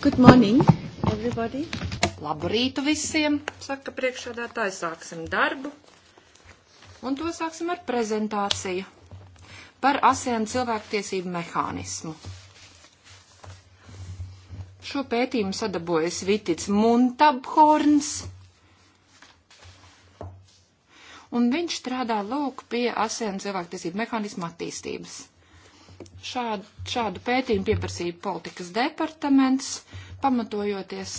Good morning, everybody. Labu rītu visiem, saka priekšādātāji, sāksim darbu. Un to sāksim ar prezentāciju par ASEAN cilvēktiesību mehānismu. Šo pētījumu sadabojas Vitits Muntabhorns un viņš strādā lūk pie ASEAN cilvēktiesību mehānismu attīstības. Šādu, šādu pētījumu pieprasīja politikas departaments, pamatojoties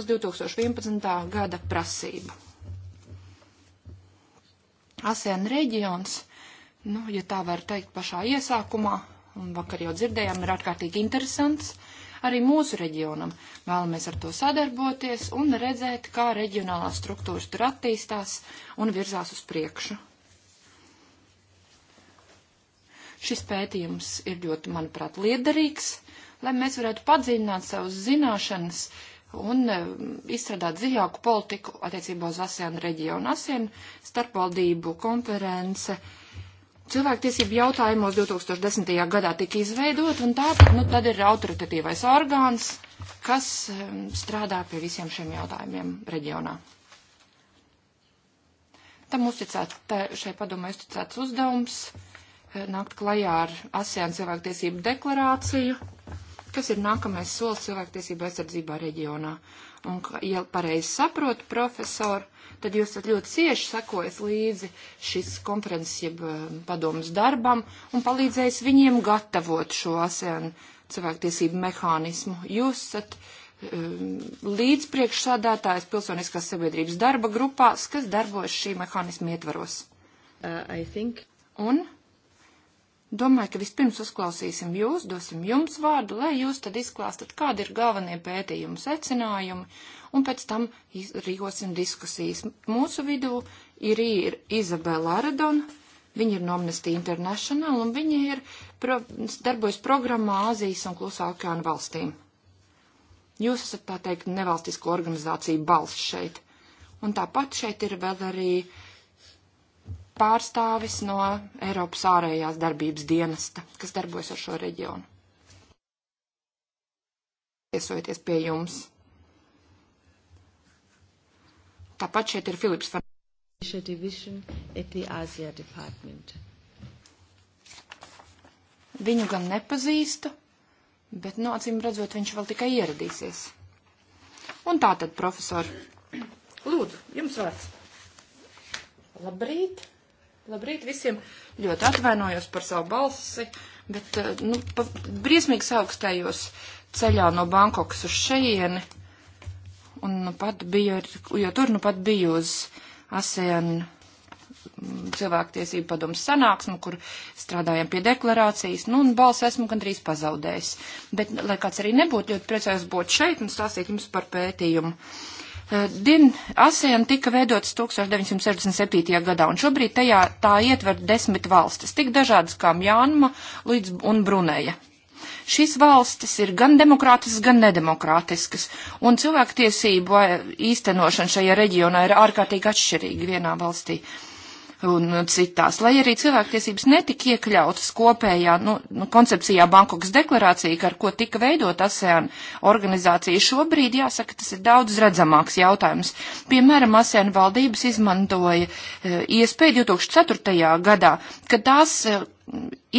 uz 2011. gada prasību. ASEAN reģions, nu, ja tā var teikt pašā iesākumā, un vakar jau dzirdējām, ir ārkārtīgi interesants arī mūsu reģionam. Vēlamies ar to sadarboties un redzēt, kā reģionālās struktūras tur attīstās un virzās uz priekšu. Šis pētījums ir ļoti, manuprāt, liederīgs, lai mēs varētu padziļināt savus zināšanas un eh, izstrādāt dziļāku politiku attiecībā uz ASEAN reģionu. ASEAN starpvaldību konference cilvēktiesību jautājumos 2010. gadā tika izveidot, un tā nu, tad ir autoritatīvais orgāns, kas eh, strādā pie visiem šiem jautājumiem reģionā. Tam uzticēts, šai padomē uzticēts uzdevums nākt klajā ar ASEAN cilvēktiesību deklarāciju, kas ir nākamais solis cilvēktiesību aizsardzībā reģionā. Un, ja pareizi saprotu, profesori, tad jūs esat ļoti cieši sekojis līdzi šīs konferences jeb um, padomas darbam un palīdzējis viņiem gatavot šo ASEAN cilvēktiesību mehānismu. Jūs esat um, līdzpriekšsādātājs pilsoniskās sabiedrības darba grupās, kas darbojas šī mehānisma ietvaros. Uh, Un Domāju, ka vispirms uzklausīsim jūs, dosim jums vārdu, lai jūs tad izklāstat, kādi ir galvenie pētījumu secinājumi, un pēc tam rīkosim diskusijas. Mūsu vidū ir, ir Izabela Aradona, viņa ir no Amnesty International, un viņa ir pro, darbojas programmā Āzijas un Klusā okeāna valstīm. Jūs esat, tā teikt, nevalstisko organizāciju balss šeit. Un tāpat šeit ir vēl arī uh, pārstāvis no Eiropas ārējās darbības dienesta, kas darbojas ar šo reģionu. Iesojoties pie jums. Tāpat šeit ir Filips Fernandes. Viņu gan nepazīstu, bet, nu, acīm redzot, viņš vēl tikai ieradīsies. Un tā tad, profesori, lūdzu, jums vārds. Labrīt! Labrīt visiem! Ļoti atvainojos par savu balsi, bet, eh, nu, pa, briesmīgi saukstējos ceļā no Bankokas uz šeieni. Un, nu, pat biju, jo tur, nu, pat biju uz ASEAN mm, cilvēktiesību padomus sanāksmu, kur strādājam pie deklarācijas, nu, un balsi esmu gandrīz pazaudējis. Bet, lai kāds arī nebūtu, ļoti priecājos būt šeit un stāstīt jums par pētījumu. Uh, Eh, din ASEAN tika veidots 1967. gadā, un šobrīd tajā tā ietver desmit valstis, tik dažādas kā Mjānma līdz un Brunēja šīs valstis ir gan demokrātiskas, gan nedemokrātiskas, un cilvēktiesību eh, īstenošana šajā reģionā ir ārkārtīgi atšķirīga vienā valstī un citās. Lai arī cilvēktiesības netika iekļautas kopējā nu, nu koncepcijā Bankokas deklarācija, ar ko tika veidot ASEAN organizācija, šobrīd, jāsaka, tas ir daudz redzamāks jautājums. Piemēram, ASEAN valdības izmantoja eh, iespēju 2004. gadā, kad tās eh,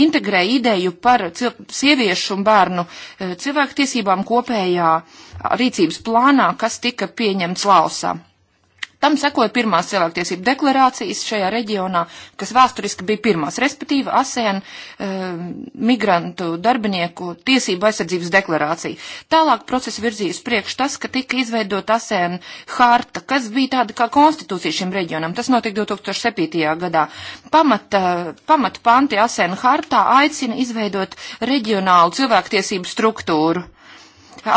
integrē ideju par sieviešu un bērnu eh, cilvēktiesībām kopējā rīcības plānā, kas tika pieņemts Lausā. Tam sekoja pirmās cilvēktiesību deklarācijas šajā reģionā, kas vēsturiski bija pirmās, respektīvi ASEAN e, migrantu darbinieku tiesību aizsardzības deklarācija. Tālāk process virzījis priekš tas, ka tika izveidot ASEAN harta, kas bija tāda kā konstitūcija šim reģionam. Tas notika 2007. gadā. Pamata, eh, pamata panti ASEAN hartā aicina izveidot reģionālu cilvēktiesību struktūru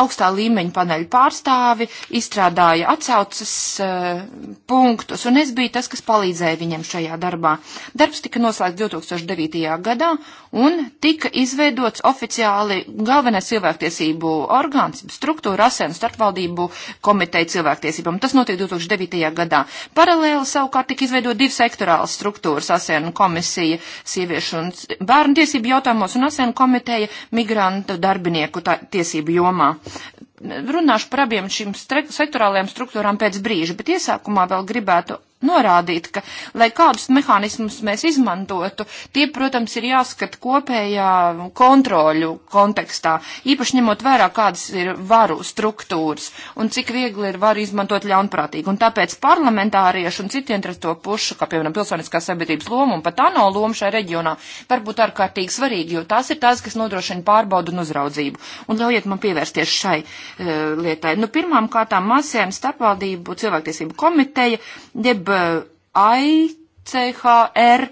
augstā līmeņa paneļu pārstāvi, izstrādāja atsaucas uh, punktus, un es biju tas, kas palīdzēja viņiem šajā darbā. Darbs tika noslēgts 2009. gadā, un tika izveidots oficiāli galvenais cilvēktiesību orgāns, struktūra asēnu starpvaldību komiteja cilvēktiesībām. Tas notiek 2009. gadā. Paralēli savukārt tika izveidot divi sektorāls struktūras asēnu komisija sieviešu un bērnu tiesību jautājumos un asēnu komiteja migrantu darbinieku tā, tiesību jomā. Runāšu par abiem šīm sektorālajām struktūrām pēc brīža, bet iesākumā vēl gribētu norādīt, ka, lai kādus mehānismus mēs izmantotu, tie, protams, ir jāskat kopējā kontroļu kontekstā, īpaši ņemot vērā, kādas ir varu struktūras un cik viegli ir varu izmantot ļaunprātīgi. Un tāpēc parlamentārieši un citi interesēto pušu, kā piemēram pilsoniskā sabiedrības loma un pat ANO loma šajā reģionā, var būt ārkārtīgi svarīgi, jo tās ir tās, kas nodrošina pārbaudu un uzraudzību. Un ļaujiet man pievērsties šai uh, lietai. Nu, pirmām kārtām masēm starpvaldību cilvēktiesību komiteja, jeb AICHR uh,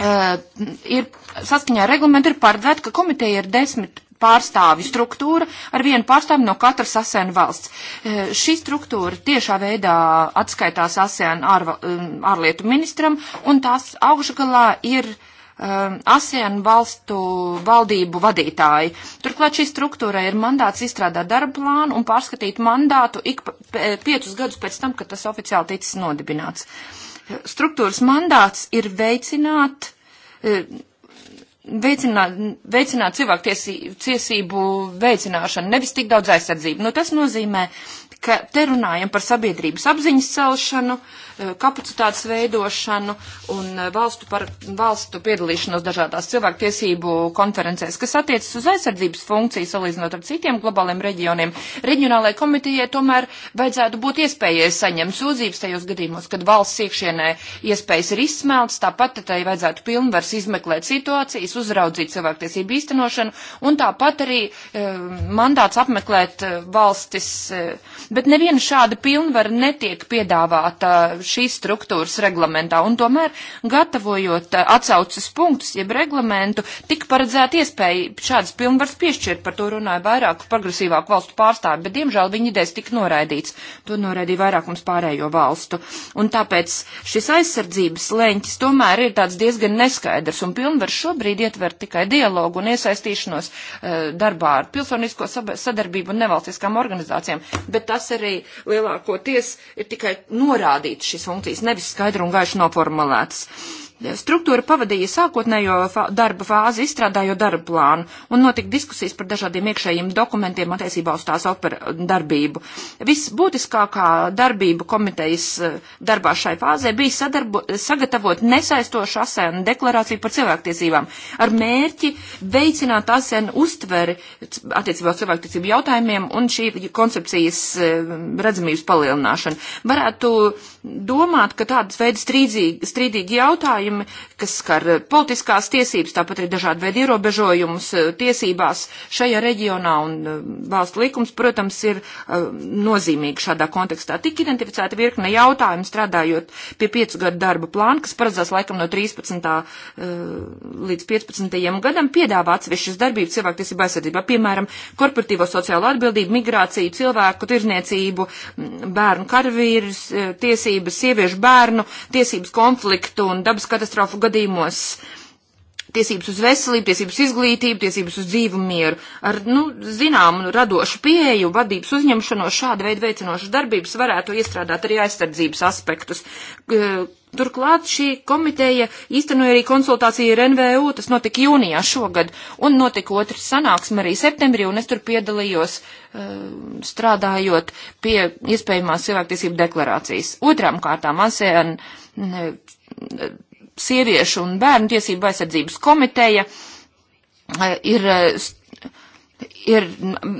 uh, ir saskaņā ar reglamentu ir paredzēta, ka komiteja ir desmit pārstāvju struktūra ar vienu pārstāvju no katras ASEAN valsts. Uh, šī struktūra tiešā veidā atskaitās ASEAN um, ārlietu ministram un tās augšgalā ir uh, Um, ASEAN valstu valdību vadītāji. Turklāt šī struktūra ir mandāts izstrādāt darba plānu un pārskatīt mandātu ik piecus gadus pēc tam, kad tas oficiāli ticis nodibināts. Struktūras mandāts ir veicināt e, veicināt, veicināt cilvēku tiesību veicināšanu, nevis tik daudz aizsardzību. Nu, tas nozīmē, ka te runājam par sabiedrības apziņas celšanu, uh, Eh, kapacitātes veidošanu un eh, valstu, par, valstu piedalīšanos dažādās cilvēktiesību konferencēs, kas attiecas uz aizsardzības funkciju salīdzinot ar citiem globāliem reģioniem. Reģionālajai komitejai tomēr vajadzētu būt iespējai saņemt sūdzības tajos gadījumos, kad valsts iekšienē iespējas ir izsmelts, tāpat tai vajadzētu pilnvars izmeklēt situācijas, uzraudzīt cilvēktiesību īstenošanu un tāpat arī e, mandāts apmeklēt e, valstis. E, bet neviena šāda pilnvara netiek piedāvāta šīs struktūras reglamentā, un tomēr gatavojot eh, atsaucas punktus, jeb reglamentu, tika paredzēta iespēja šādas pilnvaras piešķirt, par to runāja vairāku progresīvāku valstu pārstāvi, bet diemžēl viņa idejas tika noraidīts. To noraidīja vairākums pārējo valstu. Un tāpēc šis aizsardzības leņķis tomēr ir tāds diezgan neskaidrs, un pilnvaras šobrīd ietver tikai dialogu un iesaistīšanos uh, darbā ar pilsonisko sadarbību un nevalstiskām organizācijām, bet tas arī lielākoties ir tikai norādīts šis šīs funkcijas nevis skaidri un gaiši noformulētas. Struktūra pavadīja sākotnējo fā darba fāzi, izstrādājot darba plānu, un notika diskusijas par dažādiem iekšējiem dokumentiem attiecībā uz tās darbību. Visbūtiskākā darbība komitejas eh, darbā šai fāzē bija sadarbu, sagatavot nesaistošu ASEAN deklarāciju par cilvēktiesībām ar mērķi veicināt ASEAN uztveri attiecībā uz cilvēktiesību jautājumiem un šī koncepcijas eh, redzamības palielināšanu. Varētu domāt, ka tādas veidas strīdzīgi, strīdīgi jautājumi, kas skar eh, politiskās tiesības, tāpat arī dažādi veidi ierobežojumus eh, tiesībās šajā reģionā un eh, valsts likums, protams, ir nozīmīgi šādā kontekstā. Tik identificēta virkne jautājumu strādājot pie piecu gadu darba plāna, kas paredzēts laikam no 13. līdz 15. gadam, piedāvā atsevišķas darbības cilvēktiesība aizsardzībā, piemēram, korporatīvo sociālo atbildību, migrāciju, cilvēku tirzniecību, bērnu karavīrus, tiesību tiesības, sieviešu bērnu tiesības konfliktu un dabas katastrofu gadījumos tiesības uz veselību, tiesības izglītību, tiesības uz dzīvu mieru. Ar, nu, zinām, radošu pieeju, vadības uzņemšanos šāda veida veicinošas darbības varētu iestrādāt arī aizsardzības aspektus. Turklāt šī komiteja īstenoja arī konsultāciju ar NVU, tas notika jūnijā šogad, un notika otrs sanāksme arī septembrī, un es tur piedalījos uh, strādājot pie iespējamās cilvēktiesību deklarācijas. Otrām kārtām ASEAN sieviešu un bērnu tiesību aizsardzības komiteja eh, ir eh, ir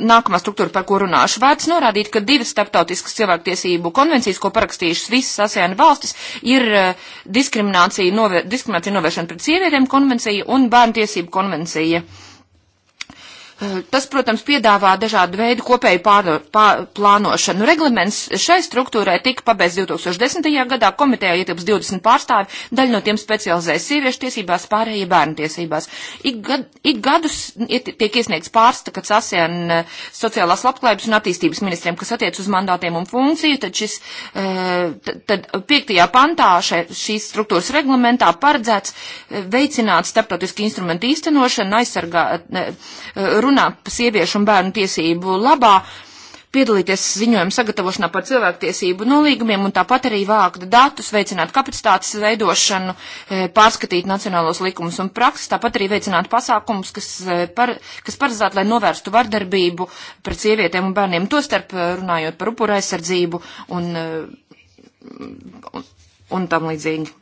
nākamā struktūra, par ko runāšu. Vērts norādīt, ka divas starptautiskas cilvēktiesību konvencijas, ko parakstījušas visas ASEAN valstis, ir eh, diskriminācija, novē, diskriminācija novēršana pret sievietēm konvencija un bērntiesību konvencija. Uh, Eh, tas, protams, piedāvā dažādu veidu kopēju pār, pār, plānošanu. Reglaments šai struktūrai tika pabeigts 2010. gadā, komitejā ietilps 20 pārstāvi, daļa no tiem specializējas sieviešu tiesībās, pārējie bērnu tiesībās. Ik, gad, ik gadus iet, tiek iesniegts pārstakats ASEAN eh, sociālās labklājības un attīstības ministriem, kas attiec uz mandātiem un funkciju, tad šis, eh, tad 5. pantā še, šīs struktūras reglamentā paredzēts veicināt starptautisku instrumentu īstenošanu, aizsargāt runā sieviešu un bērnu tiesību labā, piedalīties ziņojuma sagatavošanā par cilvēktiesību nolīgumiem un tāpat arī vākt datus, veicināt kapacitātes veidošanu, e, pārskatīt nacionālos likumus un prakses, tāpat arī veicināt pasākumus, kas, e, par, kas paredzētu, lai novērstu vardarbību pret sievietēm un bērniem, tostarp e, runājot par upura aizsardzību un, un, un tam līdzīgi.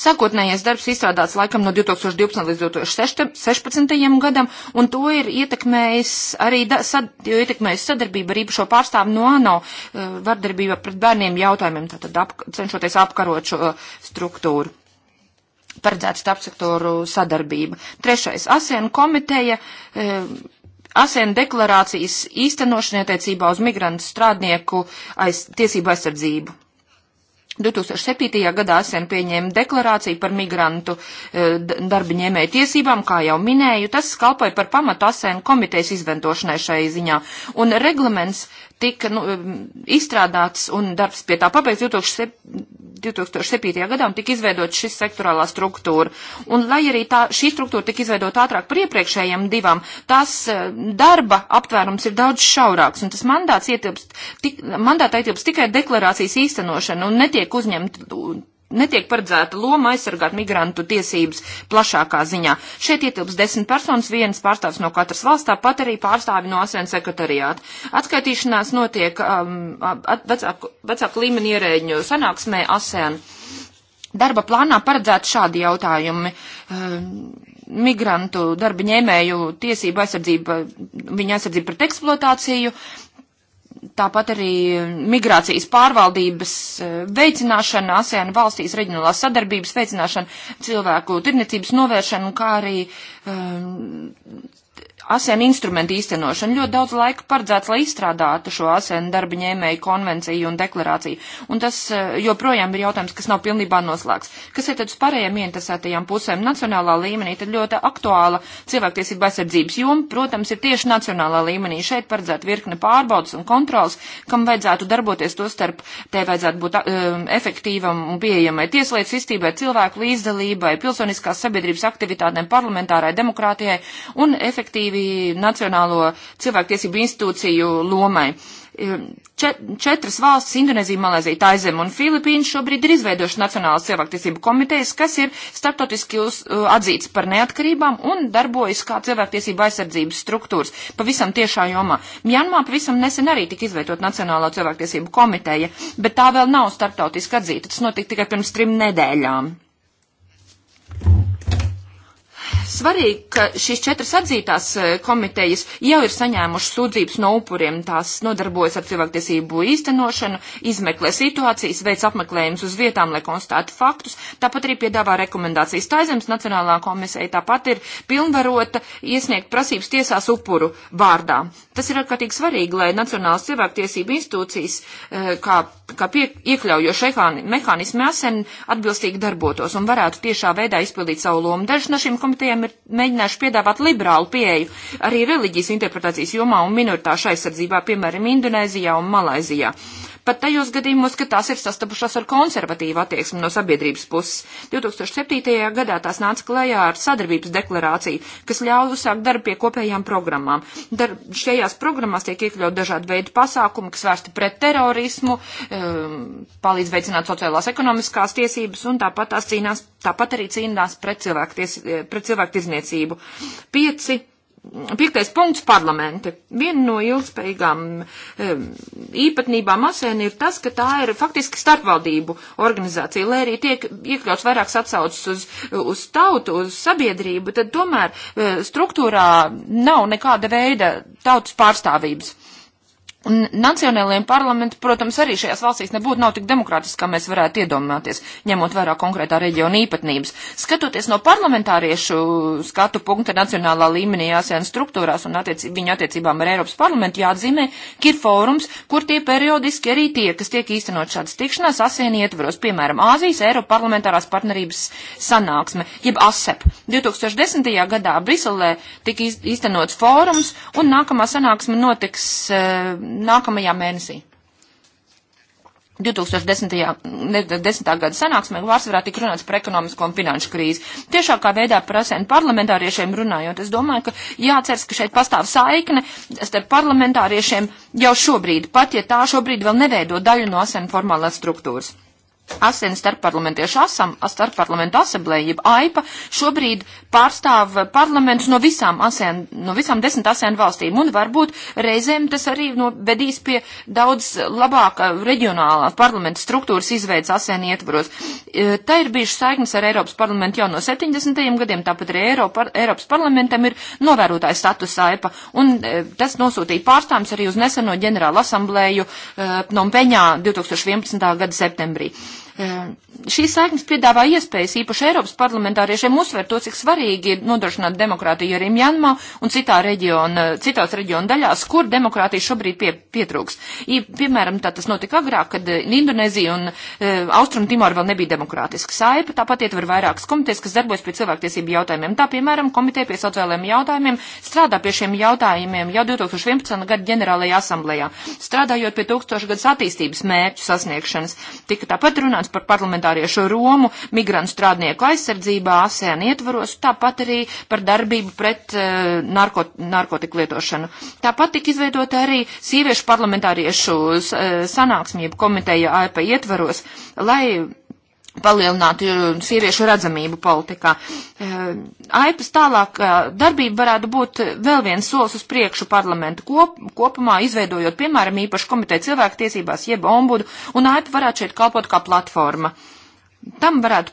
Sākotnējais darbs izstrādāts laikam no 2012 līdz 2016 gadam, un to ir ietekmējis arī da, sad, ietekmējis sadarbība ar īpašo pārstāvu no ANO eh, vardarbība pret bērniem jautājumiem, tātad ap, cenšoties apkarot šo eh, struktūru. Paredzēta starpsektoru sadarbība. Trešais. ASEAN komiteja. E, ASEAN deklarācijas īstenošana attiecībā uz migrantu strādnieku aiz, tiesību aizsardzību. 2007. gadā ASEAN pieņēma deklarāciju par migrantu eh, darba ņēmēju tiesībām, kā jau minēju, tas kalpoja par pamatu ASEAN komitejas izventošanai šai ziņā, un reglaments tika nu, izstrādāts un darbs pie tā pabeigts 2007. gadā un tika izveidot šis sektorālā struktūra. Un lai arī tā, šī struktūra tika izveidot ātrāk par iepriekšējiem divām, tās eh, darba aptvērums ir daudz šaurāks un tas mandāts ietilpst, tik, mandātā ietilpst tikai deklarācijas īstenošana un netiek uzņemt netiek paredzēta loma aizsargāt migrantu tiesības plašākā ziņā. Šeit ietilps desmit personas, viens pārstāvs no katras valsts, tāpat arī pārstāvi no ASV sekretariāta. Atskaitīšanās notiek um, at, vecāku, vecāku līmeni ierēģņu sanāksmē ASEAN. Darba plānā paredzēti šādi jautājumi. Um, migrantu darba ņēmēju tiesību aizsardzība, viņa aizsardzība pret eksploatāciju, Tāpat arī migrācijas pārvaldības eh, veicināšana, ASEAN valstīs reģionālās sadarbības veicināšana, cilvēku tirnicības novēršana, kā arī um, ASEAN instrumentu īstenošanu. Ļoti daudz laika paredzēts, lai izstrādātu šo ASEAN darba ņēmēju konvenciju un deklarāciju. Un tas e, joprojām ir jautājums, kas nav pilnībā noslēgts. Kas ir tad uz pārējiem ieinteresētajām pusēm? Nacionālā līmenī tad ļoti aktuāla cilvēktiesība aizsardzības joma, protams, ir tieši nacionālā līmenī. Šeit paredzēta virkne pārbaudas un kontrolas, kam vajadzētu darboties to starp, te vajadzētu būt um, efektīvam un pieejamai tieslietu sistībai, cilvēku līdzdalībai, pilsoniskās sabiedrības aktivitātēm, parlamentārai demokrātijai un efektīvi pozitīvi Nacionālo cilvēktiesību institūciju lomai. E, četras valstis - Indonēzija, Malēzija, Taizem un Filipīna - šobrīd ir izveidojuši Nacionālas cilvēktiesību komitejas, kas ir starptautiski uz, e, atzīts par neatkarībām un darbojas kā cilvēktiesība aizsardzības struktūras pavisam tiešā jomā. Mjanmā pavisam nesen arī tika izveidot Nacionālo cilvēktiesību komiteja, bet tā vēl nav starptautiski atzīta. Tas notika tikai pirms trim nedēļām svarīgi, ka šīs četras atzītās e, komitejas jau ir saņēmušas sūdzības no upuriem. Tās nodarbojas ar cilvēktiesību īstenošanu, izmeklē situācijas, veic apmeklējumus uz vietām, lai konstatētu faktus. Tāpat arī piedāvā rekomendācijas. Taizemes Nacionālā komisija tāpat ir pilnvarota iesniegt prasības tiesās upuru vārdā. Tas ir ārkārtīgi svarīgi, lai Nacionālās cilvēktiesību institūcijas e, kā, kā pie, iekļaujoši mehānismi asen atbilstīgi darbotos un varētu tiešā veidā izpildīt savu lomu. Daži no šīm komitejām debatējam, ir mēģinājuši piedāvāt liberālu pieeju arī reliģijas interpretācijas jomā un minoritāšu aizsardzībā, piemēram, Indonēzijā un Malaizijā. Uh, pat tajos gadījumos, ka tās ir sastapušās ar konservatīvu attieksmi no sabiedrības puses. 2007. gadā tās nāca klajā ar sadarbības deklarāciju, kas ļauj uzsākt darbu pie kopējām programmām. Dar šajās programmās tiek iekļaut dažādi veidi pasākumi, kas vērsti pret terorismu, um, palīdz veicināt sociālās ekonomiskās tiesības un tāpat, cīnās, tāpat arī cīnās pret cilvēku, ties, pret cilvēku tirzniecību. Pieci Piektais punkts parlamenti. Viena no ilgspējīgām īpatnībām ASEAN ir tas, ka tā ir faktiski starpvaldību organizācija. Lai arī tiek iekļauts vairāks atsaucis uz, uz tautu, uz sabiedrību, tad tomēr eh, struktūrā nav nekāda veida tautas pārstāvības. Un nacionālajiem parlamentiem, protams, arī šajās valstīs nebūtu nav tik demokrātiski, kā mēs varētu iedomāties, ņemot vērā konkrētā reģiona īpatnības. Skatoties no parlamentāriešu skatu punkta nacionālā līmenī ASEAN struktūrās un attiec, viņu attiecībām ar Eiropas parlamentu, jāatzīmē, ka ir fórums, kur tie periodiski arī tie, kas tiek īstenot šādas tikšanās ASEAN ietvaros, piemēram, Āzijas Eiropa parlamentārās partnerības sanāksme, jeb ASEP. 2010. gadā Briselē tika īstenots fórums, un nākamā sanāksme notiks. Uh, nākamajā mēnesī. 2010. 10. gada sanāksmē pārsvarā tika runāts par ekonomisko un finanšu krīzi. Tiešākā veidā par asēnu parlamentāriešiem runājot, es domāju, ka jāceras, ka šeit pastāv saikne starp parlamentāriešiem jau šobrīd, pat ja tā šobrīd vēl neveido daļu no asēnu formālās struktūras. ASEAN starpparlamentiešu asam, starpparlamentu asamblēja, jeb AIPA, šobrīd pārstāv parlaments no visām ASEAN, no visām desmit ASEAN valstīm, un varbūt reizēm tas arī novedīs pie daudz labāka reģionālās parlamenta struktūras izveidas ASEAN ietvaros. E, tā ir bijuši saiknes ar Eiropas parlamentu jau no 70. gadiem, tāpat arī Eiropa, Eiropas parlamentam ir novērotāja status AIPA, un e, tas nosūtīja pārstāvums arī uz neseno ģenerālu asamblēju e, Nompeņā 2011. gada septembrī. Ehm, šīs saiknes piedāvā iespējas īpaši Eiropas parlamentāriešiem uzsver to, cik svarīgi ir nodrošināt demokrātiju arī Mjanmā un citā reģiona, citās reģiona daļās, kur demokrātija šobrīd pie, pietrūks. I, piemēram, tā tas notika agrāk, kad eh, Indonēzija un e, Austrum Timor vēl nebija demokrātiska saipa, tāpat ietver vairākas komitejas, kas darbojas pie cilvēktiesību jautājumiem. Tā, piemēram, komiteja pie sociālajiem jautājumiem strādā pie šiem jautājumiem jau 2011. gada ģenerālajā asamblējā, strādājot pie tūkstošgadus attīstības mērķu sasniegšanas. Tika tāpat runāts runāts par parlamentāriešu Romu, migrantu strādnieku aizsardzībā, ASEAN ietvaros, tāpat arī par darbību pret uh, eh, narkot, narkotiku lietošanu. Tāpat tika izveidota arī sieviešu parlamentāriešu uh, eh, sanāksmību komiteja AIP ietvaros, lai palielināt sieviešu redzamību politikā. Eh, Aipas tālāk eh, darbība varētu būt vēl viens solis uz priekšu parlamentu kop, kopumā, izveidojot, piemēram, īpašu komiteju cilvēku tiesībās jeb ombudu, un Aipa varētu šeit kalpot kā platforma. Uh, Tam varētu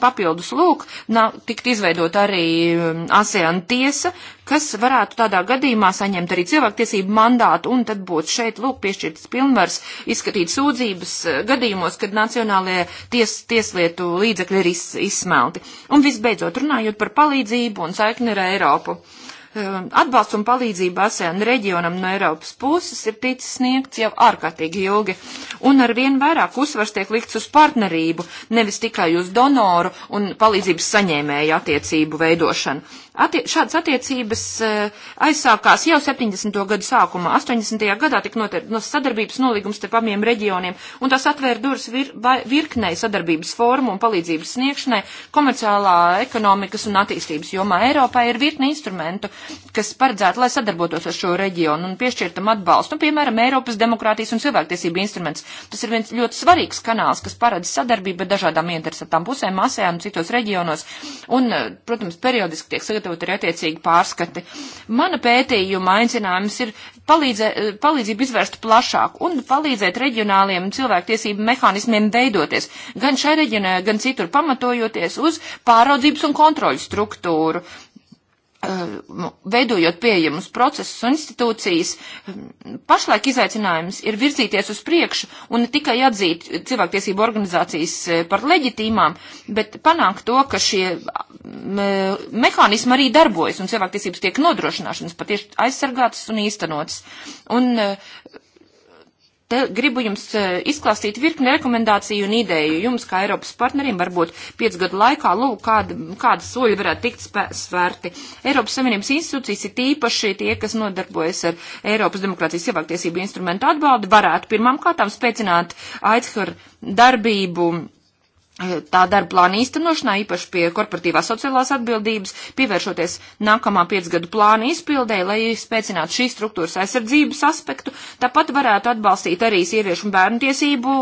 papildus lūk, nā, tikt izveidot arī um, ASEAN tiesa, kas varētu tādā gadījumā saņemt arī cilvēktiesību mandātu un tad būtu šeit lūk piešķirtas pilnvars izskatīt sūdzības uh, gadījumos, kad nacionālajie ties, tieslietu līdzekļi ir iz, izsmelti. Un visbeidzot, runājot par palīdzību un saikni ar Eiropu. Uh, Um, atbalsts un palīdzība ASEAN reģionam no Eiropas puses ir ticis sniegts jau ārkārtīgi ilgi, un ar vien vairāk uzsvars tiek likts uz partnerību, nevis tikai uz donoru un palīdzības saņēmēju attiecību veidošanu. Atie, šādas attiecības eh, aizsākās jau 70. gadu sākumā. 80. gadā tika no sadarbības nolīgums te pamiem reģioniem, un tas atvēra durvis vir, virknei sadarbības formu un palīdzības sniegšanai komerciālā, ekonomikas un attīstības jomā. Eiropā ir virkne instrumentu, kas paredzētu, lai sadarbotos ar šo reģionu un piešķirtam atbalstu, nu, piemēram, Eiropas demokrātijas un cilvēktiesību instruments. Tas ir viens ļoti svarīgs kanāls, kas paredz sadarbību dažādām interesantām pusēm, ASEAN un citos reģionos, un, eh, protams, periodiski tiek sagatavot institūti ir attiecīgi pārskati. Mana pētījuma aicinājums ir palīdzē, palīdzību izvērst plašāk un palīdzēt reģionāliem cilvēktiesību mehānismiem veidoties, gan šai reģionā, gan citur pamatojoties uz pāraudzības un kontroļu struktūru. Um, veidojot pieejamus procesus un institūcijas, um, pašlaik izaicinājums ir virzīties uz priekšu un ne tikai atzīt cilvēktiesību organizācijas e, par leģitīmām, bet panākt to, ka šie mehānismi arī darbojas un cilvēktiesības tiek nodrošināšanas patieši aizsargātas un īstenotas. Un e, Te gribu jums e, izklāstīt virkni rekomendāciju un ideju jums, kā Eiropas partneriem, varbūt piecu gadu laikā, lūk, kāda, kāda soļa varētu tikt svērti. Eiropas Savienības institūcijas ir tīpaši tie, kas nodarbojas ar Eiropas demokrātijas ievāktiesību instrumentu atbaldi, varētu pirmām kārtām spēcināt aizskar darbību tā darba plāna īstenošanā, īpaši pie korporatīvās sociālās atbildības, pievēršoties nākamā piecgadu plāna izpildē, lai spēcinātu šīs struktūras aizsardzības aspektu. Tāpat varētu atbalstīt arī sieviešu un bērnu tiesību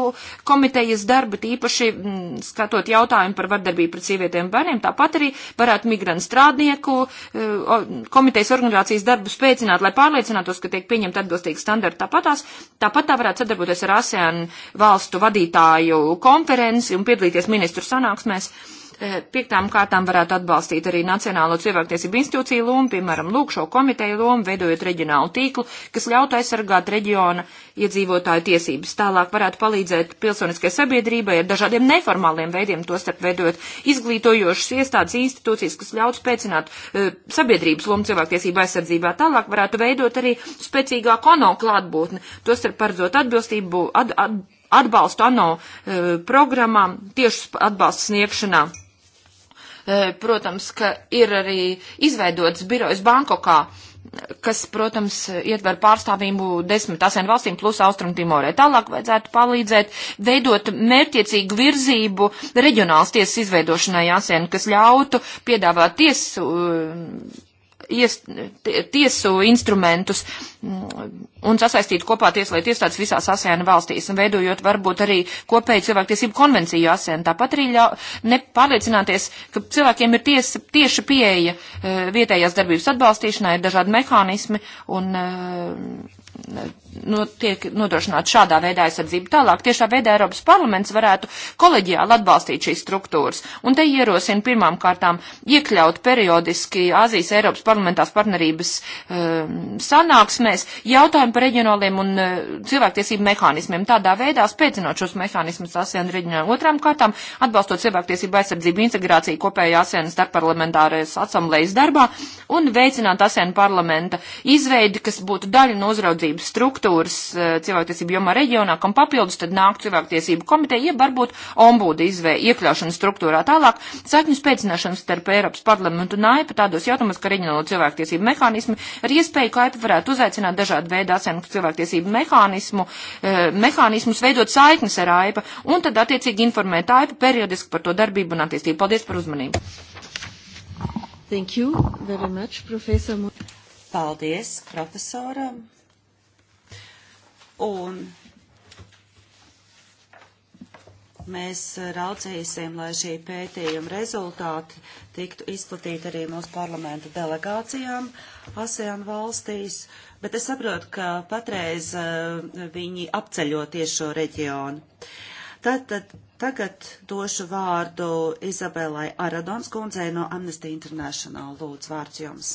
komitejas darbu, īpaši m, mm, skatot jautājumu par vardarbību pret sievietēm un bērniem. Tāpat arī varētu migrantu strādnieku eh, komitejas organizācijas darbu spēcināt, lai pārliecinātos, ka tiek pieņemta atbilstīga standarta tāpatās. Tāpat tā varētu sadarboties ar ASEAN valstu vadītāju konferenci un piedalīties iesaistīties ministru sanāksmēs. Eh, Piektām kārtām varētu atbalstīt arī Nacionālo cilvēktiesību institūciju lomu, piemēram, Lūkšo komiteju lomu, veidojot reģionālu tīklu, kas ļautu aizsargāt reģiona iedzīvotāju tiesības. Tālāk varētu palīdzēt pilsoniskai sabiedrībai ar dažādiem neformāliem veidiem, tostarp veidojot izglītojošas iestādes institūcijas, kas ļautu spēcināt e, sabiedrības lomu cilvēktiesību aizsardzībā. Tālāk varētu veidot arī spēcīgāku ANO klātbūtni, tostarp paredzot atbilstību. Ad, ad, atbalstu ANO e, programmām, tieši atbalstu sniegšanā. E, protams, ka ir arī izveidots birojas Bankokā, kas, protams, ietver pārstāvību desmit asēnu valstīm plus Austrum Timorē. Tālāk vajadzētu palīdzēt veidot mērķiecīgu virzību reģionālas tiesas izveidošanai asēnu, kas ļautu piedāvāt tiesu ies, tiesu instrumentus mm, un sasaistītu kopā tieslietu iestādes visās ASEAN valstīs un veidojot varbūt arī kopēju cilvēktiesību konvenciju ASEAN. Tāpat arī ļau, nepārliecināties, ka cilvēkiem ir ties, tieši pieeja eh, vietējās darbības atbalstīšanai, ir dažādi mehānismi un eh, nu, tiek nodrošināta šādā veidā aizsardzība tālāk. Tiešā veidā Eiropas parlaments varētu koleģiāli atbalstīt šīs struktūras. Un te ierosina pirmām kārtām iekļaut periodiski Azijas Eiropas parlamentās partnerības uh, sanāksmēs jautājumu par reģionāliem un uh, cilvēktiesību mehānismiem. Tādā veidā spēcinot šos mehānismus ASEAN reģionā. Otrām kārtām atbalstot cilvēktiesību aizsardzību integrāciju kopējā ASEAN starpparlamentārās asamblējas darbā un veicināt ASEAN parlamenta izveidi, kas būtu daļa no uzraudzības struktūras struktūras eh, cilvēktiesību jomā reģionā, kam papildus tad nāk cilvēktiesību komiteja, jeb varbūt ombuda izvēja iekļaušana struktūrā tālāk, sakņu spēcināšanas starp Eiropas parlamentu un AIPA e tādos jautājumos, ka reģionālo cilvēktiesību mehānismi ar iespēju, ka AIPA e varētu uzaicināt dažādu veidu asenu cilvēktiesību mehānismu, eh, mehānismus veidot saiknes ar AIPA e un tad attiecīgi informēt AIPA periodiski par to darbību un attīstību. Paldies par uzmanību! Thank you very much, Professor. Paldies profesoram. Un mēs raucīsim, lai šī pētījuma rezultāti tiktu izplatīti arī mūsu parlamenta delegācijām ASEAN valstīs, bet es saprotu, ka patreiz uh, viņi apceļo tieši šo reģionu. Tātad tagad došu vārdu Izabelai Aradons kundzei no Amnesty International. Lūdzu, vārds jums.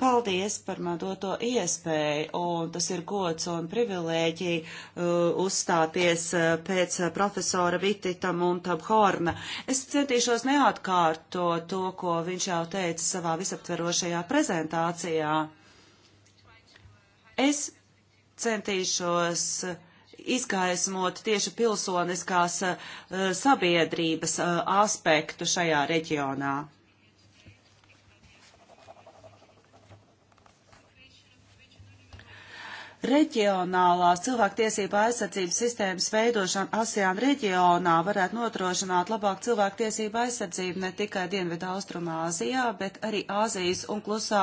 Paldies par man doto iespēju, un tas ir gods un privilēģija uh, uzstāties uh, pēc uh, profesora Vitita Muntabhorna. Es centīšos neatkārtot to, ko viņš jau teica savā visaptverošajā prezentācijā. Es centīšos izgaismot tieši pilsoniskās uh, sabiedrības uh, aspektu šajā reģionā. reģionālās cilvēktiesība aizsardzības sistēmas veidošana ASEAN reģionā varētu notrošināt labāk cilvēktiesība aizsardzību ne tikai Dienvidā Austrumāzijā, bet arī Āzijas un Klusā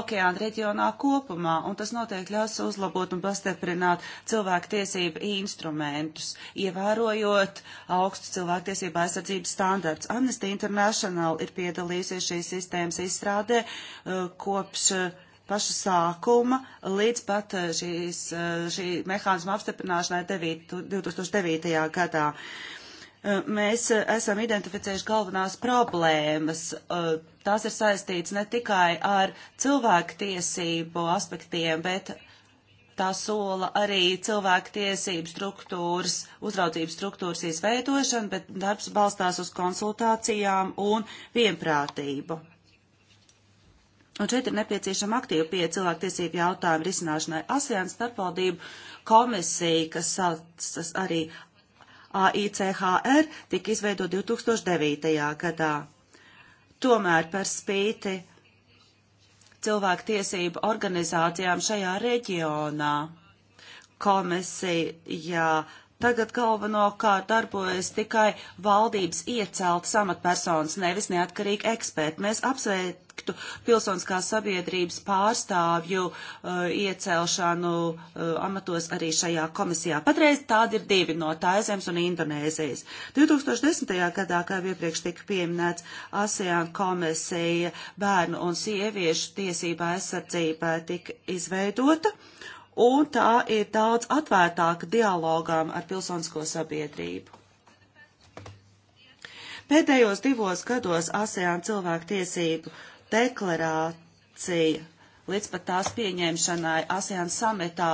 okeāna reģionā kopumā, un tas noteikti ļaus uzlabot un pastiprināt cilvēktiesība instrumentus, ievērojot augstu cilvēktiesība aizsardzības standarts. Amnesty International ir piedalījusies šīs sistēmas izstrādē uh, kopš uh, paša sākuma līdz pat eh, šīs, eh, šī mehānisma apstiprināšanai 9, 2009. gadā. Eh, mēs esam identificējuši galvenās problēmas. Tās ir saistīts ne tikai ar cilvēku tiesību aspektiem, bet tā sola arī cilvēku tiesību struktūras, uzraudzības struktūras izveidošanu, bet darbs balstās uz konsultācijām un vienprātību. Un šeit ir nepieciešama aktīva pie cilvēktiesību jautājumu risināšanai. ASEAN starpvaldību komisija, kas saucas arī AICHR, tika izveidota 2009. gadā. Tomēr par spīti cilvēktiesību organizācijām šajā reģionā komisija tagad galvenokārt darbojas tikai valdības ieceltas amatpersonas, nevis neatkarīgi eksperti. Mēs apsveiktu pilsoniskās sabiedrības pārstāvju uh, iecelšanu uh, amatos arī šajā komisijā. Patreiz tādi ir divi no Taizemes un Indonēzijas. 2010. gadā, kā jau iepriekš tika pieminēts, ASEAN komisija bērnu un sieviešu tiesībā aizsardzībai tika izveidota un tā ir daudz atvērtāka dialogām ar pilsonisko sabiedrību. Pēdējos divos gados ASEAN cilvēktiesību deklarācija līdz pat tās pieņemšanai ASEAN sametā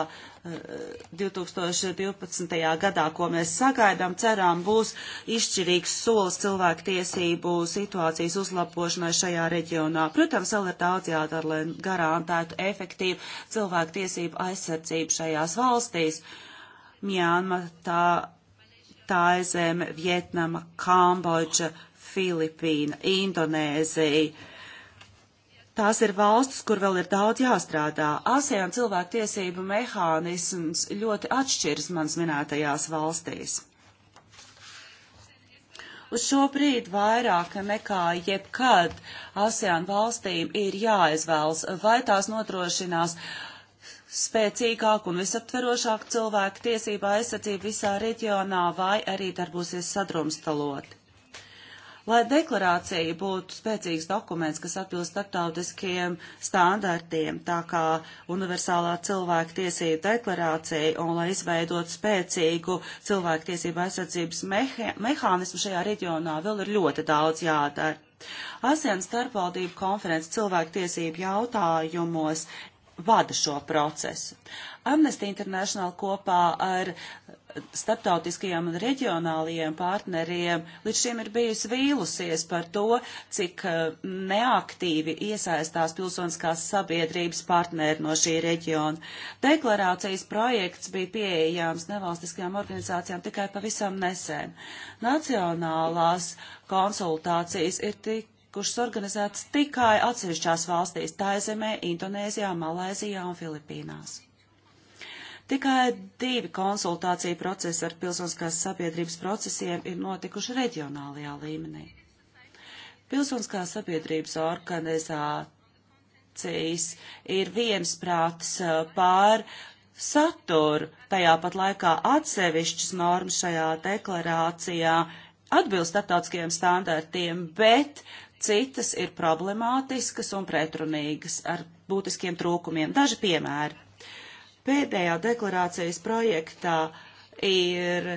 2012. Eh, gadā, ko mēs sagaidām, cerām, būs izšķirīgs solis cilvēktiesību situācijas uzlabošanai šajā reģionā. Protams, vēl ir daudz jādara, lai garantētu efektīvu cilvēktiesību aizsardzību šajās valstīs. Mjānma, tā, tā zeme, Vietnama, Kambodža, Filipīna, Indonēzija Tās ir valstis, kur vēl ir daudz jāstrādā. ASEAN cilvēktiesību mehānisms ļoti atšķiras mans minētajās valstīs. Uz šo brīdi vairāk nekā jebkad ASEAN valstīm ir jāizvēlas, vai tās nodrošinās spēcīgāku un visaptverošāku cilvēku tiesību aizsardzību visā reģionā, vai arī darbosies sadrumstalot. Lai deklarācija būtu spēcīgs dokuments, kas atbilst starptautiskiem standartiem, tā kā universālā cilvēku tiesību deklarācija, un lai izveidot spēcīgu cilvēku tiesību aizsardzības mehe, mehānismu šajā reģionā, vēl ir ļoti daudz jādara. ASEAN starpvaldību konferences cilvēktiesību jautājumos vada šo procesu. Amnesty International kopā ar starptautiskajiem un reģionālajiem partneriem līdz šim ir bijusi vīlusies par to, cik eh, neaktīvi iesaistās pilsoniskās sabiedrības partneri no šī reģiona. Deklarācijas projekts bija pieejams nevalstiskajām organizācijām tikai pavisam nesen. Nacionālās konsultācijas ir tik kuras organizētas tikai atsevišķās valstīs - Taizemē, Indonēzijā, Malaizijā un Filipīnās. Tikai divi konsultācija procesi ar pilsoniskās sabiedrības procesiem ir notikuši reģionālajā līmenī. Pilsoniskās sabiedrības organizācijas ir viensprāts uh, pār saturu, tajā pat laikā atsevišķas normas šajā deklarācijā atbilst starptautiskajiem standartiem, bet citas ir problemātiskas un pretrunīgas ar būtiskiem trūkumiem. Daži piemēri. Pēdējā deklarācijas projektā ir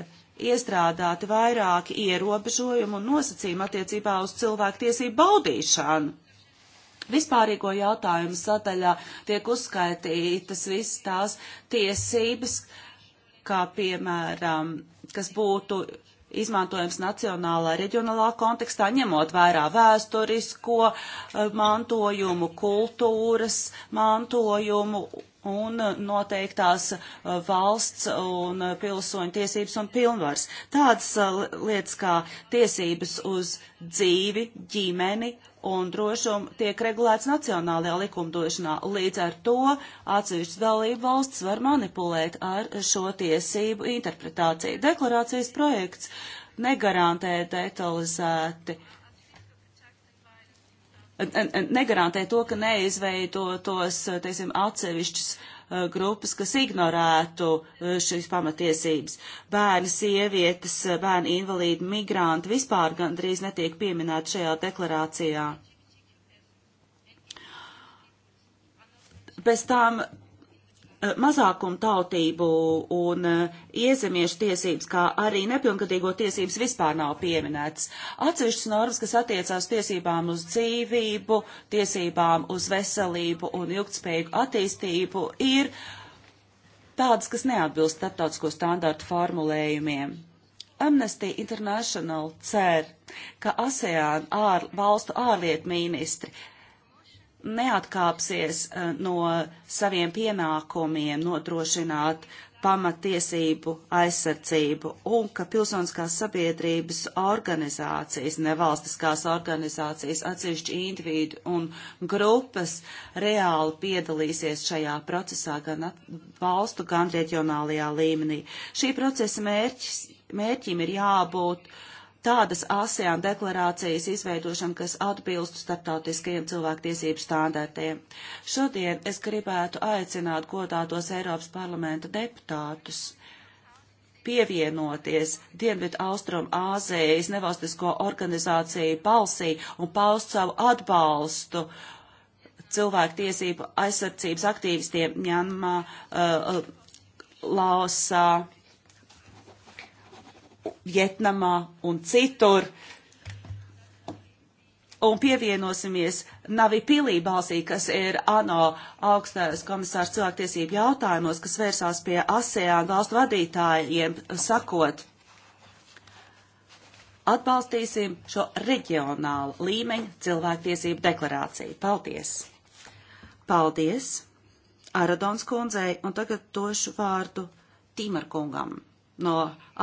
iestrādāti vairāki ierobežojumi un nosacījumi attiecībā uz cilvēktiesību baudīšanu. Vispārīgo jautājumu sadaļā tiek uzskaitītas visas tās tiesības, kā piemēram, kas būtu izmantojams nacionālā, reģionālā kontekstā, ņemot vērā vēsturisko eh, mantojumu, kultūras mantojumu un uh, noteiktās uh, valsts un uh, pilsoņu tiesības un pilnvars. Tādas lietas kā tiesības uz dzīvi, ģimeni un drošumu tiek regulēts nacionālajā likumdošanā. Līdz ar to atsevišķas dalību valsts var manipulēt ar šo tiesību interpretāciju. Deklarācijas projekts negarantē detalizēti negarantē to, ka neizveidotos, eh, teiksim, atsevišķas eh, grupas, kas ignorētu eh, šīs pamatiesības. Bērni, sievietes, bērni, invalīdi, migranti vispār gandrīz netiek pieminēti šajā deklarācijā. Bez tām Eh, mazākumtautību un eh, iezemiešu tiesības, kā arī nepilngadīgo tiesības vispār nav pieminētas. Atsevišķas normas, kas attiecās tiesībām uz dzīvību, tiesībām uz veselību un ilgtspējīgu attīstību, ir tādas, kas neatbilst starptautisko standārtu formulējumiem. Amnesty International cer, ka ASEAN ār, valstu ārlietu ministri neatkāpsies eh, no saviem pienākumiem nodrošināt pamatiesību aizsardzību un ka pilsoniskās sabiedrības organizācijas, nevalstiskās organizācijas, atsevišķi individu un grupas reāli piedalīsies šajā procesā gan valstu, gan reģionālajā līmenī. Šī procesa mērķis, mērķim ir jābūt uh, tādas ASEAN deklarācijas izveidošanu, kas atbilstu starptautiskajiem cilvēktiesību standartiem. Šodien es gribētu aicināt godātos Eiropas parlamenta deputātus pievienoties Dienvidu Austrum Āzijas nevalstisko organizāciju balsī un paust savu atbalstu cilvēktiesību aizsardzības aktīvistiem Mjanmā, uh, uh Laosā, Vietnamā un citur. Un pievienosimies Navi Pilī balsī, kas ir ANO augstais komisārs cilvēktiesību jautājumos, kas vērsās pie ASEAN valstu vadītājiem, sakot, atbalstīsim šo reģionālu līmeņu cilvēktiesību deklarāciju. Paldies! Paldies Aradons kundzei, un tagad došu vārdu Tīmar kungam no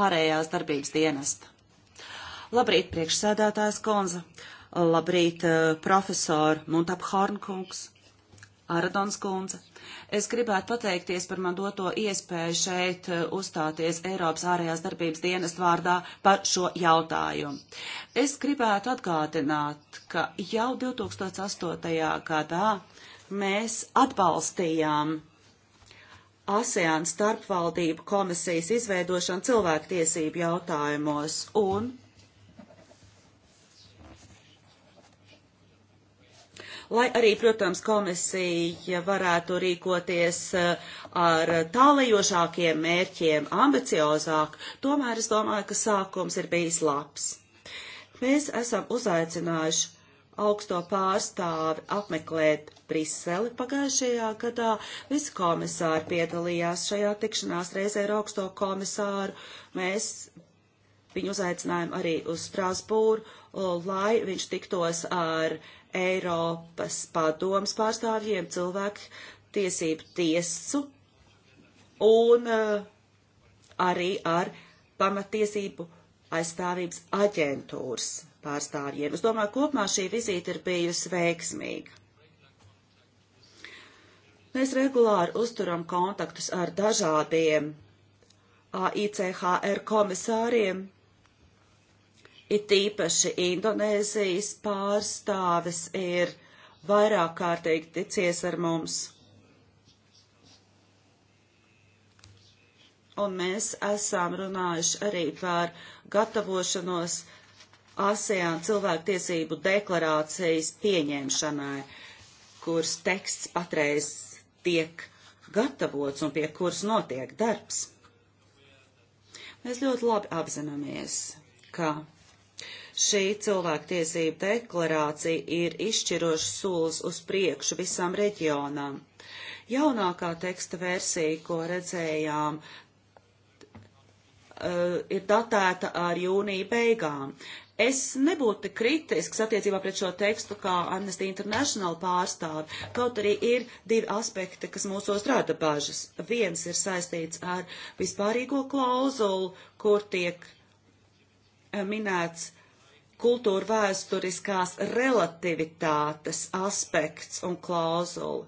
ārējās darbības dienesta. Labrīt, priekšsēdētājs Konza. Labrīt, eh, profesori Muntaphornkungs, Aradons Kunze. Es gribētu pateikties par man doto iespēju šeit eh, uzstāties Eiropas ārējās darbības dienas vārdā par šo jautājumu. Es gribētu atgādināt, ka jau 2008. gadā mēs atbalstījām ASEAN starpvaldību komisijas izveidošanu cilvēktiesību jautājumos un lai arī, protams, komisija varētu rīkoties uh, ar tālajošākiem mērķiem, ambiciozāk, tomēr es domāju, ka sākums ir bijis labs. Mēs esam uzaicinājuši augsto pārstāvi apmeklēt Briseli pagājušajā gadā. Visi komisāri piedalījās šajā tikšanās reizē ar augsto komisāru. Mēs viņu uzaicinājām arī uz Strasbūru, lai viņš tiktos ar Eiropas padomas pārstāvjiem cilvēku tiesību tiesu un e, arī ar pamatiesību aizstāvības aģentūras pārstāvjiem. Es domāju, kopumā šī vizīte ir bijusi veiksmīga. Mēs regulāri uzturam kontaktus ar dažādiem AICHR komisāriem, it īpaši Indonēzijas pārstāvis ir vairāk kārtīgi ticies ar mums. Un mēs esam runājuši arī par gatavošanos uh, ASEAN cilvēktiesību deklarācijas pieņemšanai, kuras teksts patreiz tiek gatavots un pie kuras notiek darbs. Mēs ļoti labi apzināmies, ka šī cilvēktiesība deklarācija ir izšķirošs solis uz priekšu visām reģionām. Jaunākā teksta versija, ko redzējām uh, ir datēta ar jūnija beigām. Es nebūtu tik kritisks attiecībā pret šo tekstu kā Amnesty International pārstāvi, kaut arī ir divi aspekti, kas mūsos rada bažas. Viens ir saistīts ar vispārīgo klauzulu, kur tiek eh, minēts kultūra vēsturiskās relativitātes aspekts un klauzula.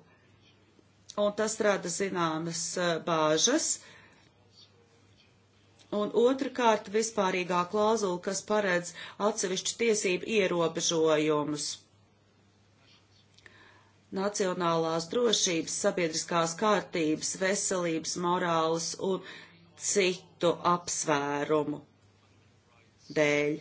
Un tas rada zināmas eh, bāžas. Uh, Un otrkārt vispārīgā klauzula, kas paredz atsevišķu tiesību ierobežojumus. Nacionālās drošības, sabiedriskās kārtības, veselības, morālas un citu apsvērumu dēļ.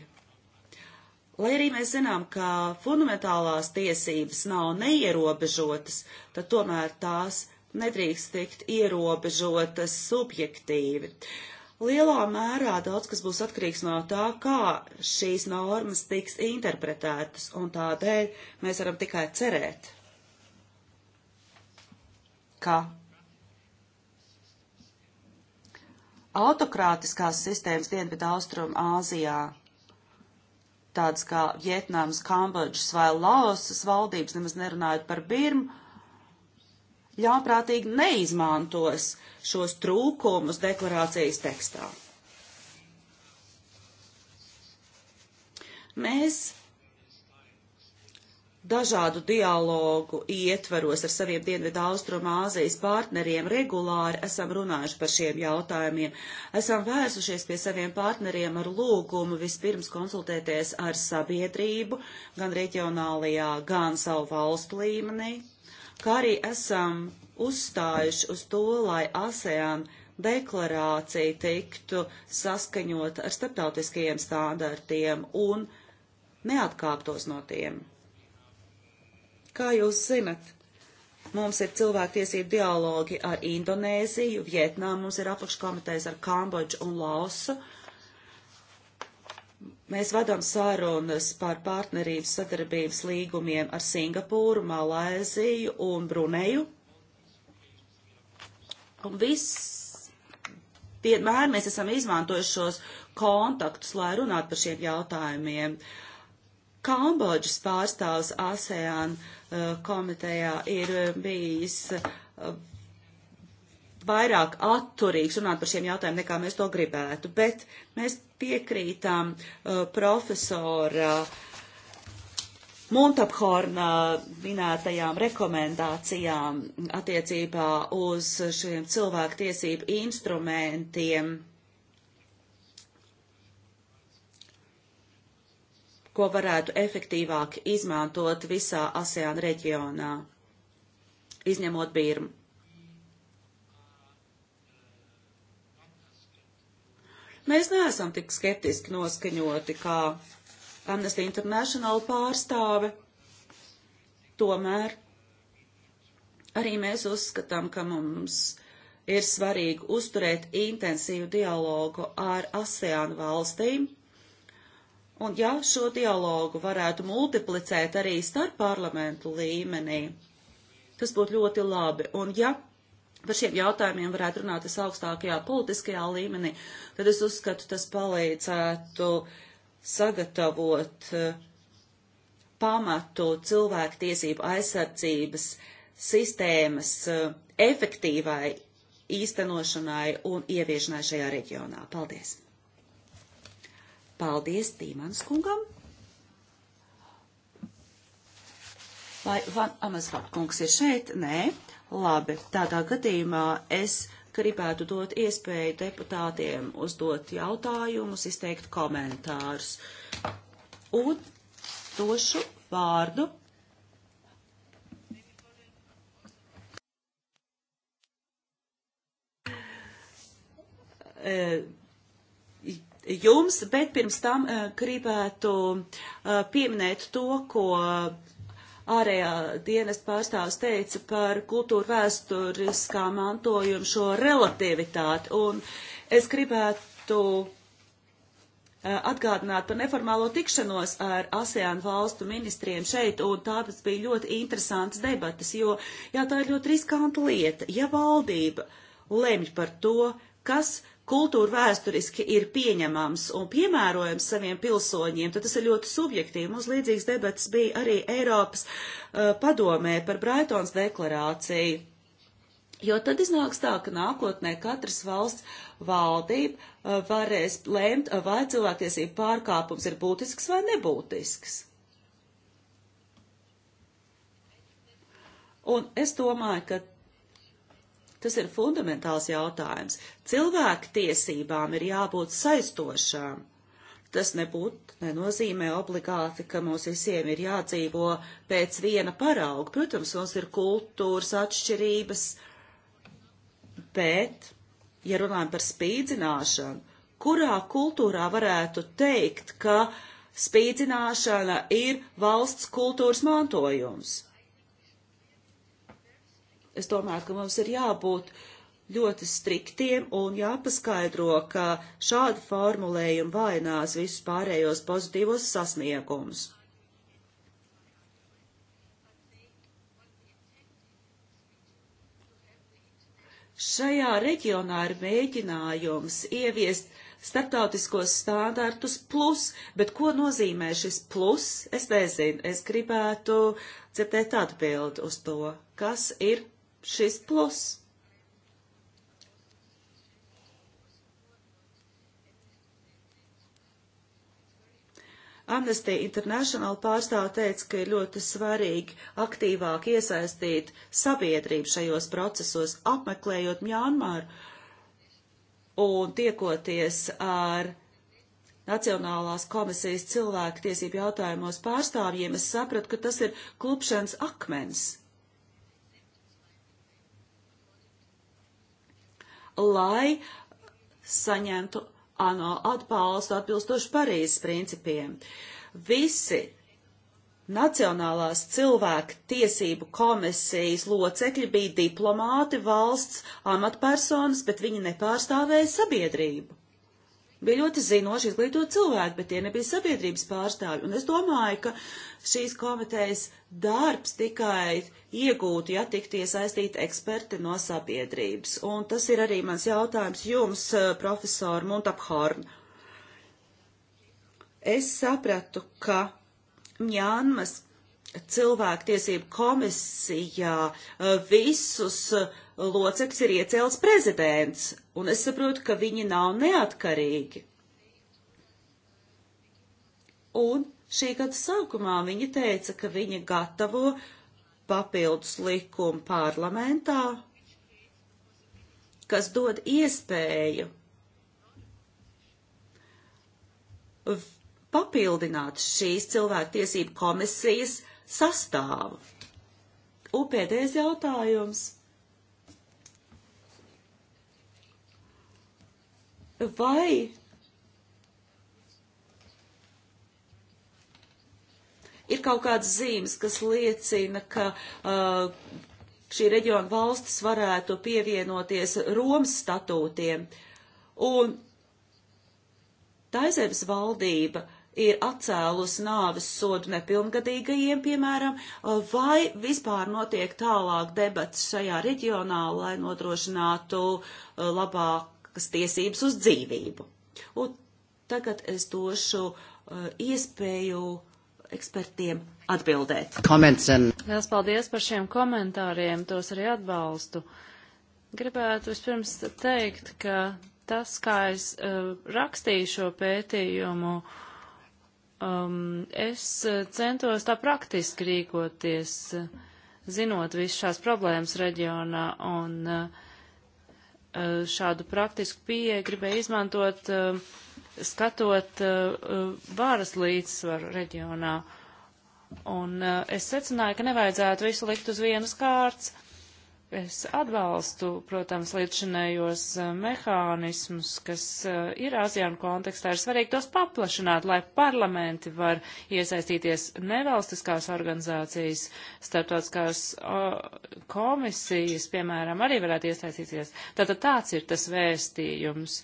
Lai arī mēs zinām, ka fundamentālās tiesības nav neierobežotas, tad tomēr tās nedrīkst tikt ierobežotas subjektīvi. Uh, Lielā mērā daudz kas būs atkarīgs no tā, kā šīs normas tiks interpretētas, un tādēļ mēs varam tikai cerēt, ka autokrātiskās sistēmas Dienvidu Austrum Āzijā, tādas kā Vietnams, Kambodžas vai Laosas valdības, nemaz nerunājot par Birmu, ļāprātīgi neizmantos šos trūkumus deklarācijas tekstā. Mēs dažādu dialogu ietveros ar saviem Dienvidu Austrumā Āzijas partneriem regulāri esam runājuši par šiem jautājumiem. Esam vērsušies pie saviem partneriem ar lūgumu vispirms konsultēties ar sabiedrību gan reģionālajā, gan savu valstu līmenī kā arī esam uzstājuši uz to, lai ASEAN deklarācija tiktu saskaņot ar starptautiskajiem standartiem un neatkāptos no tiem. Kā jūs zinat, mums ir cilvēktiesību dialogi ar Indonēziju, Vietnām, mums ir apakškomitejas ar Kambodžu un Laosu, uh, Mēs vadām sārunas par partnerības sadarbības līgumiem ar Singapūru, Malēziju un Bruneju. Un viss, vienmēr mēs esam izmantojuši šos kontaktus, lai runātu par šiem jautājumiem. Kambodžas pārstāvs ASEAN uh, komitejā ir uh, bijis uh, vairāk atturīgs runāt par šiem jautājumiem, nekā mēs to gribētu, bet mēs piekrītām uh, profesora Muntaphorna minētajām rekomendācijām attiecībā uz šiem cilvēku tiesību instrumentiem, ko varētu efektīvāk izmantot visā ASEAN reģionā, izņemot Birmu. Mēs neesam tik skeptiski noskaņoti kā Amnesty International pārstāve. Tomēr arī mēs uzskatām, ka mums ir svarīgi uzturēt intensīvu dialogu ar ASEAN valstīm. Un ja šo dialogu varētu multiplicēt arī starp parlamentu līmenī, tas būtu ļoti labi. Un ja par šiem jautājumiem varētu runāt visaugstākajā politiskajā līmenī, tad es uzskatu, tas palīdzētu sagatavot eh, pamatu cilvēktiesību aizsardzības sistēmas eh, efektīvai īstenošanai un ieviešanai šajā reģionā. Paldies! Paldies Tīmans kungam! Vai Van Amazvart kungs ir šeit? Nē. Labi, tādā gadījumā es gribētu dot iespēju deputātiem uzdot jautājumus, izteikt komentārus. Un došu vārdu e, jums, bet pirms tam e, gribētu e, pieminēt to, ko ārējā dienas pārstāvs teica par kultūra vēsturiskā mantojuma šo relativitāti. Un es gribētu eh, atgādināt par neformālo tikšanos ar ASEAN valstu ministriem šeit, un tāpēc bija ļoti interesants debatas, jo, jā, tā ir ļoti riskanta lieta, ja valdība lemj par to, kas kultūra vēsturiski ir pieņemams un piemērojams saviem pilsoņiem, tad tas ir ļoti subjektīvi. Mums līdzīgs debats bija arī Eiropas uh, padomē par Braitons deklarāciju. Jo tad iznāks tā, ka nākotnē katras valsts valdība uh, varēs lēmt, uh, vai cilvēktiesība pārkāpums ir būtisks vai nebūtisks. Un es domāju, ka Tas ir fundamentāls jautājums. Cilvēku tiesībām ir jābūt saistošām. Tas nebūtu nenozīmē obligāti, ka mums visiem ir jādzīvo pēc viena parauga. Protams, mums ir kultūras atšķirības, bet, ja runājam par spīdzināšanu, kurā kultūrā varētu teikt, ka spīdzināšana ir valsts kultūras mantojums? Es domāju, ka mums ir jābūt ļoti striktiem un jāpaskaidro, ka šādi formulējumi vainās visus pārējos pozitīvos sasniegumus. Šajā reģionā ir mēģinājums ieviest starptautiskos standartus plus, bet ko nozīmē šis plus, es nezinu, es gribētu dzirdēt atbildi uz to, kas ir šis plus. Amnesty International pārstāv teica, ka ir ļoti svarīgi aktīvāk iesaistīt sabiedrību šajos procesos, apmeklējot Mjānmāru un tiekoties ar Nacionālās komisijas cilvēku tiesību jautājumos pārstāvjiem, es sapratu, ka tas ir klupšanas akmens lai saņemtu ANO atbalstu atbilstoši Parīzes principiem. Visi Nacionālās cilvēku tiesību komisijas locekļi bija diplomāti, valsts amatpersonas, bet viņi nepārstāvēja sabiedrību bija ļoti zinoši izglītot cilvēki, bet tie nebija sabiedrības pārstāvi. Un es domāju, ka šīs komitejas darbs tikai iegūtu, ja tik tie saistīti eksperti no sabiedrības. Un tas ir arī mans jautājums jums, eh, profesor Muntaphorn. Es sapratu, ka Mjānmas cilvēktiesību komisijā eh, visus uh, locekļus ir iecēlis prezidents, un es saprotu, ka viņi nav neatkarīgi. Un šī gada sākumā viņa teica, ka viņa gatavo papildus likumu parlamentā, kas dod iespēju papildināt šīs cilvēktiesību komisijas sastāvu. Un pēdējais jautājums. vai ir kaut kādas zīmes, kas liecina, ka uh, šī reģiona valstis varētu pievienoties Romas statūtiem. Un Taizēmas valdība ir atcēlusi nāves sodu nepilngadīgajiem, piemēram, vai vispār notiek tālāk debats šajā reģionā, lai nodrošinātu uh, labāk cilvēkas tiesības uz dzīvību. Un tagad es došu uh, iespēju ekspertiem atbildēt. Lielas paldies par šiem komentāriem, tos arī atbalstu. Gribētu vispirms teikt, ka tas, kā es uh, rakstīju šo pētījumu, um, es uh, centos tā praktiski rīkoties, uh, zinot visu šās problēmas reģionā un uh, Eh, šādu praktisku pieeju gribēja izmantot, eh, skatot eh, varas līdzsvaru reģionā. Un es secināju, ka nevajadzētu visu likt uz vienas kārtas. Es atbalstu, protams, līdzšinējos eh, mehānismus, kas eh, ir ASEAN kontekstā. Ir svarīgi tos paplašināt, lai parlamenti var iesaistīties nevalstiskās organizācijas, starptautiskās komisijas, piemēram, arī varētu iesaistīties. Tātad tāds ir tas vēstījums.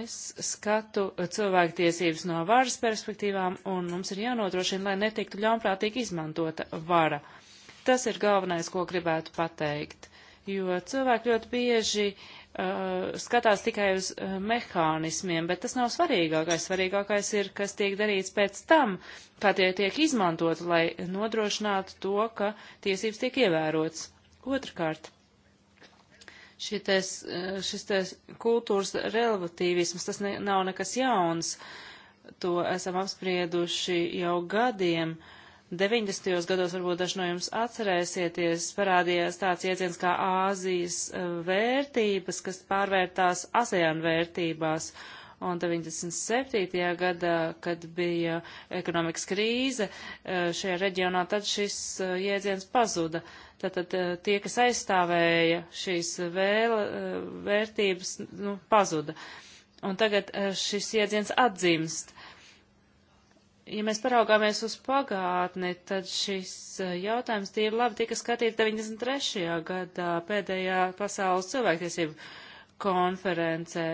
Es skatu cilvēktiesības no varas perspektīvām, un mums ir jānodrošina, lai netiktu ļaunprātīgi izmantota vara. Uh, Tas ir galvenais, ko gribētu pateikt, jo cilvēki ļoti bieži uh, skatās tikai uz uh, mehānismiem, bet tas nav svarīgākais. Svarīgākais ir, kas tiek darīts pēc tam, kā tie tiek izmantot, lai nodrošinātu to, ka tiesības tiek ievērots. Otrkārt šites, uh, šis te kultūras relativisms, tas ne, nav nekas jauns. To esam apsprieduši jau gadiem, 90. gados, varbūt daži no jums atcerēsieties, parādījās tāds jēdziens kā Āzijas e, vērtības, kas pārvērtās ASEAN vērtībās. Un 97. gadā, kad bija ekonomikas krīze e, šajā reģionā, tad šis e, jēdziens pazuda. Tātad tie, kas aizstāvēja šīs vēla, vērtības, nu, pazuda. Un tagad šis jēdziens atdzimst ja mēs paraugāmies uz pagātni, tad šis eh, jautājums tīri labi tika skatīts 93. gadā pēdējā pasaules cilvēktiesību konferencē.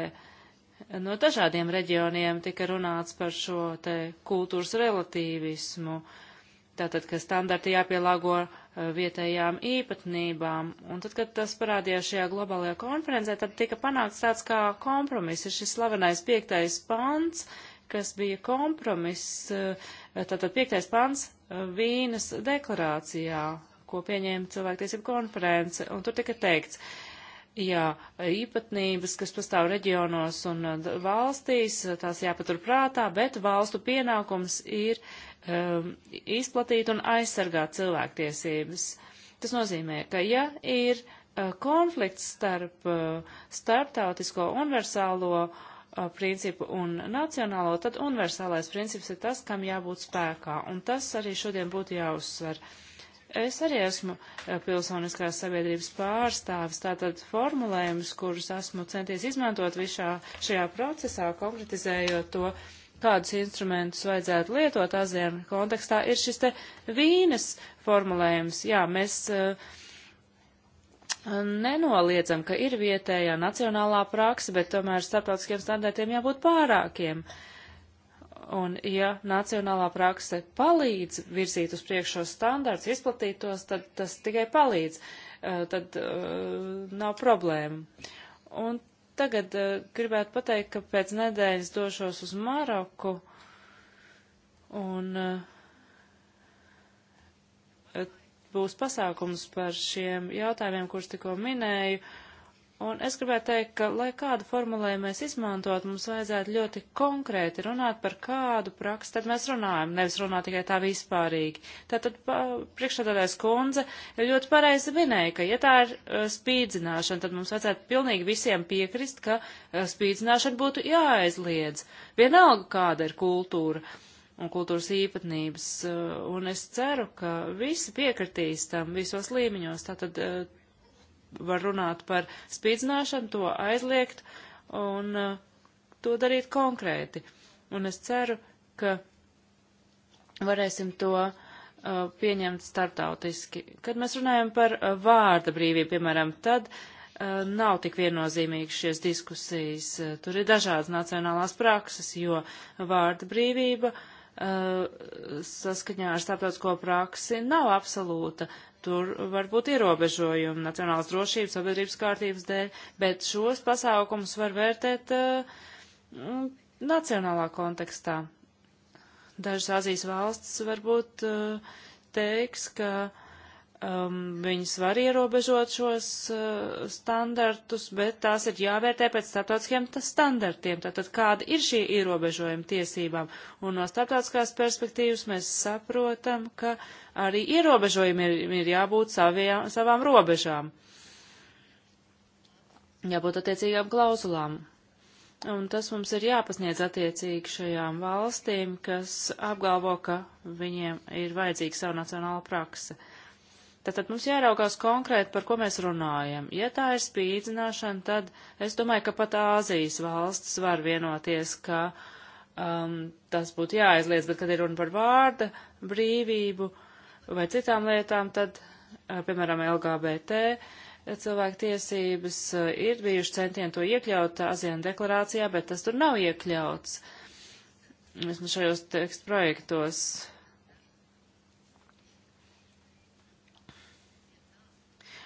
No dažādiem reģioniem tika runāts par šo te kultūras relativismu, tātad, ka standarti jāpielāgo eh, vietējām īpatnībām. Un tad, kad tas parādījās šajā globālajā konferencē, tad tika panākts tāds kā kompromiss, ir šis slavenais piektais pants, uh, kas bija kompromiss, eh, tātad piektais pants eh, Vīnas deklarācijā, ko pieņēma cilvēktiesību konference, un tur tika teikts, jā, īpatnības, kas pastāv reģionos un eh, valstīs, tās jāpatur prātā, bet valstu pienākums ir um, izplatīt un aizsargāt cilvēktiesības. Tas nozīmē, ka ja ir uh, konflikts starp uh, starptautisko universālo uh, principu un nacionālo, tad universālais princips ir tas, kam jābūt spēkā, un tas arī šodien būtu jāuzsver. Es arī esmu pilsoniskās sabiedrības pārstāvis, tātad formulējums, kurus esmu centies izmantot visā šajā procesā, konkretizējot to, kādus instrumentus vajadzētu lietot ASEAN kontekstā, ir šis te vīnes formulējums. Jā, mēs uh, nenoliedzam, ka ir vietējā nacionālā praksa, bet tomēr starptautiskiem standartiem jābūt pārākiem. Un ja nacionālā prakse palīdz virzīt uz priekšo standarts, izplatīt tos, tad tas tikai palīdz, eh, tad uh, nav problēma. Un tagad uh, gribētu pateikt, ka pēc nedēļas došos uz Maroku un uh, būs pasākums par šiem jautājumiem, kurus tikko minēju. Un es gribētu teikt, ka, lai kādu formulēju mēs izmantot, mums vajadzētu ļoti konkrēti runāt par kādu praksi, tad mēs runājam, nevis runā tikai tā vispārīgi. Tātad priekšstādātais kundze ļoti pareizi minēja, ka, ja tā ir e, spīdzināšana, tad mums vajadzētu pilnīgi visiem piekrist, ka e, spīdzināšana būtu jāaizliedz. Vienalga, kāda ir kultūra. Uh, un kultūras īpatnības, eh, un es ceru, ka visi piekritīs tam visos līmeņos. Tātad eh, var runāt par spīdzināšanu, to aizliegt un eh, to darīt konkrēti. Un es ceru, ka varēsim to pieņemt startautiski. Kad mēs runājam par vārda brīvību, piemēram, tad nav tik viennozīmīgas šīs diskusijas. Tur ir dažādas nacionālās prakses, jo vārda brīvība uh, Uh, saskaņā ar starptautisko praksi nav absolūta. Tur var būt ierobežojumi nacionālas drošības, sabiedrības kārtības dēļ, bet šos pasākumus var vērtēt uh, mm, nacionālā kontekstā. Dažas Azijas valsts varbūt uh, teiks, ka uh, um, viņas var ierobežot šos uh, standartus, bet tās ir jāvērtē pēc starptautiskiem standartiem. Tātad kāda ir šī ierobežojuma tiesībām? Un no starptautiskās perspektīvas mēs saprotam, ka arī ierobežojumiem ir, ir jābūt savajā, savām robežām. Jābūt attiecīgām klausulām. Un tas mums ir jāpasniedz attiecīgi šajām valstīm, kas apgalvo, ka viņiem ir vajadzīga savu nacionāla praksa. Uh, Tātad mums jāraugās konkrēti, par ko mēs runājam. Ja tā ir spīdzināšana, tad es domāju, ka pat Āzijas valsts var vienoties, ka um, tas būtu jāaizliedz, bet kad ir runa par vārda brīvību vai citām lietām, tad, uh, piemēram, LGBT cilvēku tiesības uh, ir bijuši centieni to iekļaut ASEAN deklarācijā, bet tas tur nav iekļauts. Vismaz šajos tekstu projektos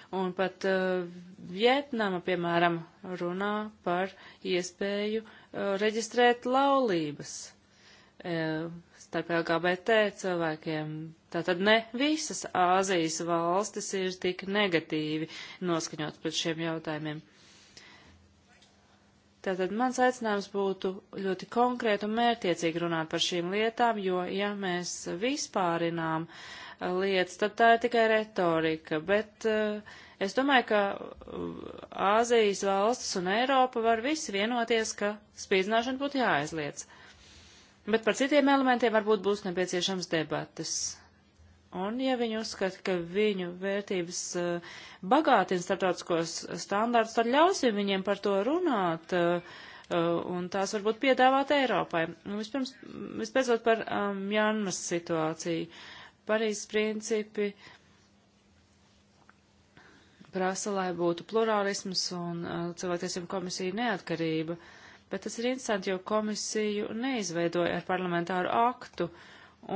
Un pat uh, Vietnama, piemēram, runā par iespēju uh, reģistrēt laulības uh, starp LGBT cilvēkiem. Tātad ne visas Āzijas valstis ir tik negatīvi noskaņots pret šiem jautājumiem. Tātad mans aicinājums būtu ļoti konkrēti un mērtiecīgi runāt par šīm lietām, jo ja mēs vispārinām uh, lietas, tad tā ir tikai retorika. Bet uh, es domāju, ka eh, Āzijas valstis un Eiropa var visi vienoties, ka spīdzināšana būtu jāaizliedz. Bet par citiem elementiem varbūt būs nepieciešams debatas. Un ja viņi uzskata, ka viņu vērtības uh, bagātina starptautiskos standārtus, tad ļausim viņiem par to runāt uh, un tās varbūt piedāvāt Eiropai. Un vispirms, vispēcot par Mjanmas um, situāciju. Uh, Parīzes principi prasa, lai būtu plurālisms un uh, cilvēktiesību komisija neatkarība, bet tas ir interesanti, jo komisiju neizveidoja ar parlamentāru aktu,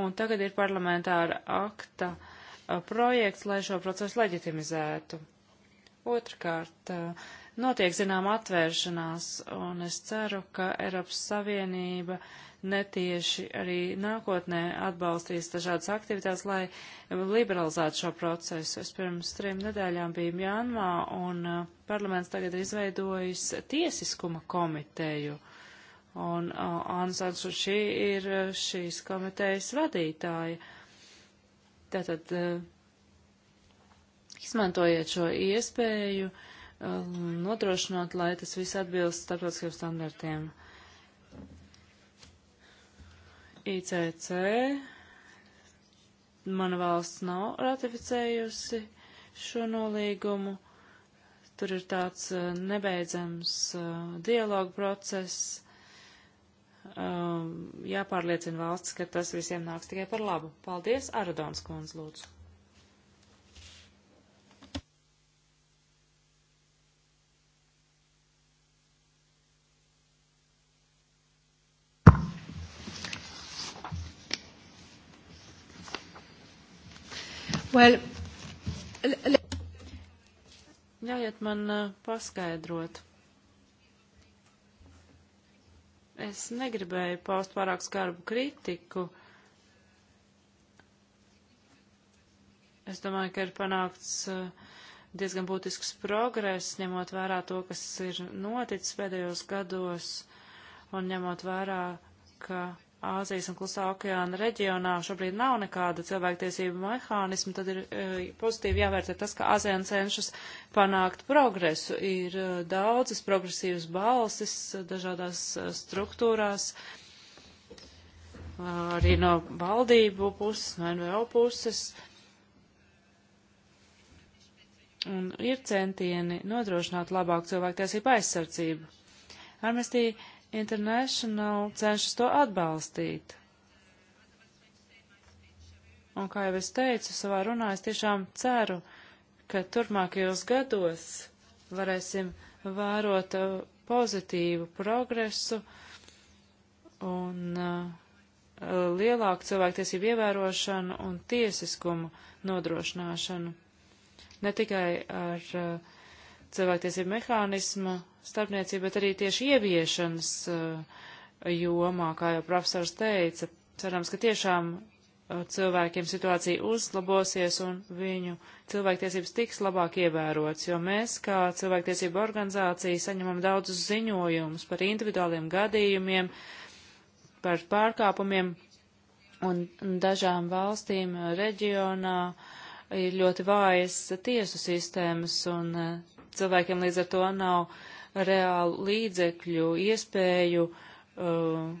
un tagad ir parlamentāra akta uh, projekts, lai šo procesu leģitimizētu. Otrkārt, uh, notiek zinām atvēršanās, un es ceru, ka Eiropas Savienība netieši arī nākotnē atbalstīs dažādas aktivitātes, lai liberalizētu šo procesu. Es pirms trim nedēļām biju Mjānmā, un uh, parlaments tagad ir izveidojis tiesiskuma komiteju. Un uh, Ansans un šī ir uh, šīs komitejas vadītāja. Tātad izmantojiet šo iespēju nodrošinot, lai tas viss atbilst starptautiskiem standartiem. Uh, ICC mana valsts nav ratificējusi šo nolīgumu. Tur ir tāds eh, nebeidzams eh, dialogu process. Eh, jāpārliecina valsts, ka tas visiem nāks tikai par labu. Paldies, Aradons Kunz, lūdzu. Well, Ļaujiet man uh, paskaidrot. Es negribēju paust pārāk skarbu kritiku. Es domāju, ka ir panākts uh, diezgan būtisks progress, ņemot vērā to, kas ir noticis pēdējos gados, un ņemot vērā, ka Āzijas un Klusā okeāna reģionā šobrīd nav nekāda cilvēktiesība mehānisma, tad ir e, pozitīvi jāvērtē tas, ka ASEAN cenšas panākt progresu. Ir e, daudzas progresīvas balsis e, dažādās e, struktūrās, e, arī no valdību puses, no NVO puses. Un ir centieni nodrošināt labāku cilvēktiesību aizsardzību. Amnesty International cenšas to atbalstīt. Un kā jau es teicu savā runā, es tiešām ceru, ka turpmākajos gados varēsim vērot uh, pozitīvu progresu un uh, lielāku cilvēktiesību ievērošanu un tiesiskumu nodrošināšanu. Ne tikai ar uh, cilvēktiesību mehānismu starpniecība, bet arī tieši ieviešanas eh, jomā, kā jau profesors teica. Cerams, ka tiešām eh, cilvēkiem situācija uzlabosies un viņu cilvēktiesības tiks labāk ievērots, jo mēs, kā cilvēktiesība organizācija, saņemam daudzus ziņojumus par individuāliem gadījumiem, par pārkāpumiem, un dažām valstīm eh, reģionā ir ļoti vājas tiesu sistēmas, un cilvēkiem līdz ar to nav reālu līdzekļu, iespēju uh,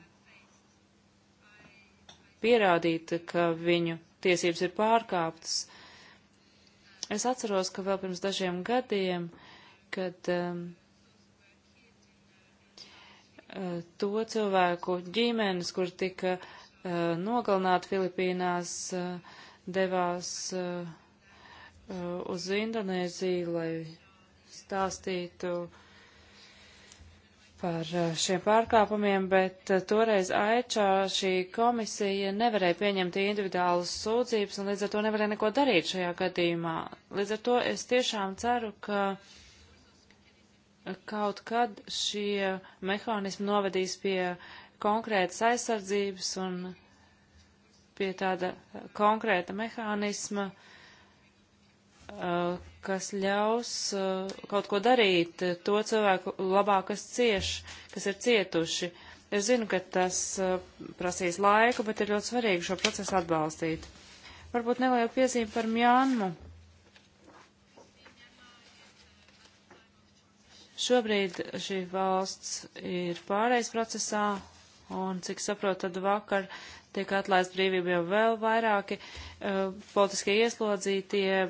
pierādīt, ka viņu tiesības ir pārkāptas. Es atceros, ka vēl pirms dažiem gadiem, kad um, uh, to cilvēku ģimenes, kur tika uh, nogalināti Filipīnās, uh, devās uh, uh uz Indonēziju, lai stāstītu uh, par eh, šiem pārkāpumiem, bet eh, toreiz AEČā šī komisija nevarēja pieņemt individuālas sūdzības un līdz ar to nevarēja neko darīt šajā gadījumā. Līdz ar to es tiešām ceru, ka kaut kad šie mehānismi novedīs pie konkrētas aizsardzības un pie tāda konkrēta mehānisma, uh, Uh, kas ļaus uh, kaut ko darīt to cilvēku labā, kas cieš, kas ir cietuši. Es zinu, ka tas uh, prasīs laiku, bet ir ļoti svarīgi šo procesu atbalstīt. Varbūt neliela piezīme par Mjānmu. Šobrīd šī valsts ir pārējais procesā, un, cik saprotu, tad vakar tiek atlaist brīvību jau vēl vairāki uh, politiskie ieslodzītie,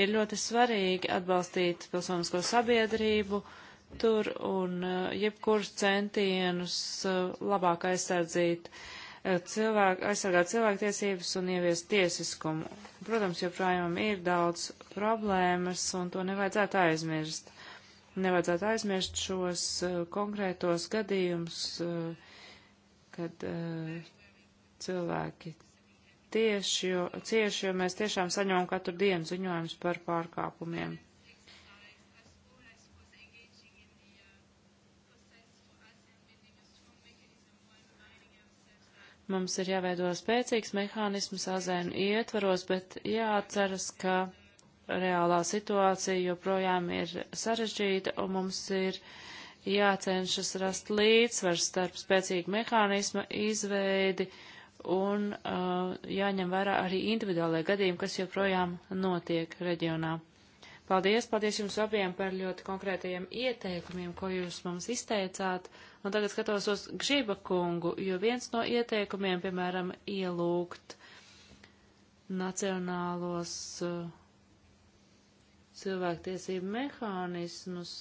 ir ļoti svarīgi atbalstīt pilsonisko sabiedrību tur un eh, jebkurus centienus eh, labāk aizsardzīt eh, cilvēku, aizsargāt cilvēktiesības un ieviest tiesiskumu. Protams, joprojām ir daudz problēmas un to nevajadzētu aizmirst. Nevajadzētu aizmirst šos konkrētos gadījumus, kad cilvēki tieši, jo, cieši, jo mēs tiešām saņemam katru dienu ziņojumus par pārkāpumiem. Mums ir jāveido spēcīgs mehānisms azēnu ietvaros, bet jāatceras, ka reālā situācija joprojām ir sarežģīta un mums ir jācenšas rast līdzsvars starp spēcīgu mehānismu izveidi, uh, un uh, jāņem vērā arī individuālajie gadījumi, kas joprojām notiek reģionā. Paldies, paldies jums abiem par ļoti konkrētajiem ieteikumiem, ko jūs mums izteicāt. Un tagad skatos uz Gžiba kungu, jo viens no ieteikumiem, piemēram, ielūgt nacionālos uh, cilvēktiesību mehānismus.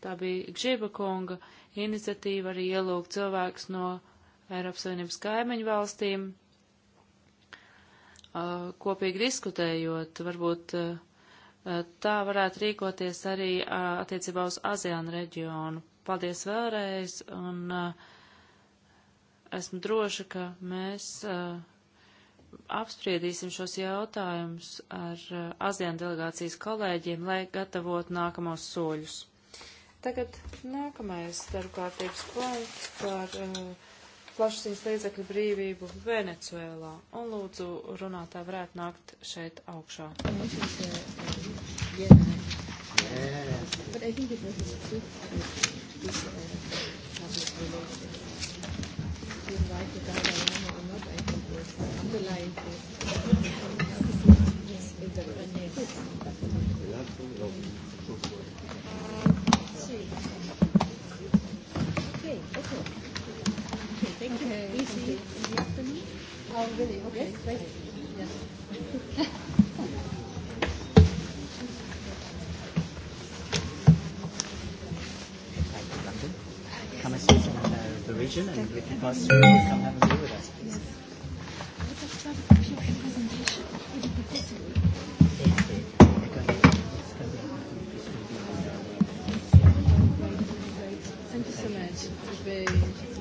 Tā bija Gžiba kunga uh, iniciatīva arī ielūgt cilvēkus no Eiropas Savienības kaimiņu valstīm, uh, kopīgi diskutējot, varbūt uh, tā varētu rīkoties arī uh, attiecībā uz ASEAN reģionu. Paldies vēlreiz, un esmu droša, ka mēs apspriedīsim šos jautājumus ar ASEAN delegācijas kolēģiem, lai gatavotu nākamos soļus. Tagad nākamais darba kārtības punkts par uh, plašsaziņas līdzekļu brīvību Venecuēlā. Un lūdzu, runātā varētu nākt šeit augšā. Thank you. Okay, okay. Okay, thank you. Okay, Easy thank you. in the afternoon. Oh, really? Okay, yes. great. Yes. Come and see us around the region and we can pass through and come have a meal with us. Yes. bei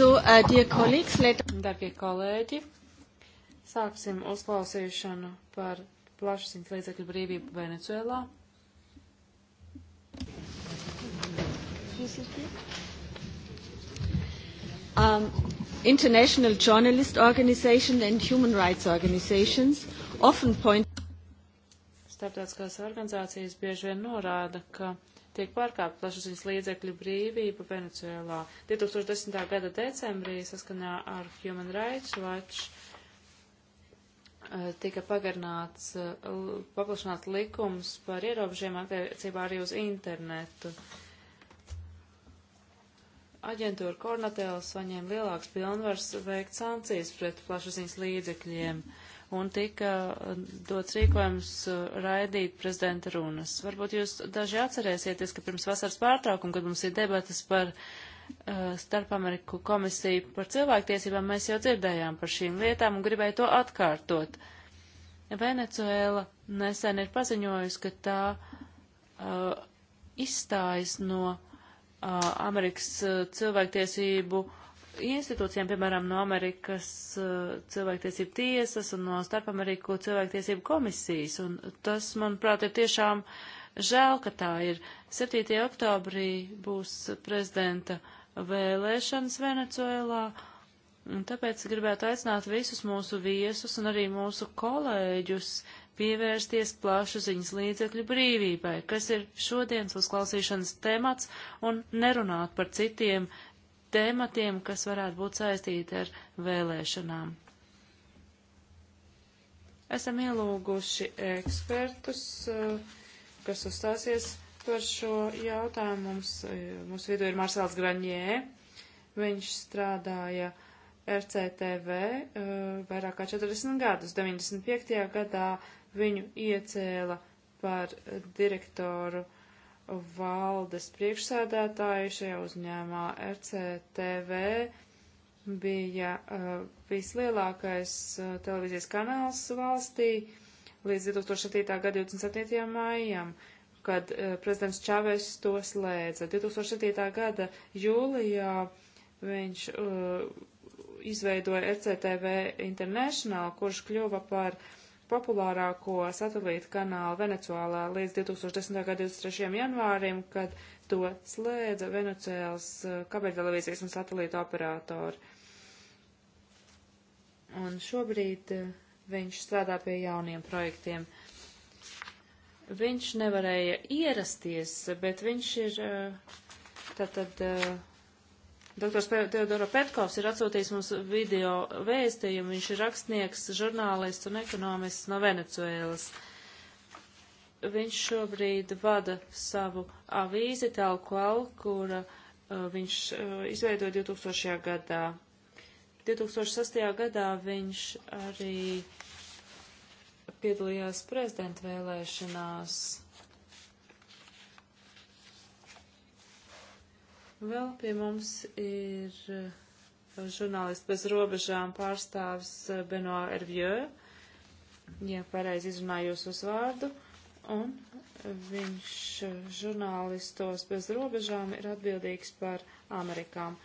So, uh, dear colleagues, let... Darbie kolēģi, sāksim uzklausīšanu par plašsaziņas līdzekļu brīvību Venecuēlā. Um, international journalist organization and human rights organizations often point Starptautiskās organizācijas bieži vien norāda, ka uh, tiek pārkāpta plašsaziņas līdzekļu brīvība Venecijā. 2010. gada decembrī saskanā ar Human Rights Watch eh, tika pagarināts, eh, paplašināts likums par ierobežiem attiecībā arī uz internetu. Aģentūra Kornatēla saņēma lielāks pilnvars veikt sankcijas pret plašsaziņas līdzekļiem. Mm un tika uh, dots rīkojums uh, raidīt prezidenta runas. Varbūt jūs daži atcerēsieties, ka pirms vasaras pārtraukuma, kad mums ir debatas par uh, Starpameriku komisiju par cilvēktiesībām, mēs jau dzirdējām par šīm lietām un gribēju to atkārtot. Venecuēla nesen ir paziņojusi, ka tā uh, izstājas no uh, Amerikas uh, cilvēktiesību uh, institūcijām, piemēram, no Amerikas eh, cilvēktiesību tiesas un no Starpameriku cilvēktiesību komisijas. Un tas, manuprāt, ir tiešām žēl, ka tā ir. 7. oktobrī būs prezidenta vēlēšanas Venecuēlā. Un tāpēc gribētu aicināt visus mūsu viesus un arī mūsu kolēģus pievērsties plašu ziņas līdzekļu brīvībai, kas ir šodienas uzklausīšanas temats, un nerunāt par citiem tēmatiem, kas varētu būt saistīti ar vēlēšanām. Esam ielūguši ekspertus, eh, kas uzstāsies par šo jautājumu. Mums, eh, mums vidū ir Marsāls Graņē. Viņš strādāja RCTV eh, vairāk kā 40 gadus. 95. gadā viņu iecēla par direktoru uh, valdes priekšsēdētāji šajā uzņēmā RCTV bija uh, vislielākais uh, televīzijas kanāls valstī līdz 2007. gada 27. maijam, kad uh, prezidents Čāvēs to slēdza. 2007. gada jūlijā viņš uh, izveidoja RCTV International, kurš kļuva par uh, populārāko satelīta kanālu Venecuālā līdz 2010. gada 23. janvārim, kad to slēdza Venecuēlas uh, kabeļtelevīzijas un satelīta operātori. Un šobrīd uh, viņš strādā pie jauniem projektiem. Viņš nevarēja ierasties, bet viņš ir uh, tātad. Uh, Doktors Teodoro Petkovs ir atsūtījis mums video vēstījumu. Viņš ir rakstnieks, žurnālists un ekonomists no Venecuēlas. Viņš šobrīd vada savu avīzi Telkual, kura uh, viņš uh, izveidoja 2000. gadā. 2006. gadā viņš arī piedalījās prezidenta vēlēšanās Vēl pie mums ir eh, žurnālists bez robežām pārstāvis eh, Benoā Ervjē, ja pareizi izrunājos uz vārdu, un viņš eh, žurnālistos bez robežām ir atbildīgs par Amerikām.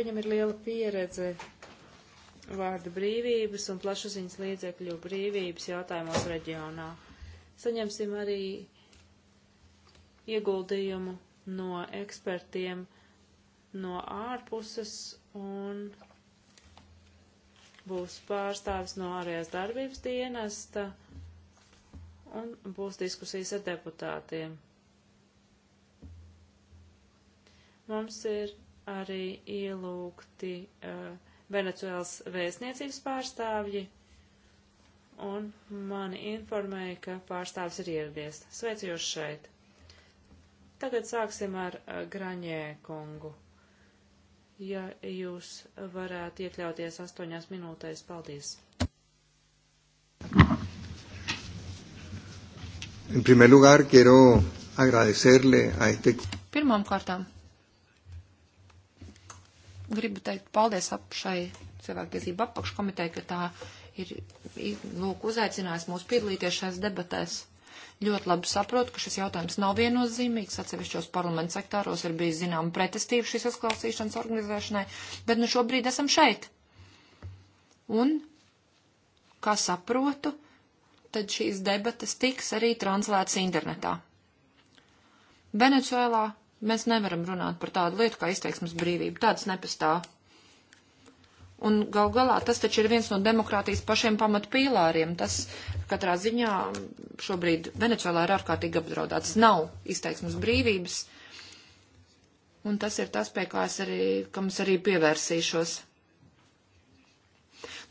Viņam ir liela pieredze vārdu brīvības un plašsaziņas līdzekļu brīvības jautājumos reģionā. Saņemsim arī ieguldījumu no ekspertiem uh, no ārpuses un būs pārstāvis no ārējās darbības dienesta un būs diskusijas ar deputātiem. Mums ir arī ielūgti uh, Venecuēlas vēstniecības pārstāvji, un mani informēja, ka pārstāvis ir ieradies. Sveicu jūs šeit! Tagad sāksim ar uh, Graņē kungu ja jūs varētu iekļauties astoņās minūtēs. Paldies! En primer lugar, quiero agradecerle a este. Pirmām kārtām gribu teikt paldies ap šai cilvēktiesību apakškomiteja, ka tā ir, lūk, uzaicinājusi mūs piedalīties šajās debatēs. Ļoti labi saprotu, ka šis jautājums nav viennozīmīgs. Atsevišķos parlamentu sektāros ir bijis zinām pretestība šīs uzklausīšanas organizēšanai, bet nu šobrīd esam šeit. Un, kā saprotu, tad šīs debatas tiks arī translētas internetā. Venecuēlā mēs nevaram runāt par tādu lietu kā izteiksmes brīvība. Tāds nepastāv. Un gal galā tas taču ir viens no demokrātijas pašiem pamatpīlāriem. Tas katrā ziņā šobrīd Venecijolā ir ārkārtīgi apdraudāts. Nav izteiksmes brīvības. Un tas ir tas, pie kā es arī, kam es arī pievērsīšos.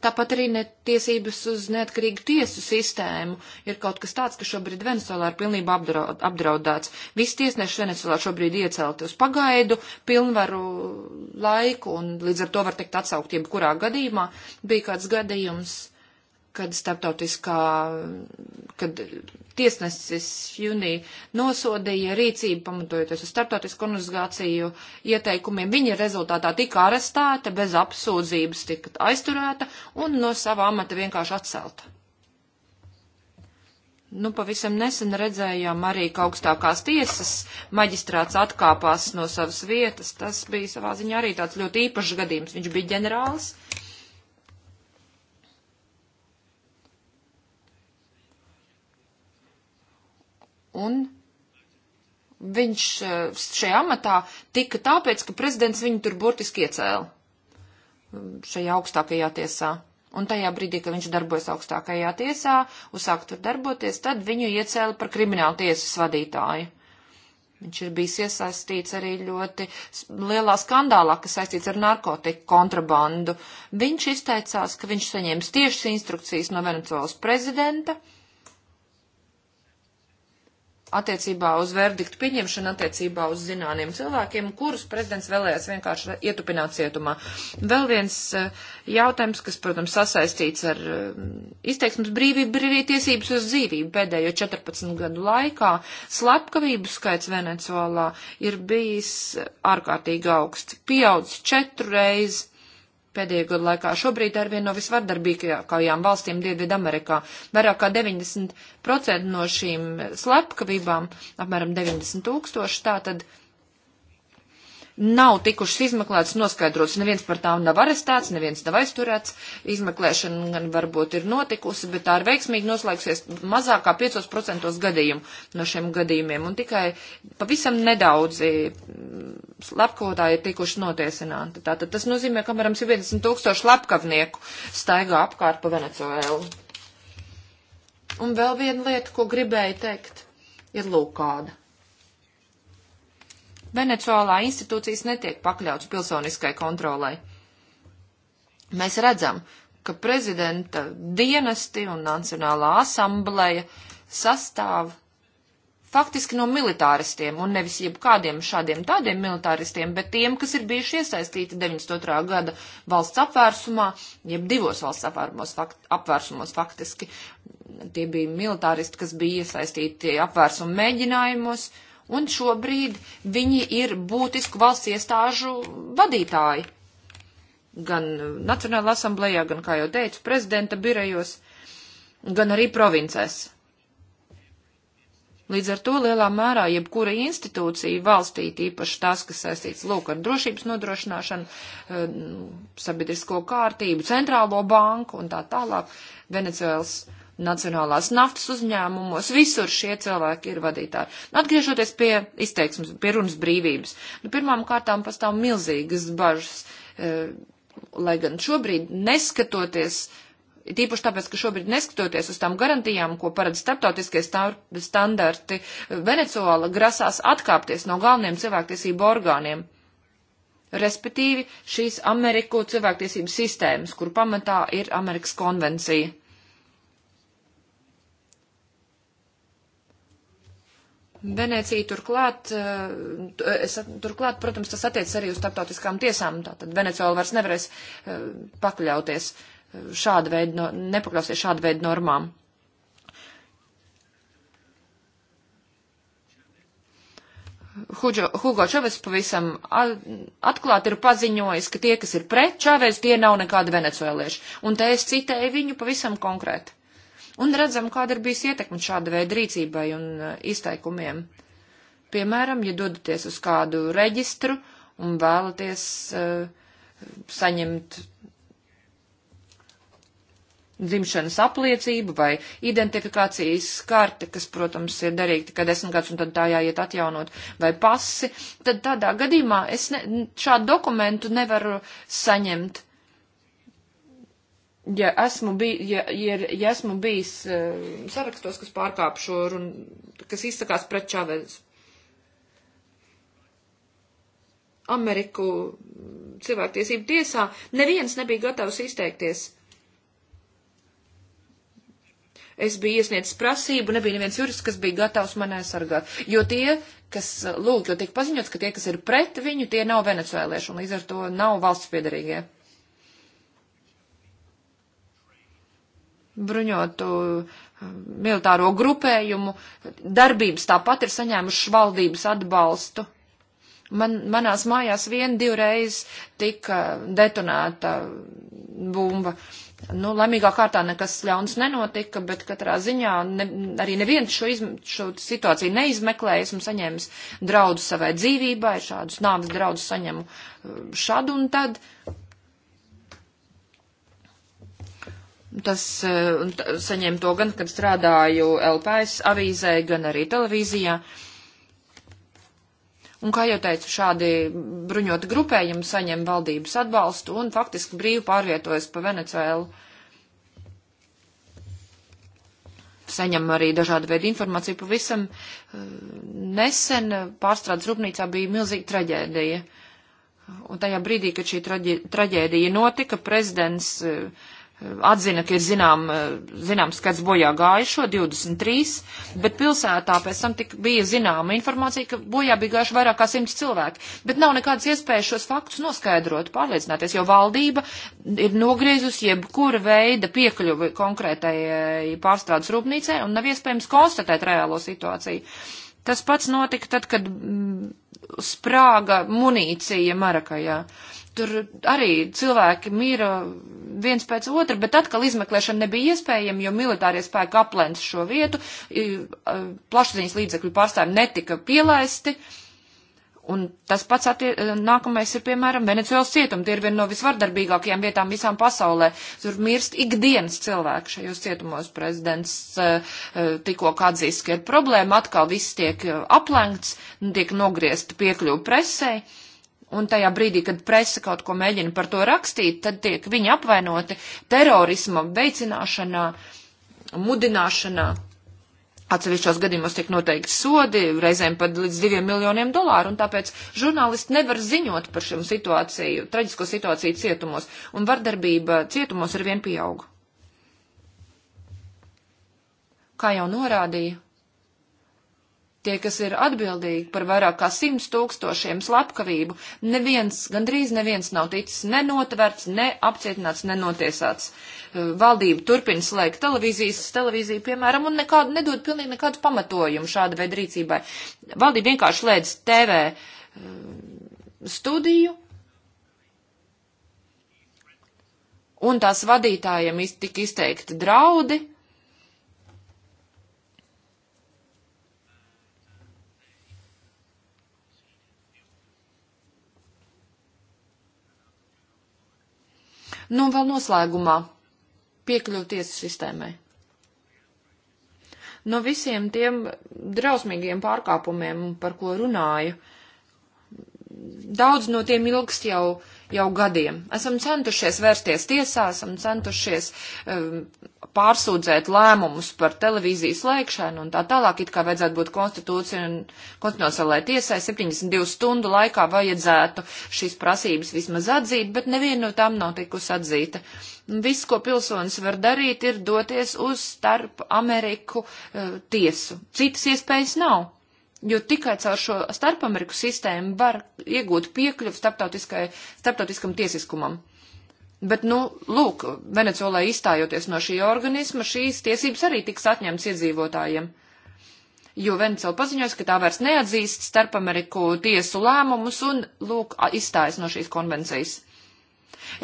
Tāpat arī tiesības uz neatkarīgu tiesu sistēmu ir kaut kas tāds, kas šobrīd Venezuelā ir pilnībā apdraud, apdraudēts. Visi tiesneši Venezuelā šobrīd iecelti uz pagaidu pilnvaru laiku, un līdz ar to var teikt atsaukt jebkurā gadījumā. Bija kāds gadījums kad starptautiskā, kad tiesnesis jūnī nosodīja rīcību pamatojoties uz starptautisku organizāciju ieteikumiem. Viņa rezultātā tika arestēta, bez apsūdzības tika aizturēta un no sava amata vienkārši atcelta. Nu, pavisam nesen redzējām arī, ka augstākās tiesas maģistrāts atkāpās no savas vietas. Tas bija savā ziņā arī tāds ļoti īpašs gadījums. Viņš bija ģenerālis, uh, Un viņš eh, šajā amatā tika tāpēc, ka prezidents viņu tur burtiski iecēla mm, šajā augstākajā tiesā. Un tajā brīdī, kad viņš darbojas augstākajā tiesā, uzsāk tur darboties, tad viņu iecēla par kriminālu tiesas vadītāju. Viņš ir bijis iesaistīts arī ļoti lielā skandālā, kas saistīts ar narkotiku kontrabandu. Viņš izteicās, ka viņš saņēma tiešas instrukcijas no Venecuēlas prezidenta, uh, attiecībā uz verdiktu pieņemšanu, attiecībā uz zināmiem cilvēkiem, kurus prezidents vēlējās vienkārši ietupināt cietumā. Vēl viens eh, jautājums, kas, protams, sasaistīts ar eh, izteiksmes brīvību, brīvī tiesības uz dzīvību pēdējo 14 gadu laikā, slepkavību skaits Venecuolā ir bijis ārkārtīgi augsts, pieaudzis četru reizi pēdējo gadu laikā. Šobrīd ar vienu no visvardarbīgākajām valstīm Dienvidu Amerikā. Vairāk kā 90% no šīm slepkavībām, apmēram 90 tūkstoši, tā tad nav tikušas izmeklētas, noskaidrotas, neviens par tām nav arestēts, neviens nav aizturēts, izmeklēšana gan varbūt ir notikusi, bet tā ir veiksmīgi noslēgsies mazākā 5% gadījumu no šiem gadījumiem, un tikai pavisam nedaudzi mm, slepkotāji ir tikuši notiesināti. Tātad tas nozīmē, ka apmēram 70 tūkstoši slepkavnieku staigā apkārt pa Venecuēlu. Un vēl viena lieta, ko gribēju teikt, ir lūk kāda. Venecuālā institūcijas netiek pakļauts pilsoniskai kontrolai. Mēs redzam, ka prezidenta dienesti un Nacionālā asambleja sastāv faktiski no militāristiem, un nevis jebkādiem šādiem tādiem militāristiem, bet tiem, kas ir bijuši iesaistīti 92. gada valsts apvērsumā, jeb divos valsts apvērsumos, fakt, apvērsumos faktiski. Tie bija militāristi, kas bija iesaistīti apvērsumu mēģinājumos, uh, un šobrīd viņi ir būtisku valsts iestāžu vadītāji. Gan Nacionāla asamblējā, gan, kā jau teicu, prezidenta birejos, gan arī provincēs. Līdz ar to lielā mērā jebkura institūcija valstī, īpaši tās, kas saistīts lūk ar drošības nodrošināšanu, eh, sabiedrisko kārtību, centrālo banku un tā tālāk, Venecuēlas uh, nacionālās naftas uzņēmumos, visur šie cilvēki ir vadītāji. Nu, atgriežoties pie izteiksmes, pie runas brīvības, nu, pirmām kārtām pastāv milzīgas bažas, e, lai gan šobrīd neskatoties, tīpaši tāpēc, ka šobrīd neskatoties uz tām garantijām, ko paredz starptautiskie standarti, Venecuola grasās atkāpties no galveniem cilvēktiesību orgāniem. Respektīvi šīs Ameriku cilvēktiesību sistēmas, kur pamatā ir Amerikas konvencija. Venecija turklāt, eh, turklāt, protams, tas attiecas arī uz starptautiskām tiesām, tātad Venecija vairs nevarēs eh, pakļauties eh, šāda veida, nepakļausies šāda veida normām. Hugo Čavez pavisam atklāti ir paziņojis, ka tie, kas ir pret Čavez, tie nav nekādi venecuēlieši. Un te es citēju viņu pavisam konkrēti un redzam, kāda ir bijis ietekme šāda veida rīcībai un e, izteikumiem. Piemēram, ja dodaties uz kādu reģistru un vēlaties uh, saņemt dzimšanas apliecību vai identifikācijas karte, kas, protams, ir derīga tikai desmit gadus un tad tā jāiet atjaunot, vai pasi, tad tādā gadījumā es ne, šādu dokumentu nevaru saņemt ja esmu, bij, ja, ja, ja esmu bijis uh, sarakstos, kas pārkāp šo runu, kas izsakās pret Čavez. Ameriku mm, cilvēktiesību tiesā neviens nebija gatavs izteikties. Es biju iesniedzis prasību, nebija neviens jurists, kas bija gatavs mani aizsargāt. Jo tie, kas, lūk, jo tiek paziņots, ka tie, kas ir pret viņu, tie nav venecuēlieši un līdz ar to nav valsts piedarīgie. bruņotu um, militāro grupējumu darbības tāpat ir saņēmušas valdības atbalstu. Man, manās mājās vien divreiz tika detonēta bumba. Nu, laimīgā kārtā nekas ļauns nenotika, bet katrā ziņā ne, arī neviens šo, izm, šo situāciju neizmeklēja. Esmu saņēmis draudus savai dzīvībai, šādus nāvis draudus saņemu uh, šad un tad. Uh, Tas eh, saņēmu to gan, kad strādāju LPS avīzē, gan arī televīzijā. Un, kā jau teicu, šādi bruņoti grupējumi saņem valdības atbalstu un faktiski brīvi pārvietojas pa Venecuēlu. Saņem arī dažādu veidu informāciju. Pavisam eh, nesen pārstrādes rūpnīcā bija milzīga traģēdija. Un tajā brīdī, kad šī traģēdija notika, prezidents uh, atzina, ka ir zinām, zināms skats bojā gājušo, 23, bet pilsētā pēc tam tik bija zināma informācija, ka bojā bija gājuši vairāk kā 100 cilvēki. Bet nav nekādas iespējas šos faktus noskaidrot, pārliecināties, jo valdība ir nogriezus jebkura veida piekļuvi konkrētai pārstrādes rūpnīcai un nav iespējams konstatēt reālo situāciju. Tas pats notika tad, kad mm, sprāga munīcija Marakajā. Ja tur arī cilvēki mīra viens pēc otra, bet atkal izmeklēšana nebija iespējama, jo militārie spēki aplēns šo vietu, plašsaziņas līdzekļu pārstāvji netika pielaisti. Un tas pats attie, nākamais ir, piemēram, Venecuēlas cietuma. Tie ir viena no visvardarbīgākajām vietām visām pasaulē. Tur mirst ikdienas cilvēki šajos cietumos. Prezidents tikko atzīst, ka ir problēma, atkal viss tiek aplenkts, tiek nogriezta piekļuva presei un tajā brīdī, kad presa kaut ko mēģina par to rakstīt, tad tiek viņi apvainoti terorisma veicināšanā, mudināšanā. Atsevišķos gadījumos tiek noteikti sodi, reizēm pat līdz diviem miljoniem dolāru, un tāpēc žurnālisti nevar ziņot par šiem situāciju, traģisko situāciju cietumos, un vardarbība cietumos ar vien pieauga. Kā jau norādīja, tie, kas ir atbildīgi par vairāk kā simts tūkstošiem slepkavību, neviens, gandrīz neviens nav ticis nenotverts, ne apcietināts, nenotiesāts. Uh, valdība turpina slēgt televīzijas, televīziju, piemēram, un nekādu, nedod pilnīgi nekādu pamatojumu šāda veida rīcībai. Valdība vienkārši slēdz TV uh, studiju. Un tās vadītājiem tika izteikti draudi, Nu, un vēl noslēgumā piekļūties sistēmai. No visiem tiem drausmīgiem pārkāpumiem, par ko runāju, daudz no tiem ilgst jau uh, jau gadiem. Esam centušies vērsties tiesā, esam centušies um, pārsūdzēt lēmumus par televīzijas lēkšanu un tā tālāk, it kā vajadzētu būt konstitūcija un konstitucionālajai tiesai 72 stundu laikā vajadzētu šīs prasības vismaz atzīt, bet neviena no tām nav tikusi atzīta. Viss, ko pilsonis var darīt, ir doties uz starp Ameriku uh, tiesu. Citas iespējas nav jo tikai caur šo starpameriku sistēmu var iegūt piekļuvu starptautiskam tiesiskumam. Bet, nu, lūk, Venecijolē izstājoties no šī organisma, šīs tiesības arī tiks atņemts iedzīvotājiem. Jo Venecijol paziņojas, ka tā vairs neatzīst starpameriku tiesu lēmumus un, lūk, izstājas no šīs konvencijas.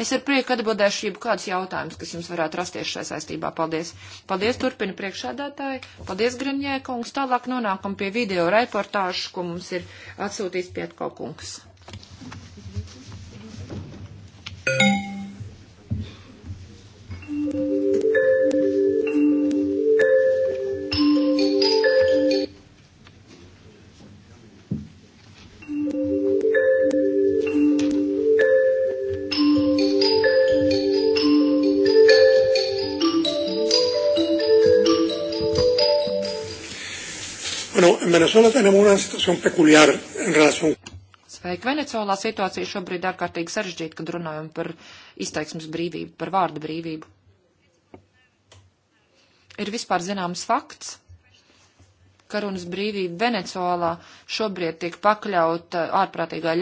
Es ar prieku atbildēšu jeb kādus jautājumus, kas jums varētu rasties šai saistībā. Paldies. Paldies, turpina priekšādātāji. Paldies, Grinjē kungs. Tālāk nonākam pie video reportāžu, ko mums ir atsūtījis Pietko kungs. Thank you. Bueno, en Venezuela tenemos una situación peculiar en relación. Sveiki, Venecijolā situācija šobrīd ārkārtīgi sarežģīta, kad runājam par izteiksmes brīvību, par vārdu brīvību. Ir vispār zināms fakts, ka runas brīvība Venecijolā šobrīd tiek pakļauta ārprātīgā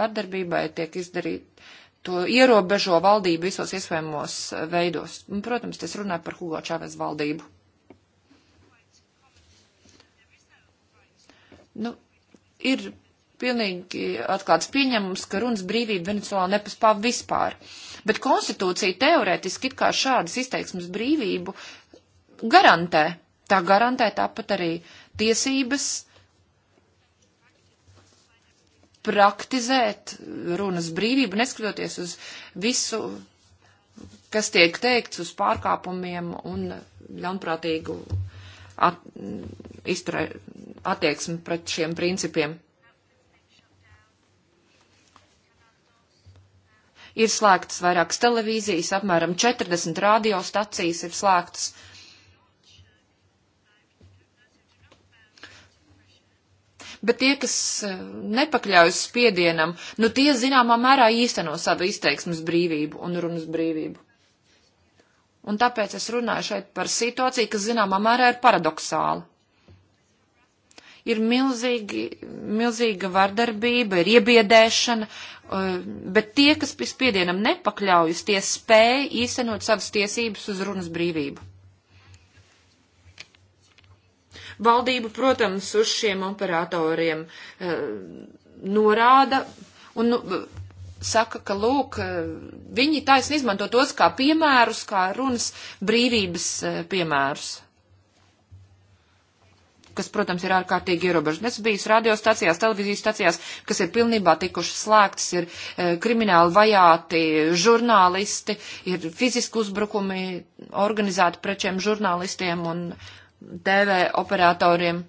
vardarbībai, tiek izdarīt, to ierobežo valdību visos iespējamos veidos. Un, protams, tas runāja par Hugo Čāves valdību. Nu, ir pilnīgi atklāts pieņemums, ka runas brīvība Venecijā nepaspāv vispār. Bet konstitūcija teorētiski it kā šādas izteiksmes brīvību garantē. Tā garantē tāpat arī tiesības praktizēt runas brīvību, neskatoties uz visu, kas tiek teikts, uz pārkāpumiem un ļaunprātīgu at, mm, izturē, attieksmi pret šiem principiem. Ir slēgtas vairākas televīzijas, apmēram 40 radiostacijas ir slēgtas. bet tie, kas eh, nepakļaujas spiedienam, nu tie zināmā mērā īsteno savu izteiksmes brīvību un runas brīvību. Un tāpēc es runāju šeit par situāciju, kas zināmā mērā ir paradoxāla. Ir milzīgi, milzīga vardarbība, ir iebiedēšana, uh, bet tie, kas spiedienam nepakļaujas, tie spēja īstenot savas tiesības uz runas brīvību. Valdība, protams, uz šiem operatoriem uh, norāda un nu, saka, ka lūk, eh, viņi taisni izmanto tos kā piemērus, kā runas brīvības eh, piemērus kas, protams, ir ārkārtīgi ierobežots. Es biju radiostacijās, televīzijas stacijās, kas ir pilnībā tikušas slēgtas, ir e, krimināli vajāti žurnālisti, ir fiziski uzbrukumi organizēti pret šiem žurnālistiem un TV operatoriem.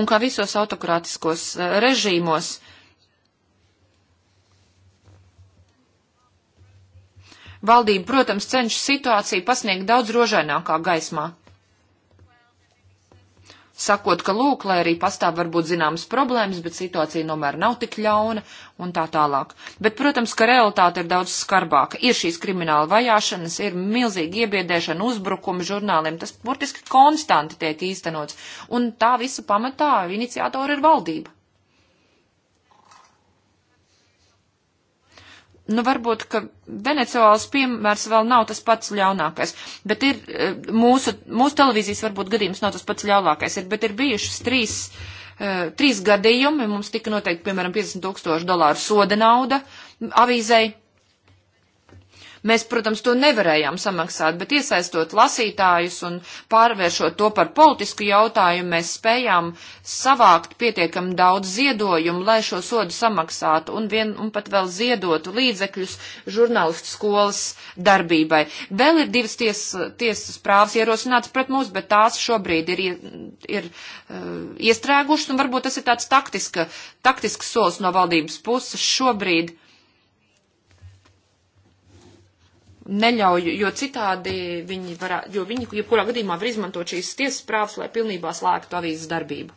Un kā visos autokrātiskos eh, režīmos, valdība, protams, cenšas situāciju pasniegt daudz rožainākā gaismā sakot, ka lūk, lai arī pastāv varbūt zināmas problēmas, bet situācija nomēr nav tik ļauna un tā tālāk. Bet, protams, ka realitāte ir daudz skarbāka. Ir šīs krimināla vajāšanas, ir milzīgi iebiedēšana, uzbrukumi žurnāliem, tas burtiski konstanti tiek īstenots, un tā visu pamatā iniciatori ir valdība. nu, varbūt, ka Venecuālas piemērs vēl nav tas pats ļaunākais, bet ir e, mūsu, mūsu televīzijas varbūt gadījums nav tas pats ļaunākais, ir, bet ir bijušas trīs, e, trīs gadījumi, mums tika noteikti, piemēram, 50 tūkstoši dolāru soda nauda avīzei, Mēs, protams, to nevarējām samaksāt, bet iesaistot lasītājus un pārvēršot to par politisku jautājumu, mēs spējām savākt pietiekam daudz ziedojumu, lai šo sodu samaksātu un, vien, un pat vēl ziedotu līdzekļus žurnālistu skolas darbībai. Vēl ir divas ties, tiesas prāvas ierosināts pret mūs, bet tās šobrīd ir, ir uh, iestrēgušas un varbūt tas ir tāds taktiska, taktisks solis no valdības puses šobrīd neļauj, jo citādi viņi var, jo viņi, jebkurā gadījumā var izmantot šīs tiesas prāvas, lai pilnībā slēgtu avīzes darbību.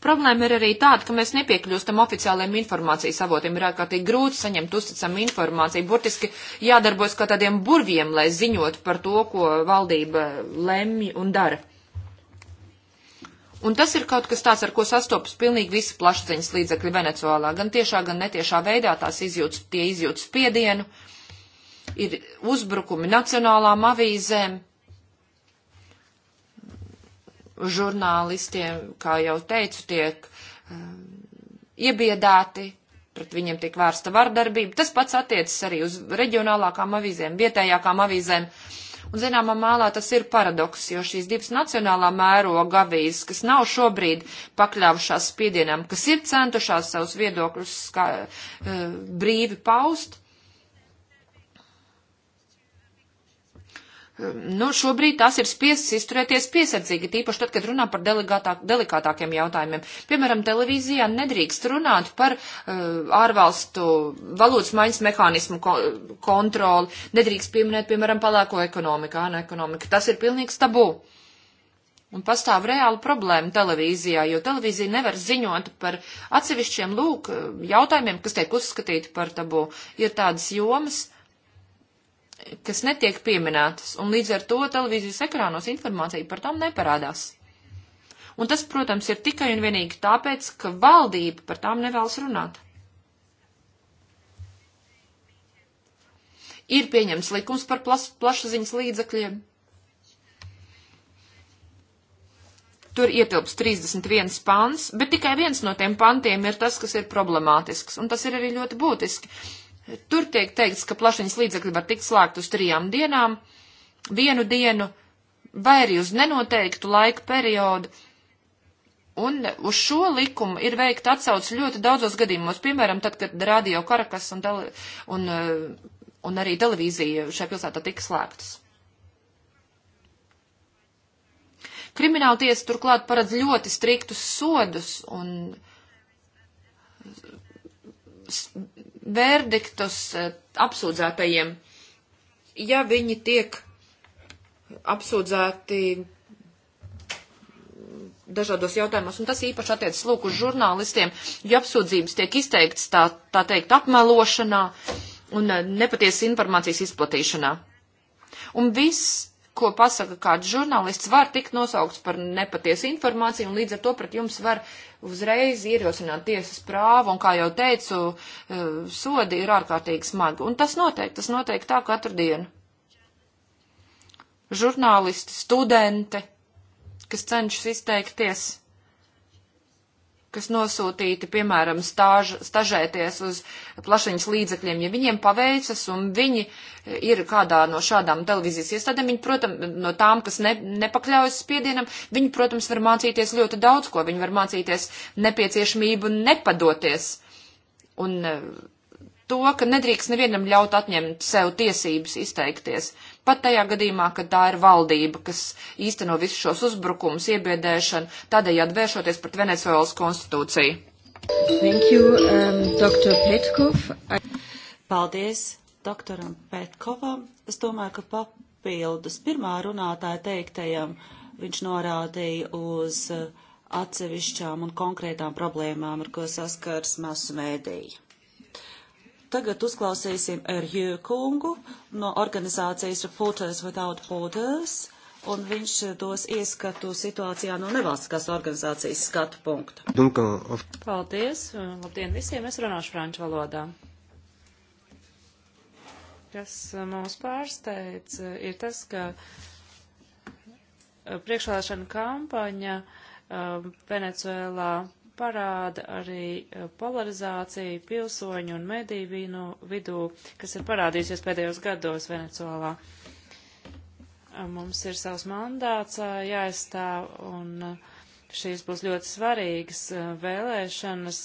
Problēma ir arī tāda, ka mēs nepiekļūstam oficiāliem informācijas avotiem. Ir ārkārtīgi grūti saņemt uzticamu informāciju. Burtiski jādarbojas kā tādiem burviem, lai ziņot par to, ko valdība lemj un dara. Un tas ir kaut kas tāds, ar ko sastopas pilnīgi visi plašsaziņas līdzekļi Venecuālā. Gan tiešā, gan netiešā veidā tās izjūtas, tie izjūtas spiedienu, ir uzbrukumi nacionālām avīzēm, žurnālistiem, kā jau teicu, tiek um, iebiedēti, pret viņiem tiek vērsta vardarbība. Tas pats attiecas arī uz reģionālākām avīzēm, vietējākām avīzēm. Uh, Un, zināmā mālā, tas ir paradoks, jo šīs divas nacionālā mēroga avīzes, kas nav šobrīd pakļāvušās spiedienam, kas ir centušās savus viedokļus kā, eh, brīvi paust, nu, šobrīd tās ir spiestas izturēties piesardzīgi, tīpaši tad, kad runā par delikātākiem jautājumiem. Piemēram, televīzijā nedrīkst runāt par uh, ārvalstu valūtas maiņas mehānismu ko kontroli, nedrīkst pieminēt, piemēram, palēko ekonomiku, ānu ekonomiku. Tas ir pilnīgs tabū. Un pastāv reāla problēma televīzijā, jo televīzija nevar ziņot par atsevišķiem lūk jautājumiem, kas tiek uzskatīti par tabū. Ir tādas jomas, uh, kas netiek pieminētas, un līdz ar to televīzijas ekrānos informācija par tām neparādās. Un tas, protams, ir tikai un vienīgi tāpēc, ka valdība par tām nevēlas runāt. Ir pieņems likums par plas, plašsaziņas līdzakļiem. Tur ietilps 31 pants, bet tikai viens no tiem pantiem ir tas, kas ir problemātisks, un tas ir arī ļoti būtiski Tur tiek teikts, ka plašiņas līdzekļi var tikt slēgt uz trijām dienām, vienu dienu vai arī uz nenoteiktu laika periodu. Un uz šo likumu ir veikta atsauce ļoti daudzos gadījumos, piemēram, tad, kad radio Karakas un, tele, un, uh, un arī televīzija šajā pilsētā tika slēgtas. Krimināltiesa turklāt paredz ļoti striktus sodus un verdiktus eh, apsūdzētajiem, ja viņi tiek apsūdzēti dažādos jautājumos, un tas īpaši attiecas lūk uz žurnālistiem, jo apsūdzības tiek izteikts tā, tā teikt apmelošanā un eh, nepatiesas informācijas izplatīšanā. Un viss ko pasaka kāds žurnālists, var tikt nosaukts par nepatiesu informāciju, un līdz ar to pret jums var uzreiz ierosināt tiesas prāvu, un, kā jau teicu, eh, sodi ir ārkārtīgi smagi. Un tas notiek, tas notiek tā katru dienu. Žurnālisti, studenti, kas cenšas izteikties kas nosūtīti, piemēram, stāž, stažēties uz plašiņas līdzekļiem, ja viņiem paveicas un viņi ir kādā no šādām televīzijas iestādēm, viņi, protams, no tām, kas ne, nepakļaujas spiedienam, viņi, protams, var mācīties ļoti daudz ko, viņi var mācīties nepieciešamību nepadoties un eh, to, ka nedrīkst nevienam ļaut atņemt sev tiesības izteikties. Uh, Pat tajā gadījumā, kad tā ir valdība, kas īsteno visus šos uzbrukumus, iebiedēšanu, tādējādi vēršoties pret Venecuēlas konstitūciju. Thank you, um, Dr. Petkov. I... Paldies doktoram Petkovam. Es domāju, ka papildus pirmā runātāja teiktajam viņš norādīja uz uh, atsevišķām un konkrētām problēmām, ar ko saskars masu mēdīja. Tagad uzklausīsim Erju kungu no organizācijas Reporters Without Borders, un viņš dos ieskatu situācijā no nevalstiskās organizācijas skatu punkta. Paldies, labdien visiem, es runāšu franču valodā. Kas uh, mūs pārsteidz, uh, ir tas, ka uh, priekšvēlēšana kampaņa Venecuēlā uh, parāda arī eh, polarizāciju pilsoņu un mediju vidū, kas ir parādījusies pēdējos gados Venecuolā. Eh, mums ir savs mandāts eh, jāizstāv, un šīs būs ļoti svarīgas vēlēšanas.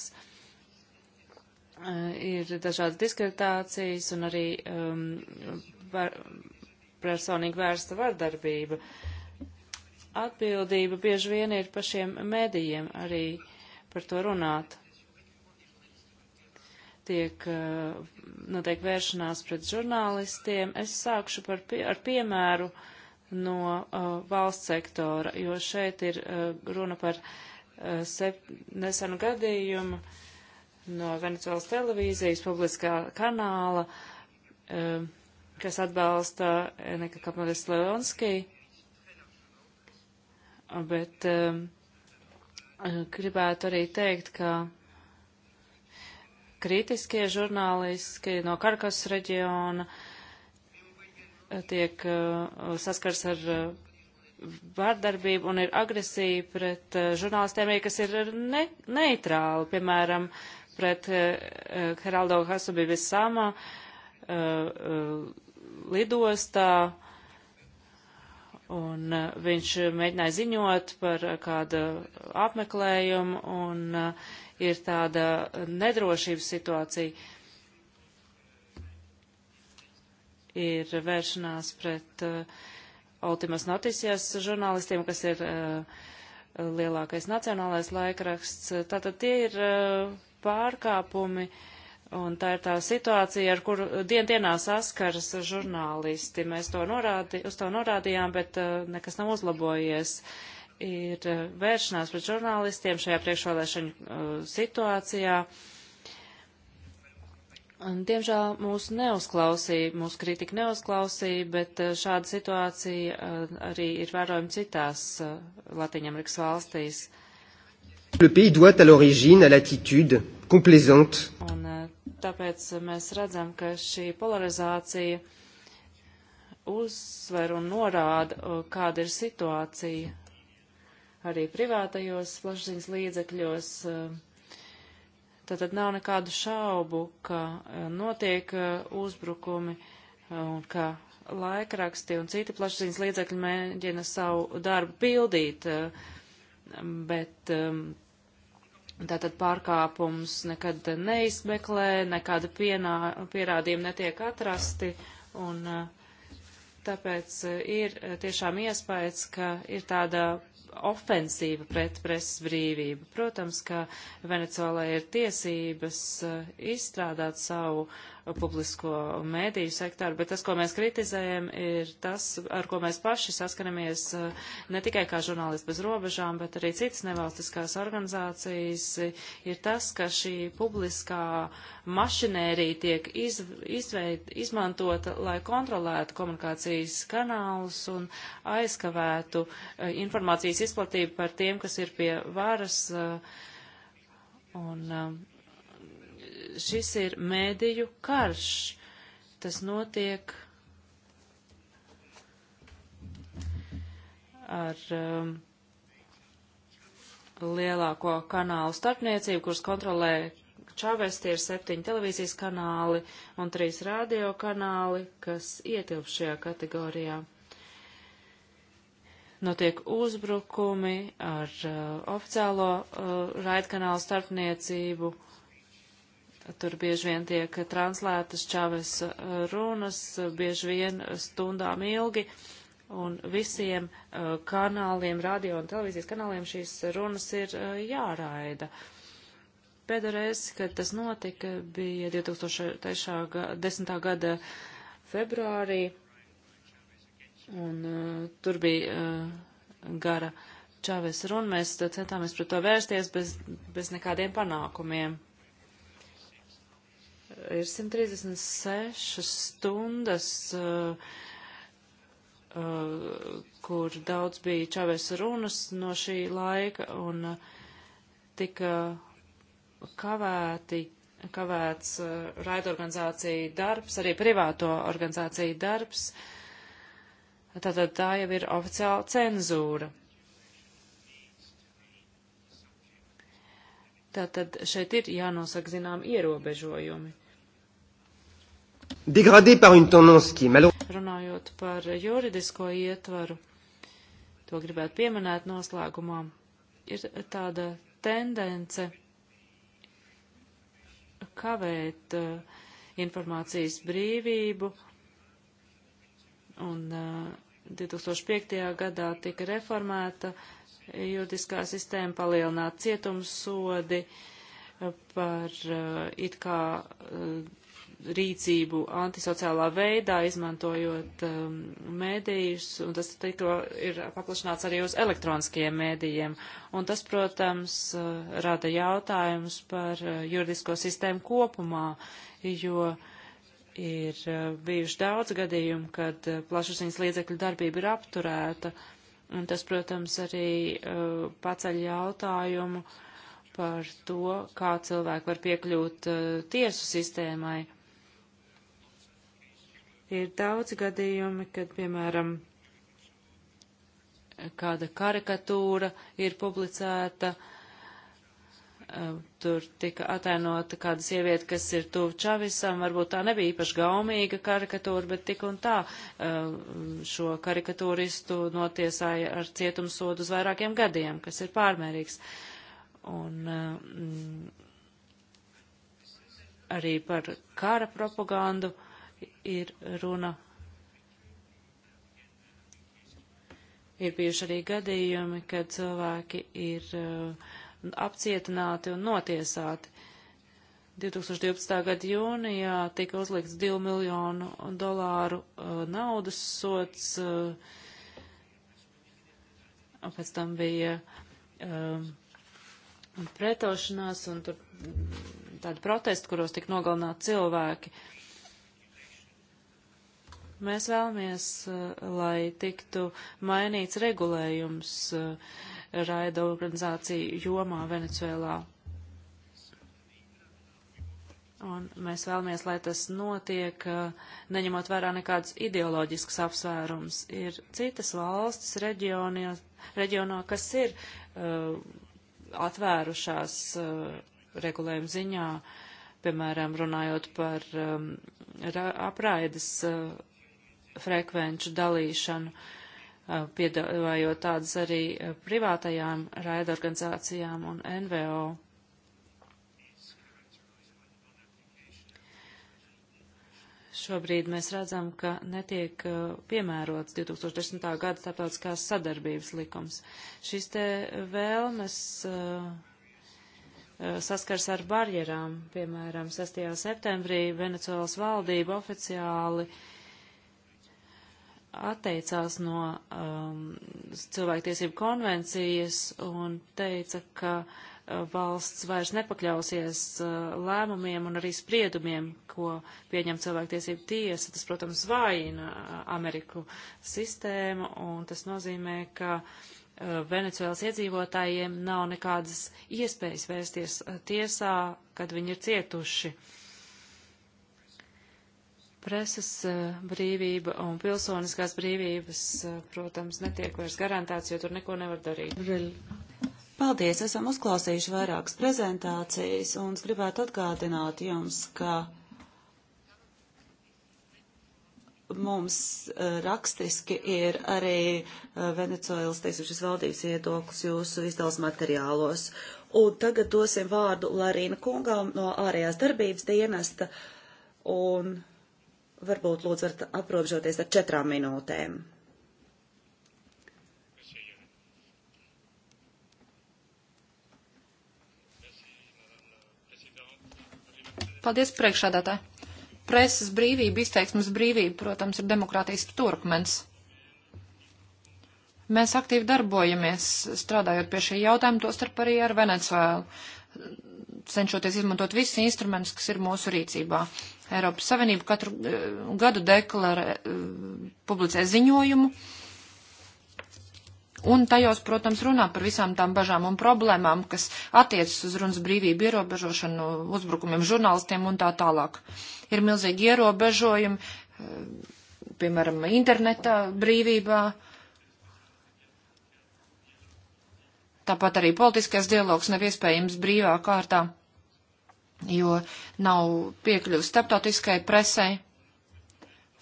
Ir dažādas diskretācijas un arī um, var, personīgi vērsta vardarbība. Atbildība bieži vien ir pašiem medijiem arī. Uh, par to runāt. Tiek uh, notiek vēršanās pret žurnālistiem. Es sākšu par, ar piemēru no uh, valsts sektora, jo šeit ir uh, runa par uh, sep, nesenu gadījumu no Venecijas televīzijas publiskā kanāla, uh, kas atbalsta Enika Kapnedes Leonskiju bet um, Eh, gribētu arī teikt, ka kritiskie žurnālisti no Karkas reģiona eh, tiek eh, saskars ar vārdarbību un ir agresija pret žurnālistiem, kas ir ne, neitrāli, piemēram, pret Heraldo Hasubibisama lidostā Un uh, viņš mēģināja ziņot par uh, kādu apmeklējumu, un uh, ir tāda nedrošības situācija. Ir vēršanās pret uh, Ultimas Noticijas žurnālistiem, kas ir uh, lielākais nacionālais laikraksts. Tātad tie ir uh, pārkāpumi uh, Un tā ir tā situācija, ar kuru dien dienā saskaras žurnālisti. Mēs to norādi, uz to norādījām, bet uh, nekas nav uzlabojies. Ir uh, vēršanās pret žurnālistiem šajā priekšvēlēšanu uh, situācijā. Un, diemžēl mūs neuzklausīja, mūsu kritika neuzklausīja, bet uh, šāda situācija uh, arī ir vērojama citās uh, Latvijas valstīs. Le pays doit à l'origine à l'attitude complaisante. Un, tāpēc mēs redzam, ka šī polarizācija uzsver un norāda, kāda ir situācija arī privātajos plašsaziņas līdzekļos. Tātad nav nekādu šaubu, ka notiek uzbrukumi un ka laikraksti un citi plašsaziņas līdzekļi mēģina savu darbu pildīt, bet Tātad pārkāpums nekad neizmeklē, nekāda pienā, pierādījuma netiek atrasti, un eh, tāpēc eh, ir eh, tiešām iespējas, ka ir tāda ofensīva pret presas brīvību. Protams, ka Venecuēlē ir tiesības izstrādāt savu uh, publisko mēdīju sektoru, bet tas, ko mēs kritizējam, ir tas, ar ko mēs paši saskaramies eh, ne tikai kā žurnālisti bez robežām, bet arī citas nevalstiskās organizācijas, ir tas, ka šī publiskā mašinērija tiek iz, izveid, izmantota, lai kontrolētu komunikācijas kanālus un aizkavētu eh, informācijas izplatību par tiem, kas ir pie varas. Eh, un, šis ir mēdīju karš. Tas notiek ar um, lielāko kanālu starpniecību, kuras kontrolē Čāvēs tie ir septiņi televīzijas kanāli un trīs radio kanāli, kas ietilp šajā kategorijā. Notiek uzbrukumi ar uh, oficiālo uh, raidkanālu starpniecību uh, Tur bieži vien tiek translētas Čaves eh, runas, bieži vien stundām ilgi, un visiem eh, kanāliem, radio un televīzijas kanāliem šīs runas ir eh, jāraida. Pēdējā reize, kad tas notika, bija 2010. gada februārī, un uh, tur bija uh, gara Čāves runa. Mēs centāmies pret to vērsties bez, bez nekādiem panākumiem ir 136 stundas, eh, eh, kur daudz bija Čavēs runas no šī laika un eh, tika kavēti, kavēts raidorganizācija darbs, arī privāto organizāciju darbs. Tātad tā jau ir oficiāla cenzūra. Tātad šeit ir jānosaka zinām ierobežojumi dégradé par une tendance qui est malheureuse. Runājot par juridisko ietvaru, to gribētu pieminēt noslēgumā, ir tāda tendence kavēt uh, informācijas brīvību, un uh, eh, 2005. gadā tika reformēta juridiskā sistēma, palielināt cietums sodi eh, par uh, it kā uh, rīcību antisociālā veidā, izmantojot um, mēdījus, un tas tikko ir paplašināts arī uz elektroniskajiem mēdījiem. Un tas, protams, uh, rada jautājumus par uh, juridisko sistēmu kopumā, jo ir uh, bijuši daudz gadījumu, kad plašsaziņas līdzekļu darbība ir apturēta, un tas, protams, arī uh, paceļ jautājumu par to, kā cilvēki var piekļūt uh, tiesu sistēmai Ir daudz gadījumi, kad, piemēram, kāda karikatūra ir publicēta, ehm, tur tika atainota kāda sieviete, kas ir tuvu Čavisam, varbūt tā nebija īpaši gaumīga karikatūra, bet tik un tā ehm, šo karikatūristu notiesāja ar cietumsodu uz vairākiem gadiem, kas ir pārmērīgs. Un ehm, arī par kara propagandu. Uh, ir runa. Ir bijuši arī gadījumi, kad cilvēki ir uh, apcietināti un notiesāti. 2012. gada jūnijā tika uzlikts 2 miljonu dolāru uh, naudas sots, uh, pēc tam bija um, pretošanās un tur mm, tādi protesti, kuros tika nogalināti cilvēki. Uh, Mēs vēlamies, eh, lai tiktu mainīts regulējums eh, raida organizāciju jomā Venecuēlā. Un mēs vēlamies, lai tas notiek, eh, neņemot vērā nekādas ideoloģiskas apsvērums. Ir citas valstis reģioni, reģionā, kas ir uh, atvērušās uh, regulējuma ziņā, piemēram, runājot par um, apraides uh, frekvenču dalīšanu, piedāvājot tādas arī privātajām raidorganizācijām un NVO. Šobrīd mēs redzam, ka netiek piemērots 2010. gada starptautiskās sadarbības likums. Šis te vēlmes saskars ar barjerām, piemēram, 6. septembrī Venecuēlas valdība oficiāli uh, atteicās no um, cilvēktiesību konvencijas un teica, ka uh, valsts vairs nepakļausies uh, lēmumiem un arī spriedumiem, ko pieņem cilvēktiesību tiesa. Tas, protams, vājina uh, Ameriku sistēmu un tas nozīmē, ka uh, Venecuēlas iedzīvotājiem nav nekādas iespējas vērsties uh, tiesā, kad viņi ir cietuši. Uh, Preses eh, brīvība un pilsoniskās brīvības, eh, protams, netiek vairs garantēts, jo tur neko nevar darīt. Paldies, esam uzklausījuši vairākas prezentācijas un es gribētu atgādināt jums, ka mums uh, rakstiski ir arī uh, Venecuēlas tiesības valdības iedoklis jūsu izdevus materiālos. Un tagad dosim vārdu Larīna kungām no ārējās darbības dienesta. Un varbūt lūdzu varat aprobežoties ar četrām minūtēm. Paldies, priekšādātāji. Preses brīvība, izteiksmes brīvība, protams, ir demokrātijas turkmens. Mēs aktīvi darbojamies, strādājot pie šī jautājuma, tostarp arī ar Venecuēlu, cenšoties izmantot visus instrumentus, kas ir mūsu rīcībā. Eiropas Savienība katru eh, gadu deklarē, eh, publicē ziņojumu, un tajos, protams, runā par visām tām bažām un problēmām, kas attiecas uz runas brīvību ierobežošanu, uzbrukumiem žurnālistiem un tā tālāk. Ir milzīgi ierobežojumi, eh, piemēram, interneta brīvībā, tāpat arī politiskais dialogs nav iespējams brīvā kārtā jo nav piekļuvis starptautiskai presai.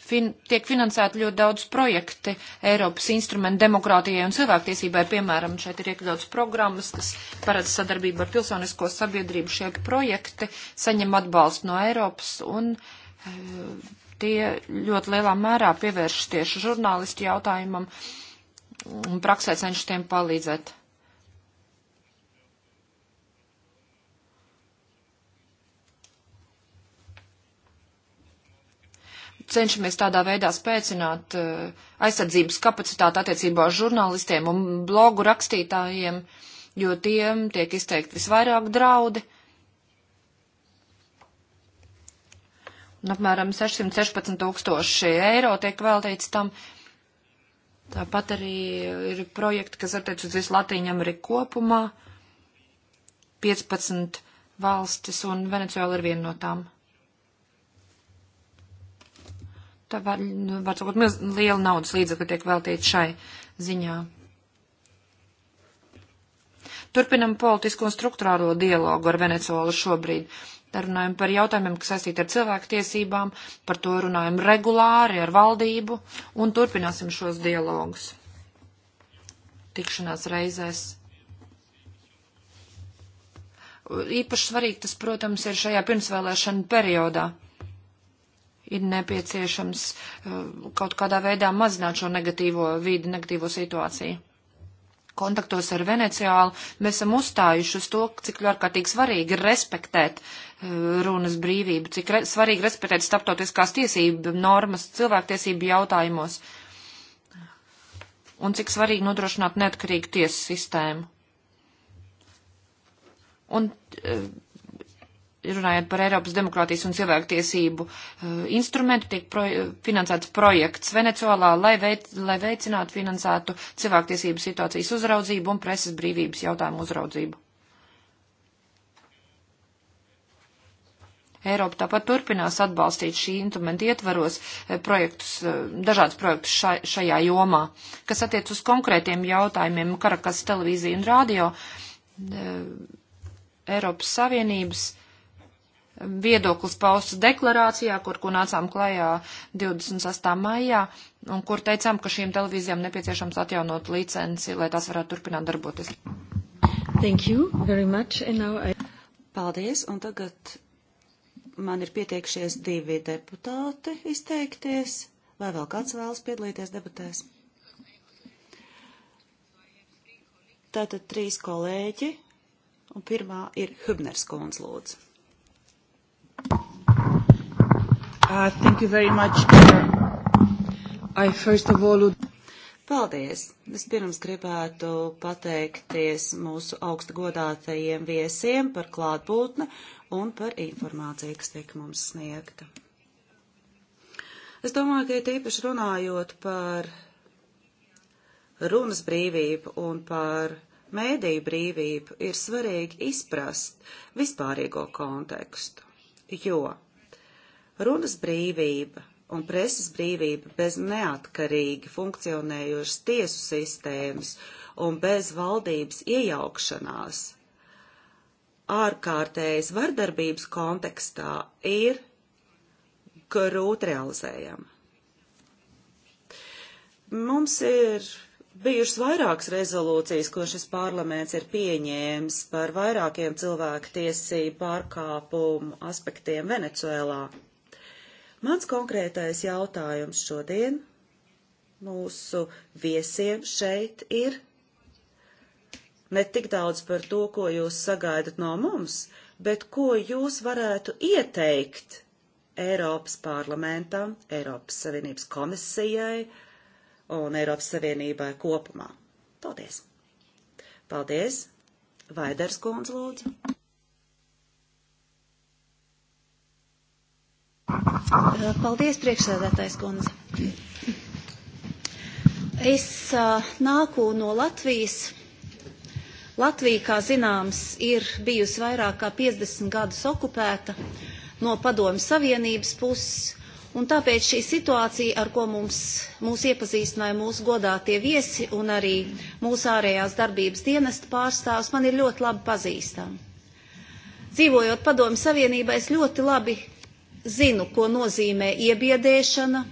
Fin tiek finansēti ļoti daudz projekti Eiropas instrumentu demokrātijai un cilvēktiesībai. Piemēram, šeit ir iekļauts programmas, kas paredz sadarbību ar pilsonisko sabiedrību. Šie projekti saņem atbalstu no Eiropas un eh, tie ļoti lielā mērā pievērš tieši žurnālistu jautājumam un praksē cenšas tiem palīdzēt. cenšamies tādā veidā spēcināt eh, aizsardzības kapacitāti attiecībā uz žurnālistiem un blogu rakstītājiem, jo tiem tiek izteikt visvairāk draudi. Un apmēram 616 tūkstoši eiro tiek veltīts tam. Tāpat arī ir projekti, kas attiec uz visu Latīņu Ameriku kopumā. 15 valstis un Venecijāla ir viena no tām. tā var, nu, var sakot, milz, liela naudas līdzekļu tiek veltīta šai ziņā. Turpinam politisko un struktūrālo dialogu ar Venecuolu šobrīd. Runājam par jautājumiem, kas saistīti ar cilvēktiesībām, par to runājam regulāri ar valdību un turpināsim šos dialogus. Tikšanās reizēs. Īpaši svarīgi tas, protams, ir šajā pirmsvēlēšana periodā ir nepieciešams eh, kaut kādā veidā mazināt šo negatīvo vidi, negatīvo situāciju. Kontaktos ar Veneciālu mēs esam uzstājuši uz to, cik ļoti svarīgi ir respektēt eh, runas brīvību, cik re svarīgi respektēt starptautiskās tiesību normas cilvēktiesību jautājumos un cik svarīgi nodrošināt neatkarīgu tiesu sistēmu. Un eh, runājot par Eiropas demokrātijas un cilvēktiesību eh, instrumentu, tiek proje, finansēts projekts Venecuolā, lai, veic, lai veicinātu finansētu cilvēktiesību situācijas uzraudzību un preses brīvības jautājumu uzraudzību. Eiropa tāpat turpinās atbalstīt šī instrumenta ietvaros eh, projektus, eh, dažādus projektus šā, šajā jomā, kas attiec uz konkrētiem jautājumiem Karakas televīzija un rādio. Eiropas Savienības viedoklis pausts deklarācijā, kur, kur nācām klajā 28. maijā, un kur teicām, ka šīm televīzijām nepieciešams atjaunot licenci, lai tās varētu turpināt darboties. Thank you very much. And now I... Paldies, un tagad man ir pieteikšies divi deputāti izteikties. Vai vēl kāds vēlas piedalīties debatēs? Tātad trīs kolēģi, un pirmā ir Hübners kundze lūdzu. Uh, thank you very much. I first of all would... Paldies! Vispirms gribētu pateikties mūsu augstu godātajiem viesiem par klātbūtni un par informāciju, kas tiek mums sniegta. Es domāju, ka ir tīpaši runājot par runas brīvību un par mēdīju brīvību, ir svarīgi izprast vispārīgo kontekstu jo runas brīvība un preses brīvība bez neatkarīgi funkcionējošas tiesu sistēmas un bez valdības iejaukšanās ārkārtējas vardarbības kontekstā ir grūti realizējama. Mums ir bijušas vairākas rezolūcijas, ko šis parlaments ir pieņēmis par vairākiem cilvēku tiesību pārkāpumu aspektiem Venecuēlā. Mans konkrētais jautājums šodien mūsu viesiem šeit ir ne tik daudz par to, ko jūs sagaidat no mums, bet ko jūs varētu ieteikt Eiropas parlamentam, Eiropas Savienības komisijai, uh, un Eiropas Savienībai kopumā. Paldies! Paldies! Vaiders kundz lūdzu. Paldies, priekšsēdētājs kundze. Es uh, nāku no Latvijas. Latvija, kā zināms, ir bijusi vairāk kā 50 gadus okupēta no Padomju Savienības puses, Un tāpēc šī situācija, ar ko mums, mūs iepazīstināja mūsu godātie viesi un arī mūsu ārējās darbības dienesta pārstāvs, man ir ļoti labi pazīstama. Dzīvojot Padomu Savienībā, es ļoti labi zinu, ko nozīmē iebiedēšana,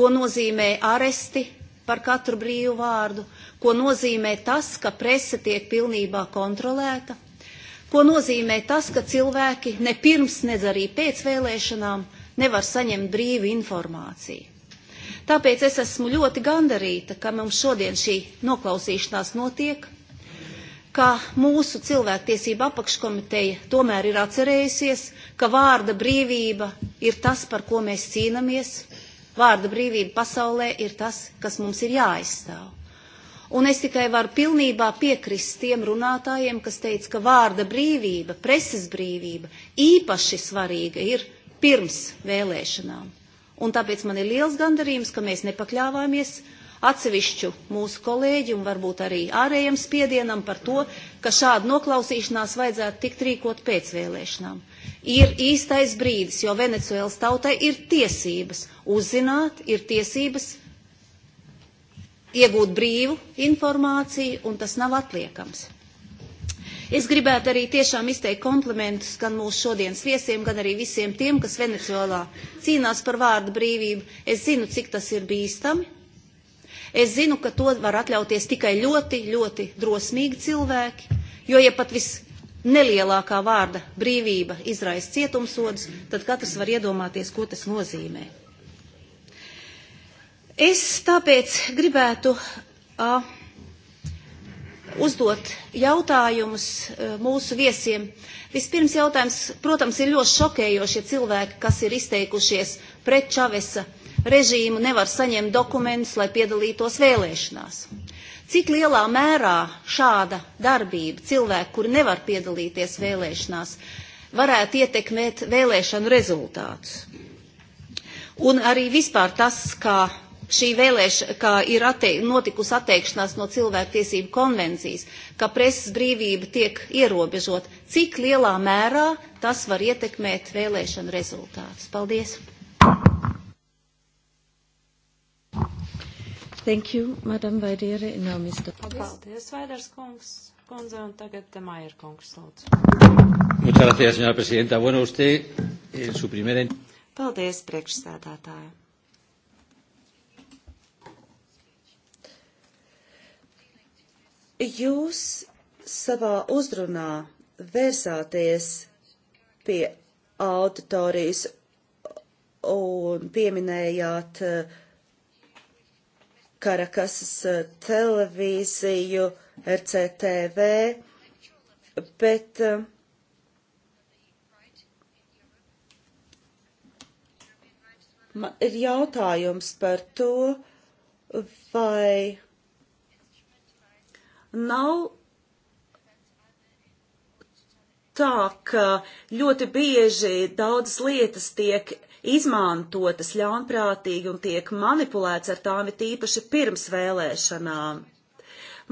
ko nozīmē aresti par katru brīvu vārdu, ko nozīmē tas, ka prese tiek pilnībā kontrolēta ko nozīmē tas, ka cilvēki ne pirms, ne arī pēc vēlēšanām nevar saņemt brīvu informāciju. Tāpēc es esmu ļoti gandarīta, ka mums šodien šī noklausīšanās notiek, ka mūsu cilvēktiesība apakškomiteja tomēr ir atcerējusies, ka vārda brīvība ir tas, par ko mēs cīnamies, vārda brīvība pasaulē ir tas, kas mums ir jāaizstāv. Un es tikai varu pilnībā piekrist tiem runātājiem, kas teica, ka vārda brīvība, preses brīvība īpaši svarīga ir pirms vēlēšanām. Un tāpēc man ir liels gandarījums, ka mēs nepakļāvāmies atsevišķu mūsu kolēģi un varbūt arī ārējiem spiedienam par to, ka šāda noklausīšanās vajadzētu tikt rīkot pēc vēlēšanām. Ir īstais brīdis, jo Venecuēlas tautai ir tiesības uzzināt, ir tiesības iegūt brīvu informāciju, un tas nav atliekams. Es gribētu arī tiešām izteikt komplimentus gan mūsu šodienas viesiem, gan arī visiem tiem, kas Venecijolā cīnās par vārdu brīvību. Es zinu, cik tas ir bīstami. Es zinu, ka to var atļauties tikai ļoti, ļoti drosmīgi cilvēki, jo, ja pat vis nelielākā vārda brīvība izraisa cietumsodus, tad katrs var iedomāties, ko tas nozīmē. Es tāpēc gribētu uh, uzdot jautājumus mūsu viesiem. Vispirms jautājums, protams, ir ļoti šokējošie cilvēki, kas ir izteikušies pret Čavesa režīmu, nevar saņemt dokumentus, lai piedalītos vēlēšanās. Cik lielā mērā šāda darbība cilvēku, kuri nevar piedalīties vēlēšanās, varētu ietekmēt vēlēšanu rezultātus? Un arī vispār tas, kā šī vēlēšana, ka ir atteik, notikusi atteikšanās no cilvēktiesību konvencijas, ka preses brīvība tiek ierobežot. Cik lielā mērā tas var ietekmēt vēlēšanu rezultātus? Paldies! Thank you, Madam Vaidere. No, Mr. Paldies, Paldies Vaiders kungs, kundze, un tagad Maier kungs, lūdzu. Muchas gracias, señora presidenta. Bueno, usted, en su primera... Paldies, priekšsēdētāja. Jūs savā uzrunā vērsāties pie auditorijas un pieminējāt eh, Karakasas eh, televīziju, RCTV, bet eh, man ir jautājums par to, vai Nav tā, ka ļoti bieži daudzas lietas tiek izmantotas ļaunprātīgi un tiek manipulēts ar tām it īpaši pirms vēlēšanām.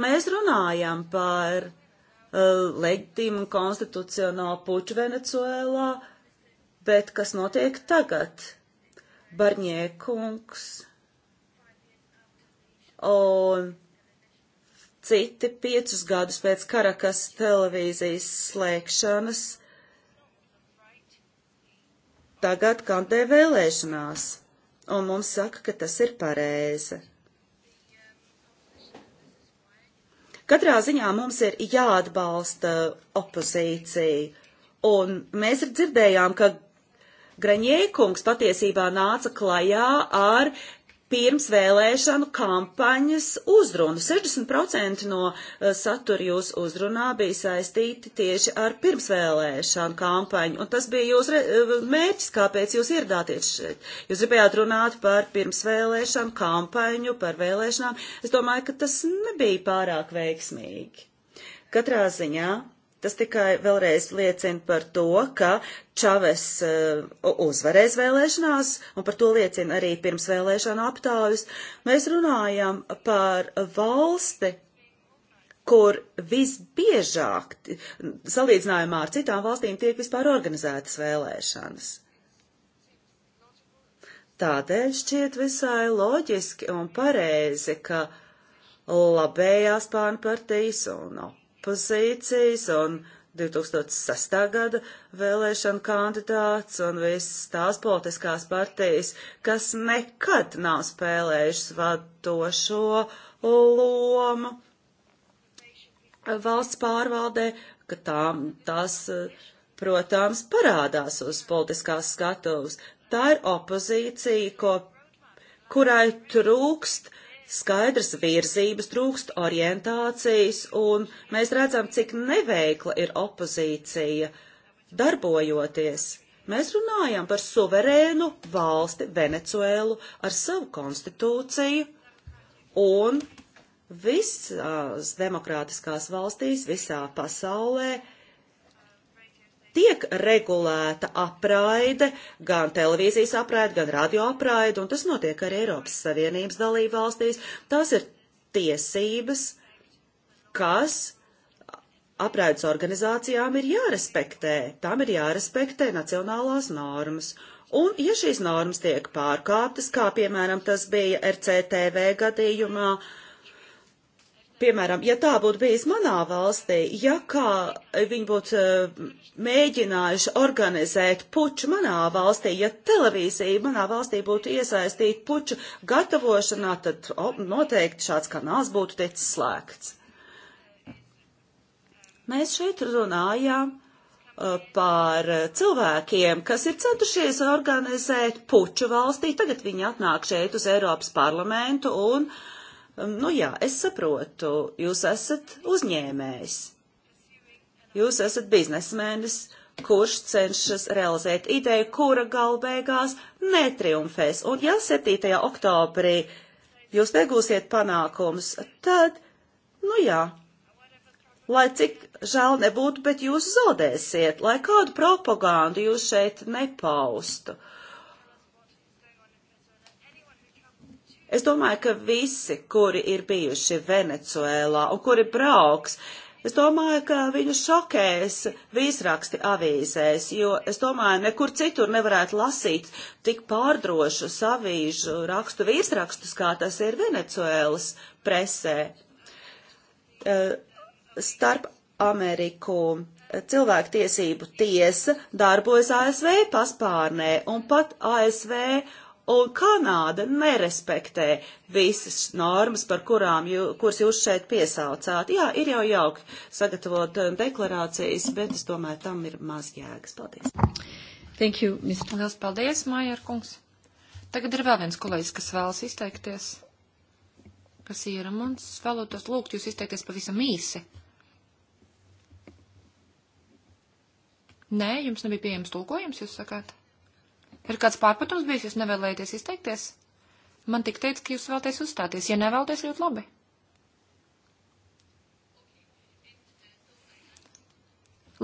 Mēs runājam par uh, leģitīmu un konstitucionālu puču Venecuēlā, bet kas notiek tagad? Barņēkungs un Citi piecus gadus pēc Karakas televīzijas slēgšanas tagad kandē vēlēšanās, un mums saka, ka tas ir pareizi. Katrā ziņā mums ir jāatbalsta opozīcija, un mēs dzirdējām, ka Graņēkungs patiesībā nāca klajā ar pirms vēlēšanu kampaņas uzrunu. 60% no eh, satura jūs uzrunā bija saistīti tieši ar pirmsvēlēšanu kampaņu, un tas bija jūs eh, mērķis, kāpēc jūs ieradāties šeit. Jūs gribējāt runāt par pirmsvēlēšanu kampaņu, par vēlēšanām. Es domāju, ka tas nebija pārāk veiksmīgi. Katrā ziņā Tas tikai vēlreiz liecina par to, ka Čaves eh, uzvarēs vēlēšanās, un par to liecina arī pirms vēlēšana aptāvis. Mēs runājam par valsti, kur visbiežāk, salīdzinājumā ar citām valstīm, tiek vispār organizētas vēlēšanas. Tādēļ šķiet visai loģiski un pareizi, ka labējās pārnu partijas un no opozīcijas un 2006. gada vēlēšana kandidāts un visas tās politiskās partijas, kas nekad nav spēlējušas vadošo lomu valsts pārvaldē, ka tām tās, protams, parādās uz politiskās skatuves. Tā ir opozīcija, ko, kurai trūkst uh, skaidras virzības, trūkst orientācijas, un mēs redzam, cik neveikla ir opozīcija darbojoties. Mēs runājam par suverēnu valsti Venecuēlu ar savu konstitūciju, un visās demokrātiskās valstīs, visā pasaulē tiek regulēta apraide, gan televīzijas apraide, gan radio apraide, un tas notiek arī Eiropas Savienības dalību valstīs. Tās ir tiesības, kas apraides organizācijām ir jārespektē. Tām ir jārespektē nacionālās normas. Un, ja šīs normas tiek pārkāptas, kā piemēram tas bija RCTV gadījumā, uh, Piemēram, ja tā būtu bijis manā valstī, ja kā viņi būtu eh, mēģinājuši organizēt puču manā valstī, ja televīzija manā valstī būtu iesaistīta puču gatavošanā, tad o, noteikti šāds kanāls būtu ticis slēgts. Mēs šeit runājām eh, par cilvēkiem, kas ir centušies organizēt puču valstī. Tagad viņi atnāk šeit uz Eiropas parlamentu un uh, Um, nu jā, es saprotu, jūs esat uzņēmējs. Jūs esat biznesmenis, kurš cenšas realizēt ideju, kura galbeigās netriumfēs. Un ja 7. oktobrī jūs negūsiet panākums, tad, nu jā, lai cik žēl nebūtu, bet jūs zaudēsiet, lai kādu propagandu jūs šeit nepaustu. Uh, Es domāju, ka visi, kuri ir bijuši Venecuēlā un kuri brauks, es domāju, ka viņu šokēs vīzraksti avīzēs, jo es domāju, nekur citur nevarētu lasīt tik pārdrošu savīžu rakstu vīzrakstus, kā tas ir Venecuēlas presē. Eh, starp Ameriku eh, cilvēktiesību tiesa darbojas ASV paspārnē un pat ASV Un Kanāda nerespektē visas normas, par kurām jū, kuras jūs šeit piesaucāt. Jā, ir jau jauki sagatavot um, deklarācijas, bet es domāju, tam ir maz jēgas. Paldies. Thank you, Ms. Liels paldies, Maier kungs. Tagad ir vēl viens kolēģis, kas vēlas izteikties. Kas ir mums? Vēlotos lūgt jūs izteikties pavisam īsi. Nē, jums nebija pieejams tulkojums, jūs sakāt? Ir kāds pārpratums bijis, jūs nevēlēties izteikties? Man tik teica, ka jūs vēlaties uzstāties. Ja nevēlaties, ļoti labi.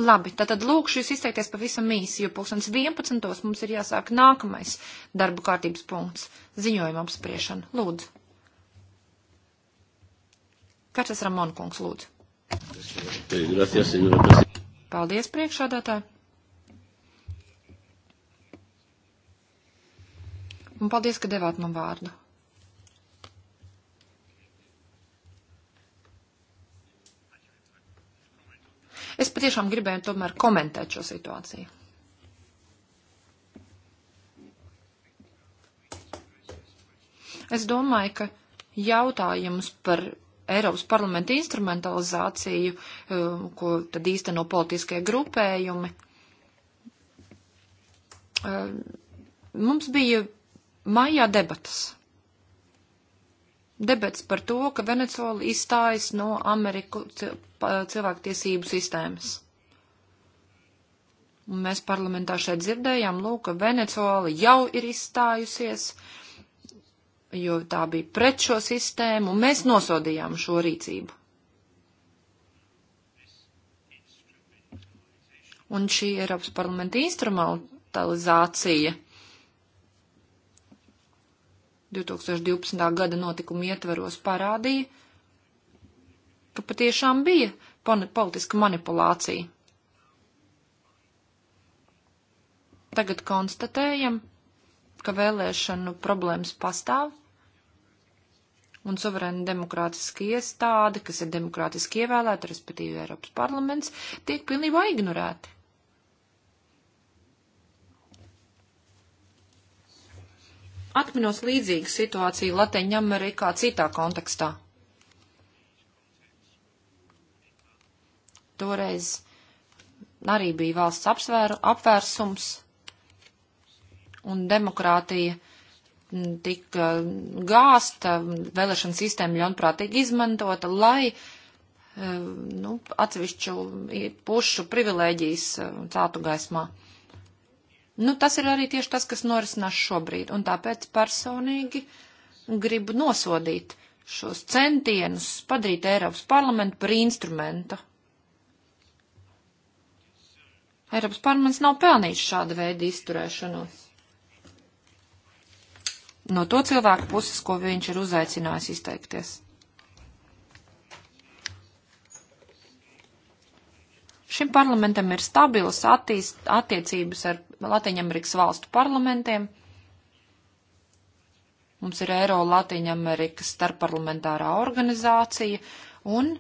Labi, tātad lūkšu jūs izteikties pavisam īsi, jo pulkstens 11. mums ir jāsāk nākamais darbu kārtības punkts - ziņojuma apspriešana. Lūdzu. Kāds tas Ramon kungs lūdzu? Paldies, priekšādātāji. Un paldies, ka devāt man vārdu. Es patiešām gribēju tomēr komentēt šo situāciju. Es domāju, ka jautājums par Eiropas parlamenta instrumentalizāciju, um, ko tad īsteno politiskie grupējumi, um, mums bija Maijā debatas. Debats par to, ka Venecuola izstājas no Ameriku cilvēktiesību sistēmas. Un mēs parlamentā šeit dzirdējām, lūk, ka Venecuola jau ir izstājusies, jo tā bija pret šo sistēmu, un mēs nosodījām šo rīcību. Un šī Eiropas parlamenta instrumentalizācija 2012. gada notikumu ietvaros parādīja, ka patiešām bija politiska manipulācija. Tagad konstatējam, ka vēlēšanu problēmas pastāv, un suverēna demokrātiska iestāde, kas ir demokrātiski ievēlēta, respektīvi Eiropas parlaments, tiek pilnībā ignorēti. Atminos līdzīgu situāciju Latviju Amerikā citā kontekstā. Toreiz arī bija valsts apsvēru, apvērsums un demokrātija mm, tika gāsta, vēlēšana sistēma ļaunprātīgi izmantota, lai eh, nu, atsevišķu pušu privilēģijas eh, cātu gaismā. Nu, tas ir arī tieši tas, kas norisinās šobrīd, un tāpēc personīgi gribu nosodīt šos centienus padarīt Eiropas parlamentu par instrumentu. Eiropas parlaments nav pelnījis šāda veida izturēšanos. No to cilvēku puses, ko viņš ir uzaicinājis izteikties. Šim parlamentam ir stabilas attīst, attiecības ar Latīņamerikas valstu parlamentiem. Mums ir Eiro Latīņamerikas starpparlamentārā organizācija un.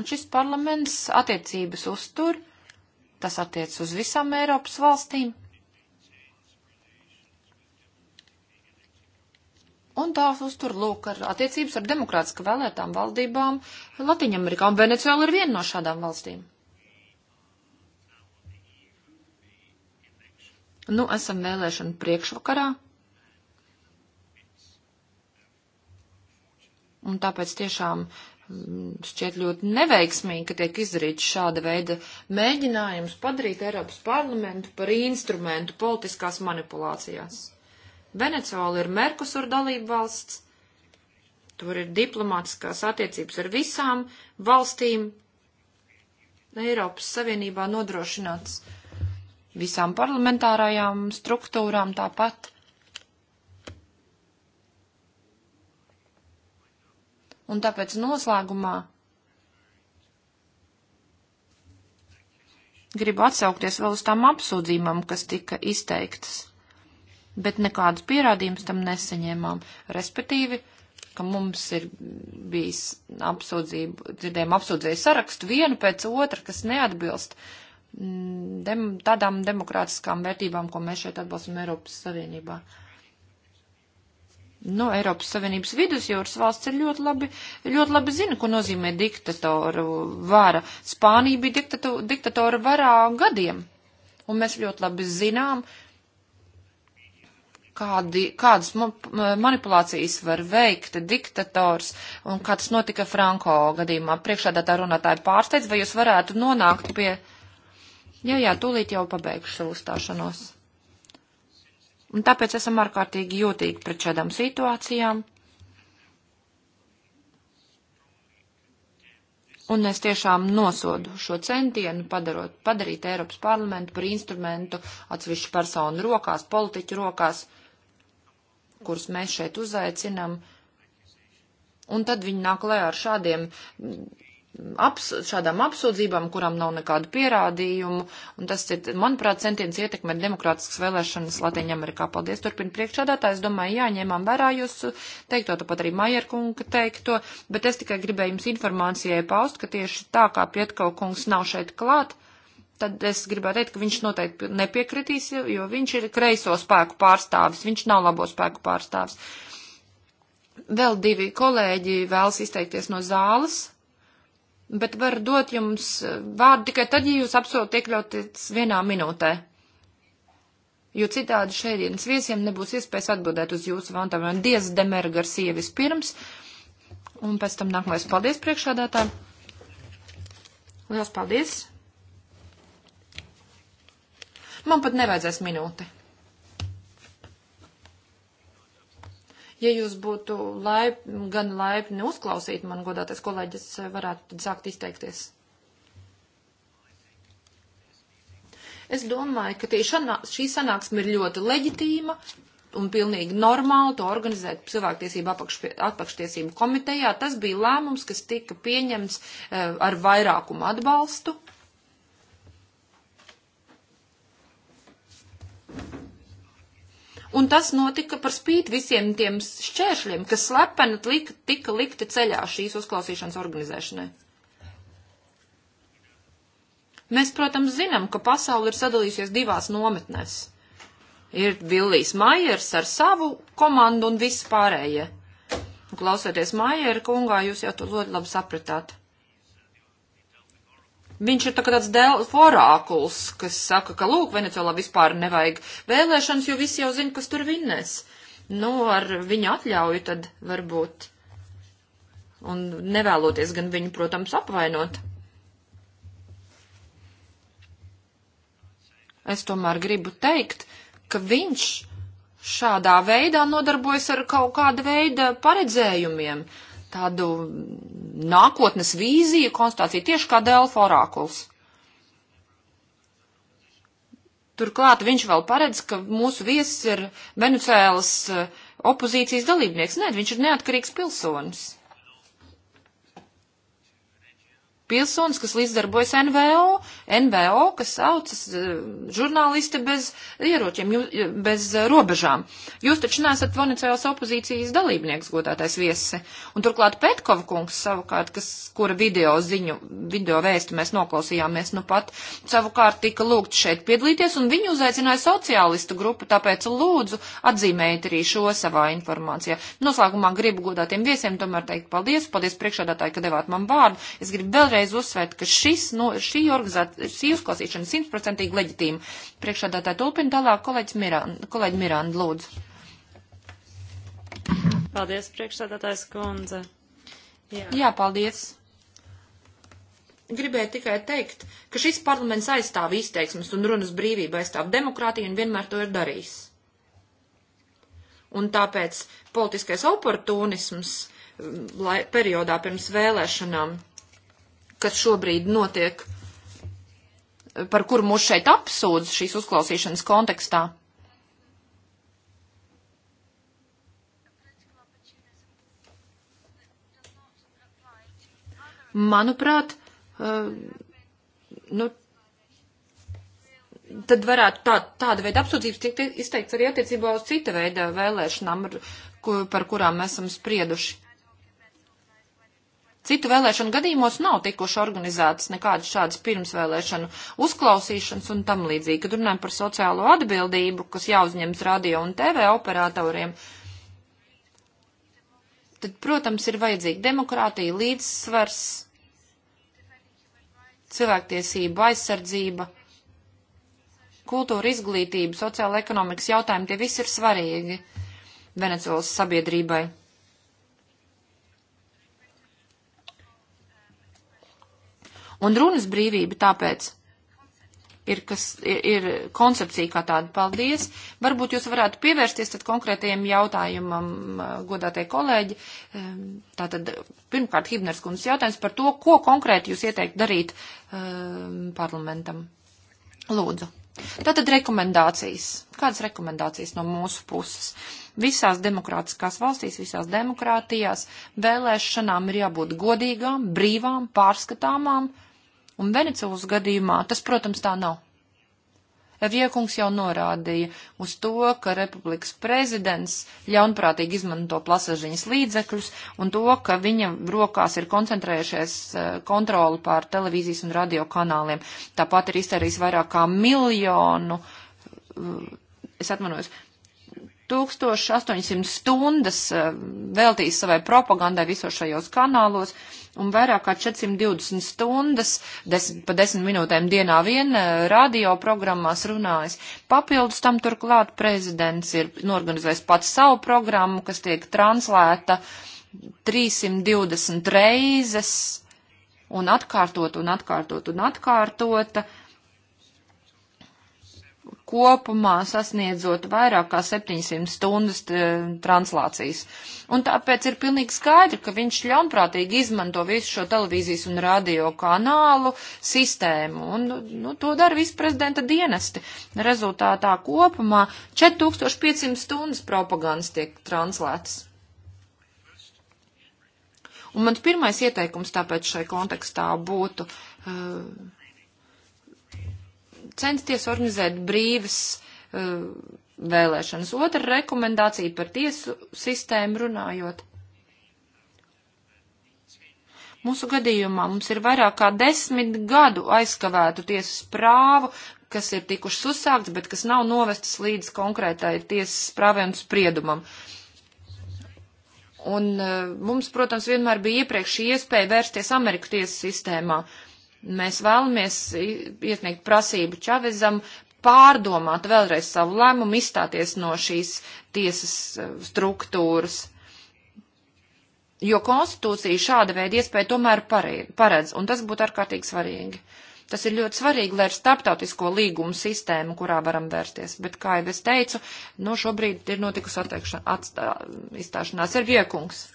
Un šis parlaments attiecības uztur, tas attiec uz visām Eiropas valstīm. Un tās uztur, lūk, ar attiecības ar demokrātiski vēlētām valdībām Latvijā, Amerikā, un Venecijāla ir viena no šādām valstīm. Nu, esam vēlēšanu priekšvakarā. Un tāpēc tiešām mm, šķiet ļoti neveiksmīgi, ka tiek izdarīts šāda veida mēģinājums padarīt Eiropas parlamentu par instrumentu politiskās manipulācijās. Venecuola ir Merkusur dalība valsts, tur ir diplomātiskās attiecības ar visām valstīm. Eiropas Savienībā nodrošināts uh, visām parlamentārajām struktūrām tāpat. Un tāpēc noslēgumā gribu atsaukties vēl uz tām apsūdzībām, kas tika izteiktas, bet nekādus pierādījumus tam nesaņēmām, respektīvi, ka mums ir bijis apsūdzību, dzirdējām apsūdzēju sarakstu vienu pēc otra, kas neatbilst uh, dem, tādām demokrātiskām vērtībām, ko mēs šeit atbalstam Eiropas Savienībā. Nu, Eiropas Savienības vidusjūras valsts ir ļoti labi, ļoti labi zina, ko nozīmē diktatoru vara. Spānija bija diktatu, diktatora varā gadiem, un mēs ļoti labi zinām, kādi, kādas manipulācijas var veikt diktators un kā tas notika Franko gadījumā. Priekšādā tā runātāja pārsteidz, vai jūs varētu nonākt pie. Uh, Jā, jā, tūlīt jau pabeigšu savu stāšanos. Un tāpēc esam ārkārtīgi jūtīgi pret šādām situācijām. Un es tiešām nosodu šo centienu padarot, padarīt Eiropas parlamentu par instrumentu atsevišķu personu rokās, politiķu rokās, kurus mēs šeit uzaicinam. Un tad viņi nāk lejā ar šādiem aps, šādām apsūdzībām, kurām nav nekādu pierādījumu, un tas ir, manuprāt, centiens ietekmēt demokrātiskas vēlēšanas Latvijā-Amerikā. Paldies, turpina priekšādātā. Es domāju, jāņēmām vērā jūsu teikto, tāpat arī Majerkunga teikto, bet es tikai gribēju jums informācijai paust, ka tieši tā kā Pietkaukungs nav šeit klāt, tad es gribētu teikt, ka viņš noteikti nepiekritīs, jo viņš ir kreiso spēku pārstāvis, viņš nav labo spēku pārstāvis. Vēl divi kolēģi vēlas izteikties no zāles bet var dot jums eh, vārdu tikai tad, ja jūs absolūti iekļauties vienā minūtē. Jo citādi šeidienas viesiem nebūs iespējas atbildēt uz jūsu vantamiem. Diez Demera Garcija vispirms, un pēc tam nākamais paldies priekšādātājiem. Lielas paldies! Man pat nevajadzēs minūti. Ja jūs būtu laip, gan laipni uzklausīt man godātais kolēģis, varētu sākt izteikties. Es domāju, ka šanā, šī sanāksme ir ļoti leģitīma un pilnīgi normāli to organizēt cilvēktiesību apakštiesību komitejā. Tas bija lēmums, kas tika pieņemts eh, ar vairākumu atbalstu un tas notika par spīti visiem tiem šķēršļiem, kas slepeni lika, tika likti ceļā šīs uzklausīšanas organizēšanai. Mēs, protams, zinām, ka pasauli ir sadalījusies divās nometnēs. Ir Villijs Maiers ar savu komandu un visi pārējie. Klausoties Maiera kungā, jūs jau to ļoti labi sapratāt. Viņš ir tā kā tāds orākuls, kas saka, ka lūk, Venecijolā vispār nevajag vēlēšanas, jo visi jau zina, kas tur vinnēs. Nu, ar viņa atļauju tad varbūt. Un nevēloties gan viņu, protams, apvainot. Es tomēr gribu teikt, ka viņš šādā veidā nodarbojas ar kaut kāda veida paredzējumiem. Uh, tādu nākotnes vīziju, konstatāciju tieši kā Delfa orākuls. Turklāt viņš vēl paredz, ka mūsu viesis ir Venecijālas eh, opozīcijas dalībnieks. Nē, viņš ir neatkarīgs pilsonis. pilsonis, kas līdzdarbojas NVO, NVO, kas saucas eh, žurnālisti bez ieroķiem, eh, bez eh, robežām. Jūs taču nesat Venecijos opozīcijas dalībnieks, godātais viesi. Un turklāt Petkova kungs savukārt, kas, kura video ziņu, video vēstu mēs noklausījāmies nu pat, savukārt tika lūgt šeit piedalīties, un viņu uzaicināja sociālistu grupu, tāpēc lūdzu atzīmējiet arī šo savā informācijā. Noslēgumā gribu godātiem viesiem tomēr teikt paldies, paldies priekšādātāji, ka devāt man vārdu. Es gribu vēlreiz vēlreiz uzsvērt, ka šis, no, šī, šī uzklausīšana simtprocentīgi leģitīma. Priekšādātā tulpina tālāk kolēģis Miranda, kolēģi Miranda lūdzu. Paldies, priekšsādātājs kundze. Jā, Jā paldies gribēju tikai teikt, ka šis parlaments aizstāv izteiksmes un runas brīvību, aizstāv demokrātiju un vienmēr to ir darījis. Un tāpēc politiskais oportunisms mm, lai, periodā pirms vēlēšanām kas šobrīd notiek, par kuru mūs šeit apsūdz šīs uzklausīšanas kontekstā. Manuprāt, uh, nu, tad varētu tā, tāda veida apsūdzības tikt izteikts arī attiecībā uz cita veida vēlēšanām, par kurām esam sprieduši. Citu vēlēšanu gadījumos nav tikuši organizētas nekādas šādas pirmsvēlēšanu uzklausīšanas un tam līdzīgi. Kad runājam par sociālo atbildību, kas jāuzņems radio un TV operatoriem, tad, protams, ir vajadzīga demokrātija, līdzsvars, cilvēktiesība, aizsardzība, kultūra, izglītība, sociāla ekonomikas jautājumi, tie visi ir svarīgi Venecuēlas sabiedrībai. Un runas brīvība tāpēc ir, kas, ir, ir koncepcija kā tāda. Paldies! Varbūt jūs varētu pievērsties tad konkrētajiem jautājumam, eh, godātie kolēģi. Ehm, tātad, pirmkārt, Hibners kundzes jautājums par to, ko konkrēti jūs ieteikt darīt um, parlamentam. Lūdzu. Tātad rekomendācijas. Kādas rekomendācijas no mūsu puses? Visās demokrātiskās valstīs, visās demokrātijās vēlēšanām ir jābūt godīgām, brīvām, pārskatāmām, uh, Un Venecijas gadījumā tas, protams, tā nav. Riekungs jau norādīja uz to, ka republikas prezidents ļaunprātīgi izmanto plasažiņas līdzekļus un to, ka viņa rokās ir koncentrējušies eh, kontroli pār televīzijas un radio kanāliem. Tāpat ir iztērījis vairāk kā miljonu, eh, es atmanos, 1800 stundas eh, veltījis savai propagandai visos šajos kanālos un vairāk kā 420 stundas, des, pa 10 minūtēm dienā vien eh, radioprogrammās runājis. Papildus tam turklāt prezidents ir norganizējis pats savu programmu, kas tiek translēta 320 reizes un atkārtot un atkārtot un atkārtota kopumā sasniedzot vairāk kā 700 stundas translācijas. Un tāpēc ir pilnīgi skaidri, ka viņš ļaunprātīgi izmanto visu šo televīzijas un radio kanālu sistēmu, un nu, to dara visi prezidenta dienesti. Rezultātā kopumā 4500 stundas propagandas tiek translētas. Un mans pirmais ieteikums tāpēc šai kontekstā būtu. Uh, censties organizēt brīvas uh, vēlēšanas. Otra rekomendācija par tiesu sistēmu runājot. Mūsu gadījumā mums ir vairāk kā desmit gadu aizkavētu tiesas prāvu, kas ir tikušas uzsākts, bet kas nav novestas līdz konkrētai tiesas prāvai un spriedumam. Un uh, mums, protams, vienmēr bija iepriekš iespēja vērsties Ameriku tiesas sistēmā. Uh, Mēs vēlamies iesniegt prasību Čavezam pārdomāt vēlreiz savu lēmumu, izstāties no šīs tiesas eh, struktūras. Jo konstitūcija šāda veida iespēja tomēr paredz, un tas būtu ārkārtīgi svarīgi. Tas ir ļoti svarīgi, lai ir starptautisko līgumu sistēmu, kurā varam vērsties. Bet, kā jau es teicu, no šobrīd ir notikusi atstā, izstāšanās. Ir viekungs.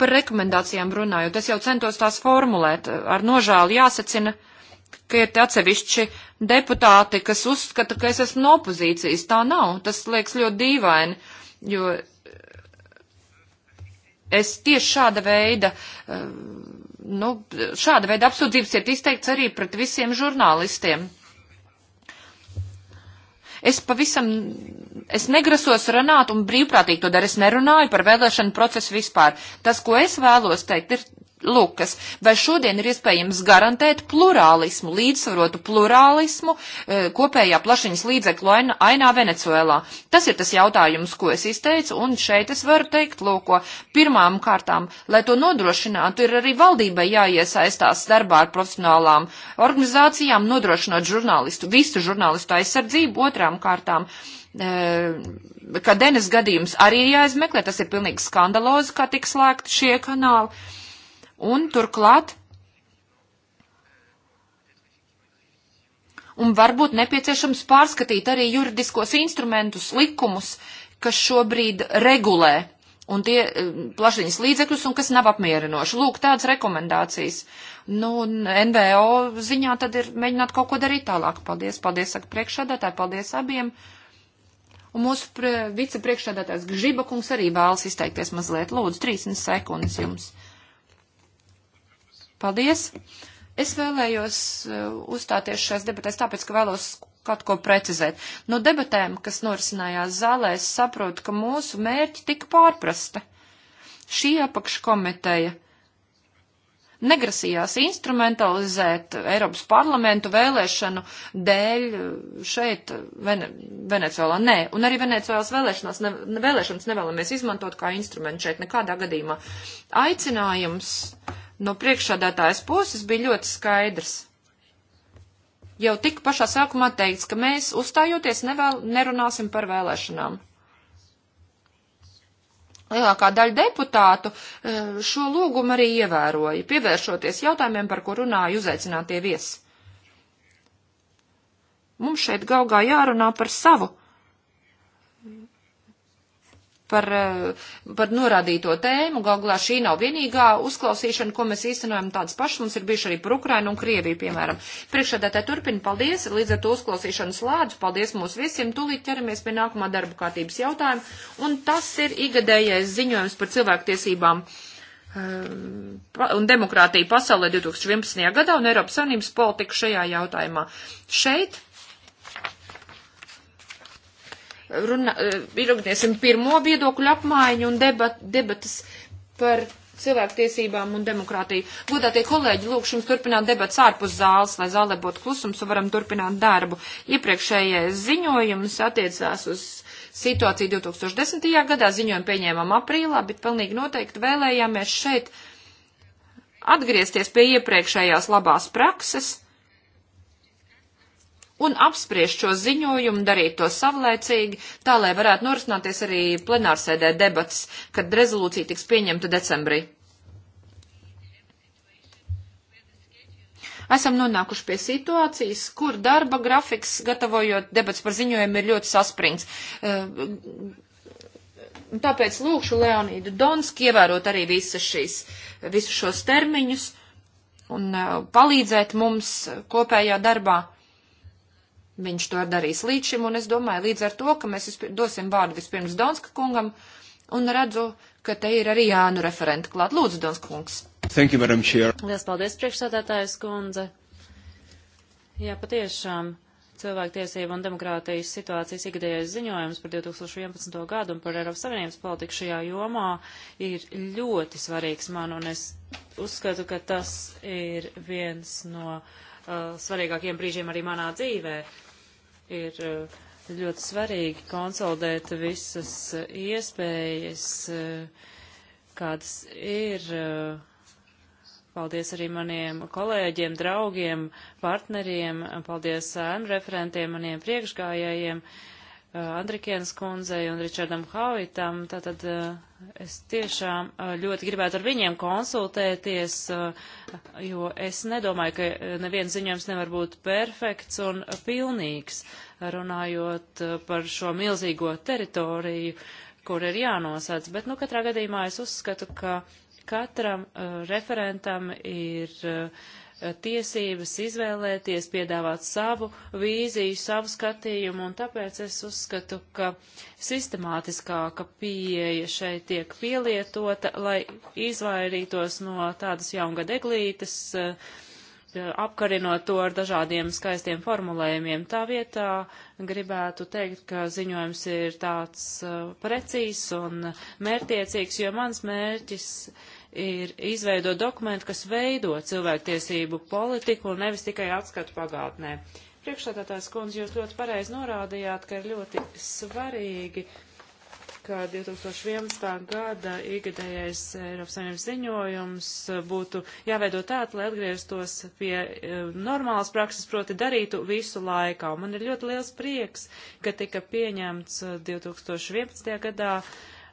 Par rekomendācijām runājot, es jau centos tās formulēt. Ar nožēlu jāsacina, ka ir atsevišķi deputāti, kas uzskata, ka es esmu no opozīcijas. Tā nav. Tas liekas ļoti dīvaini, jo es tieši šāda veida. Eh, nu, šāda veida apsūdzības ir izteikts arī pret visiem žurnālistiem. Es pavisam, es negrasos runāt un brīvprātīgi to daru. Es nerunāju par vēlēšanu procesu vispār. Tas, ko es vēlos teikt, ir Lukas, vai šodien ir iespējams garantēt plurālismu, līdzsvarotu plurālismu e, kopējā plašiņas līdzekļu ainā Venecuēlā? Tas ir tas jautājums, ko es izteicu, un šeit es varu teikt, lūko, pirmām kārtām, lai to nodrošinātu, ir arī valdībai jāiesaistās darbā ar profesionālām organizācijām, nodrošinot žurnālistu, visu žurnālistu aizsardzību, otrām kārtām e, ka Denis gadījums arī ir jāizmeklē, tas ir pilnīgi skandalozi, kā tik slēgti šie kanāli. Un turklāt un varbūt nepieciešams pārskatīt arī juridiskos instrumentus, likumus, kas šobrīd regulē un tie eh, plašiņas līdzekļus un kas nav apmierinoši. Lūk, tādas rekomendācijas. Nu, NVO ziņā tad ir mēģināt kaut ko darīt tālāk. Paldies, paldies, saka priekšādātāji, paldies abiem. Un mūsu pre, vicepriekšādātājs Gžiba kungs arī vēlas izteikties mazliet. Lūdzu, 30 sekundes jums. Uh, Paldies! Es vēlējos uh, uzstāties šajās debatēs, tāpēc, ka vēlos kaut ko precizēt. No debatēm, kas norisinājās zālē, es saprotu, ka mūsu mērķi tika pārprasta. Šī apakškomiteja negrasījās instrumentalizēt Eiropas parlamentu vēlēšanu dēļ šeit, Vene, Venecijolā. Nē, un arī Venecijolās vēlēšanās, ne, vēlēšanas nevēlamies izmantot kā instrumentu šeit nekādā gadījumā. Aicinājums no priekšādātājas puses bija ļoti skaidrs. Jau tik pašā sākumā teikts, ka mēs uzstājoties nevēl, nerunāsim par vēlēšanām. Lielākā daļa deputātu e, šo lūgumu arī ievēroja, pievēršoties jautājumiem, par ko runāja uzaicinātie viesi. Mums šeit gaugā jārunā par savu par, eh, par norādīto tēmu. Galvā šī nav vienīgā uzklausīšana, ko mēs īstenojam tādas pašas. Mums ir bijuši arī par Ukrainu un Krieviju, piemēram. Priekšādātāji turpina, paldies. Līdz ar to uzklausīšanu slēdzu. Paldies mūs visiem. Tūlīt ķeramies pie nākamā darba kārtības jautājuma. Un tas ir igadējais ziņojums par cilvēktiesībām eh, un demokrātiju pasaulē 2011. gadā un Eiropas Savienības politiku šajā jautājumā. Šeit Runa, eh, ieraugniesim pirmo viedokļu apmaiņu un debat, debatas par cilvēktiesībām un demokrātiju. Godātie kolēģi, lūkšu jums turpināt debats ārpus zāles, lai zālē būtu klusums un varam turpināt darbu. Iepriekšējais ziņojums attiecās uz situāciju 2010. gadā, ziņojumu pieņēmām aprīlā, bet pilnīgi noteikti vēlējāmies šeit atgriezties pie iepriekšējās labās prakses un apspriest šo ziņojumu, darīt to savlaicīgi, tā lai varētu norisināties arī plenārsēdē debats, kad rezolūcija tiks pieņemta decembrī. Esam nonākuši pie situācijas, kur darba grafiks, gatavojot debats par ziņojumu, ir ļoti saspringts. Uh, tāpēc lūkšu Leonīdu Donski ievērot arī visas šīs, visus šos termiņus un uh, palīdzēt mums kopējā darbā. Viņš to ir darījis līdz šim, un es domāju, līdz ar to, ka mēs dosim vārdu vispirms Donska kungam, un redzu, ka te ir arī Jānu referenta klāt. Lūdzu, Donska kungs. Thank you, Madam Chair. Lielas paldies, priekšsādātājas kundze. Jā, patiešām cilvēktiesību un demokrātijas situācijas ikdējais ziņojums par 2011. gadu un par Eiropas Savienības politiku šajā jomā ir ļoti svarīgs man, un es uzskatu, ka tas ir viens no uh, svarīgākiem brīžiem arī manā dzīvē ir eh, ļoti svarīgi konsolidēt visas eh, iespējas, eh, kādas ir. Paldies arī maniem kolēģiem, draugiem, partneriem, paldies ēnu referentiem, maniem priekšgājējiem. Uh, Uh, Andrikienas kundzei un Ričardam Havitam, tātad uh, es tiešām uh, ļoti gribētu ar viņiem konsultēties, jo es nedomāju, ka neviens ziņojums nevar būt perfekts un pilnīgs, runājot par šo milzīgo teritoriju, kur ir jānosāc. Bet, nu, katrā gadījumā es uzskatu, ka katram referentam ir uh, tiesības izvēlēties, piedāvāt savu vīziju, savu skatījumu, un tāpēc es uzskatu, ka sistemātiskāka pieeja šeit tiek pielietota, lai izvairītos no tādas jaungada eglītes, eh, apkarinot to ar dažādiem skaistiem formulējumiem. Tā vietā gribētu teikt, ka ziņojums ir tāds eh, precīzs un mērtiecīgs, jo mans mērķis ir ir izveidot dokumentu, kas veido cilvēktiesību politiku un nevis tikai atskatu pagātnē. Priekšstādātājs kundze, jūs ļoti pareizi norādījāt, ka ir ļoti svarīgi, ka 2011. gada ikgadējais Eiropas Savienības ziņojums būtu jāveido tāds, lai atgrieztos pie e, normālas prakses, proti darītu visu laikā. Un man ir ļoti liels prieks, ka tika pieņemts 2011. E, gadā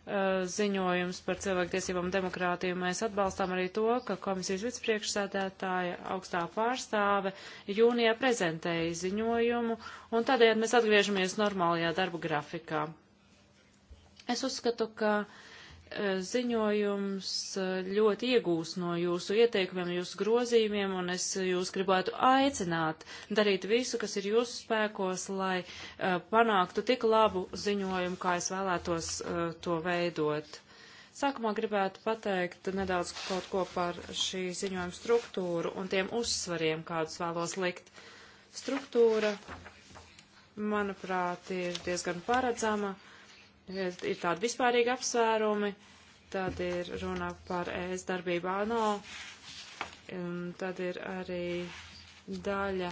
Eh, ziņojums par cilvēktiesībām un demokrātiju. Mēs atbalstām arī to, ka komisijas vicepriekšsēdētāja augstā pārstāve jūnijā prezentēja ziņojumu, un tādējādi mēs atgriežamies normālajā darba grafikā. Es uzskatu, ka uh, ziņojums eh, ļoti iegūs no jūsu ieteikumiem, jūsu grozījumiem, un es jūs gribētu aicināt darīt visu, kas ir jūsu spēkos, lai uh, panāktu tik labu ziņojumu, kā es vēlētos uh, to veidot. Sākumā gribētu pateikt nedaudz kaut ko par šī ziņojuma struktūru un tiem uzsvariem, kādus vēlos likt. Struktūra, manuprāt, ir diezgan paredzama. Uh, ir tādi vispārīgi apsvērumi, tad ir runa par ES darbību ANO, tad ir arī daļa,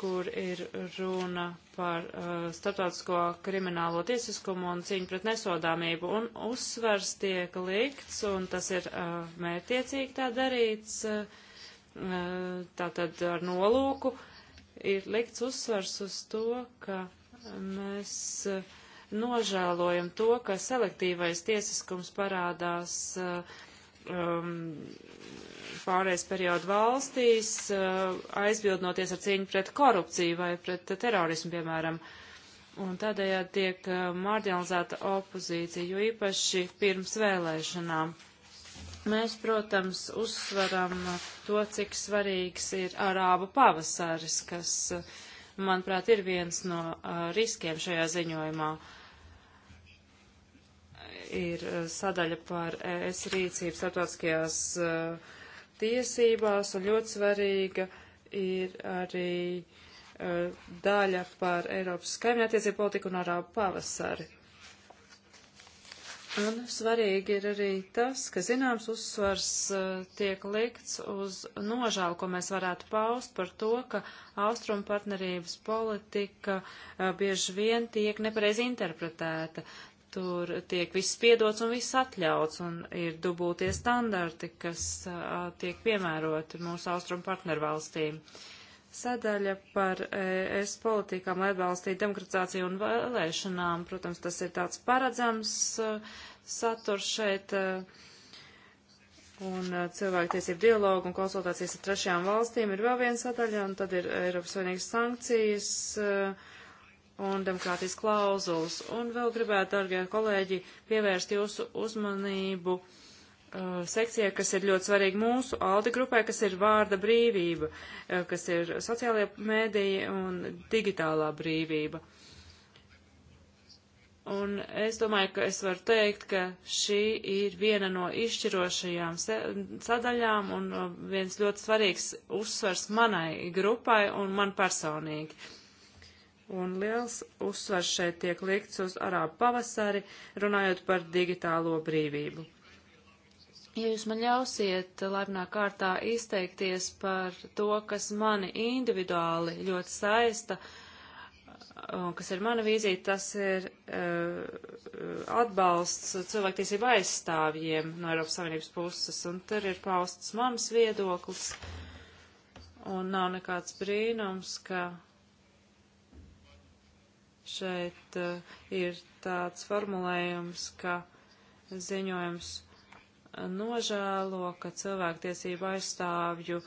kur ir runa par uh, starptautisko kriminālo tiesiskumu un cīņu pret nesodāmību, un uzsvers tiek likts, un tas ir uh, mērtiecīgi tā darīts, uh, tātad ar nolūku, ir likts uzsvers uz to, ka mēs. Uh, nožēlojam to, ka selektīvais tiesiskums parādās uh, um, pārējais periodu valstīs, uh, aizbildnoties ar cīņu pret korupciju vai pret terorismu, piemēram. Un tādējādi tiek uh, marginalizēta opozīcija, jo īpaši pirms vēlēšanām. Mēs, protams, uzsveram to, cik svarīgs ir arābu pavasaris, kas, manuprāt, ir viens no riskiem šajā ziņojumā. Uh, ir eh, sadaļa par ES rīcību starptautiskajās uh, tiesībās, un ļoti svarīga ir arī uh, daļa par Eiropas kaimiņattiecību politiku un arābu pavasari. Un svarīgi ir arī tas, ka zināms uzsvars uh, tiek likts uz nožēlu, ko mēs varētu paust par to, ka austrumu partnerības politika bieži vien tiek nepareizi interpretēta tur tiek viss piedots un viss atļauts, un ir dubultie standarti, kas uh, tiek piemēroti mūsu austrumu partnervalstīm. Sadaļa par ES politikām, lai atbalstītu demokratizāciju un vēlēšanām, protams, tas ir tāds paredzams uh, saturs šeit. Uh, un cilvēktiesību dialogu un konsultācijas ar trešajām valstīm ir vēl viena sadaļa, un tad ir Eiropas Savienības sankcijas. Uh, un demokrātijas klauzulas. Un vēl gribētu, dargie kolēģi, pievērst jūsu uzmanību uh, sekcijai, kas ir ļoti svarīga mūsu aldi grupai, kas ir vārda brīvība, uh, kas ir sociālajie mēdīji un digitālā brīvība. Un es domāju, ka es varu teikt, ka šī ir viena no izšķirošajām sadaļām un uh, viens ļoti svarīgs uzsvars manai grupai un man personīgi. Uh, Un liels uzsvars šeit tiek liekts uz arābu pavasari, runājot par digitālo brīvību. Ja jūs man ļausiet laipnā kārtā izteikties par to, kas mani individuāli ļoti saista, un kas ir mana vīzija, tas ir uh, atbalsts cilvēktiesību aizstāvjiem no Eiropas Savienības puses, un tur ir pausts mans viedoklis, un nav nekāds brīnums, ka Šeit uh, ir tāds formulējums, ka ziņojums nožēlo, ka cilvēktiesību aizstāvju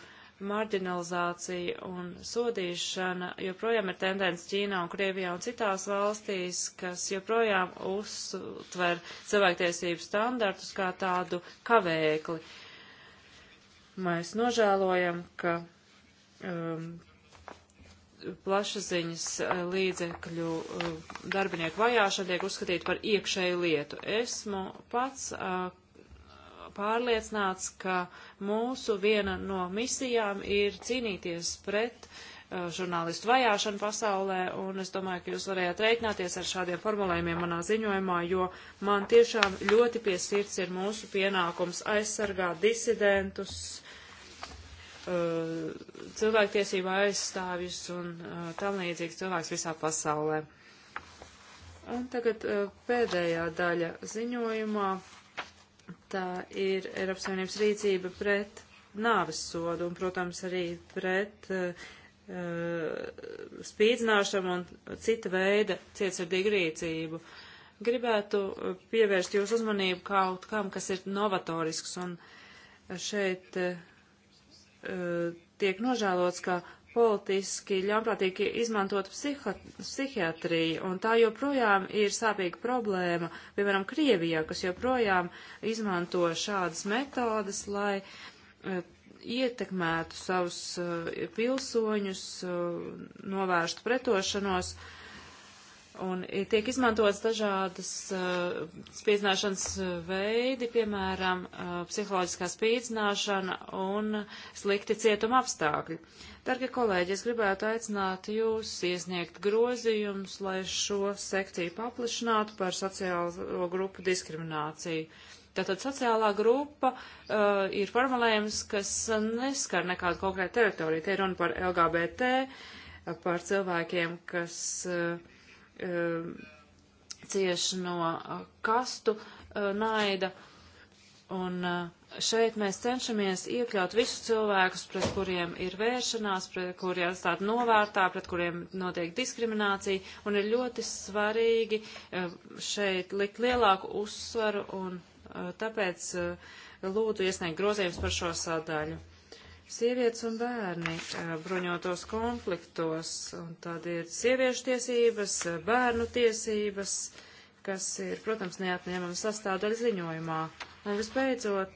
marginalizācija un sodīšana joprojām ir tendence Ķīnā un Krievijā un citās valstīs, kas joprojām uztver cilvēktiesību standartus kā tādu kavēkli. Mēs nožēlojam, ka um, plašsaziņas eh, līdzekļu eh, darbinieku vajāšana tiek uzskatīta par iekšēju lietu. Esmu pats eh, pārliecināts, ka mūsu viena no misijām ir cīnīties pret žurnālistu vajāšanu pasaulē, un es domāju, ka jūs varējāt rēķināties ar šādiem formulējumiem manā ziņojumā, jo man tiešām ļoti pie sirds ir mūsu pienākums aizsargāt disidentus, Uh, cilvēktiesība aizstāvjus un uh, tam līdzīgs cilvēks visā pasaulē. Un tagad uh, pēdējā daļa ziņojumā. Tā ir Eiropas Savienības rīcība pret nāves sodu un, protams, arī pret uh, uh spīdzināšanu un cita veida cietsirdīgu rīcību. Gribētu uh, pievērst jūsu uzmanību kaut kam, kas ir novatorisks un šeit uh, tiek nožēlots, ka politiski ļaunprātīgi izmantot psiho, psihiatriju, un tā joprojām ir sāpīga problēma, piemēram, Krievijā, kas joprojām izmanto šādas metodas, lai uh, ietekmētu savus uh, pilsoņus, uh, novērstu pretošanos, uh, Un tiek izmantotas dažādas uh, spīdzināšanas uh, veidi, piemēram, uh, psiholoģiskā spīdzināšana un slikti cietuma apstākļi. Dargie kolēģi, es gribētu aicināt jūs iesniegt grozījumus, lai šo sekciju paplašinātu par sociālo grupu diskrimināciju. Tātad sociālā grupa uh, ir formulējums, kas neskar nekādu konkrētu teritoriju. Te ir runa par LGBT, par cilvēkiem, kas. Uh, Um, cieš no uh, kastu uh, naida. Un uh, šeit mēs cenšamies iekļaut visus cilvēkus, pret kuriem ir vēršanās, pret kuriem atstāt novārtā, pret kuriem notiek diskriminācija, un ir ļoti svarīgi šeit likt lielāku uzsvaru, un tāpēc lūdzu iesniegt grozījums par šo sadaļu sievietes un bērni bruņotos konfliktos, un tad ir sieviešu tiesības, bērnu tiesības, kas ir, protams, neatņemama sastāvdaļa ziņojumā. Un visbeidzot,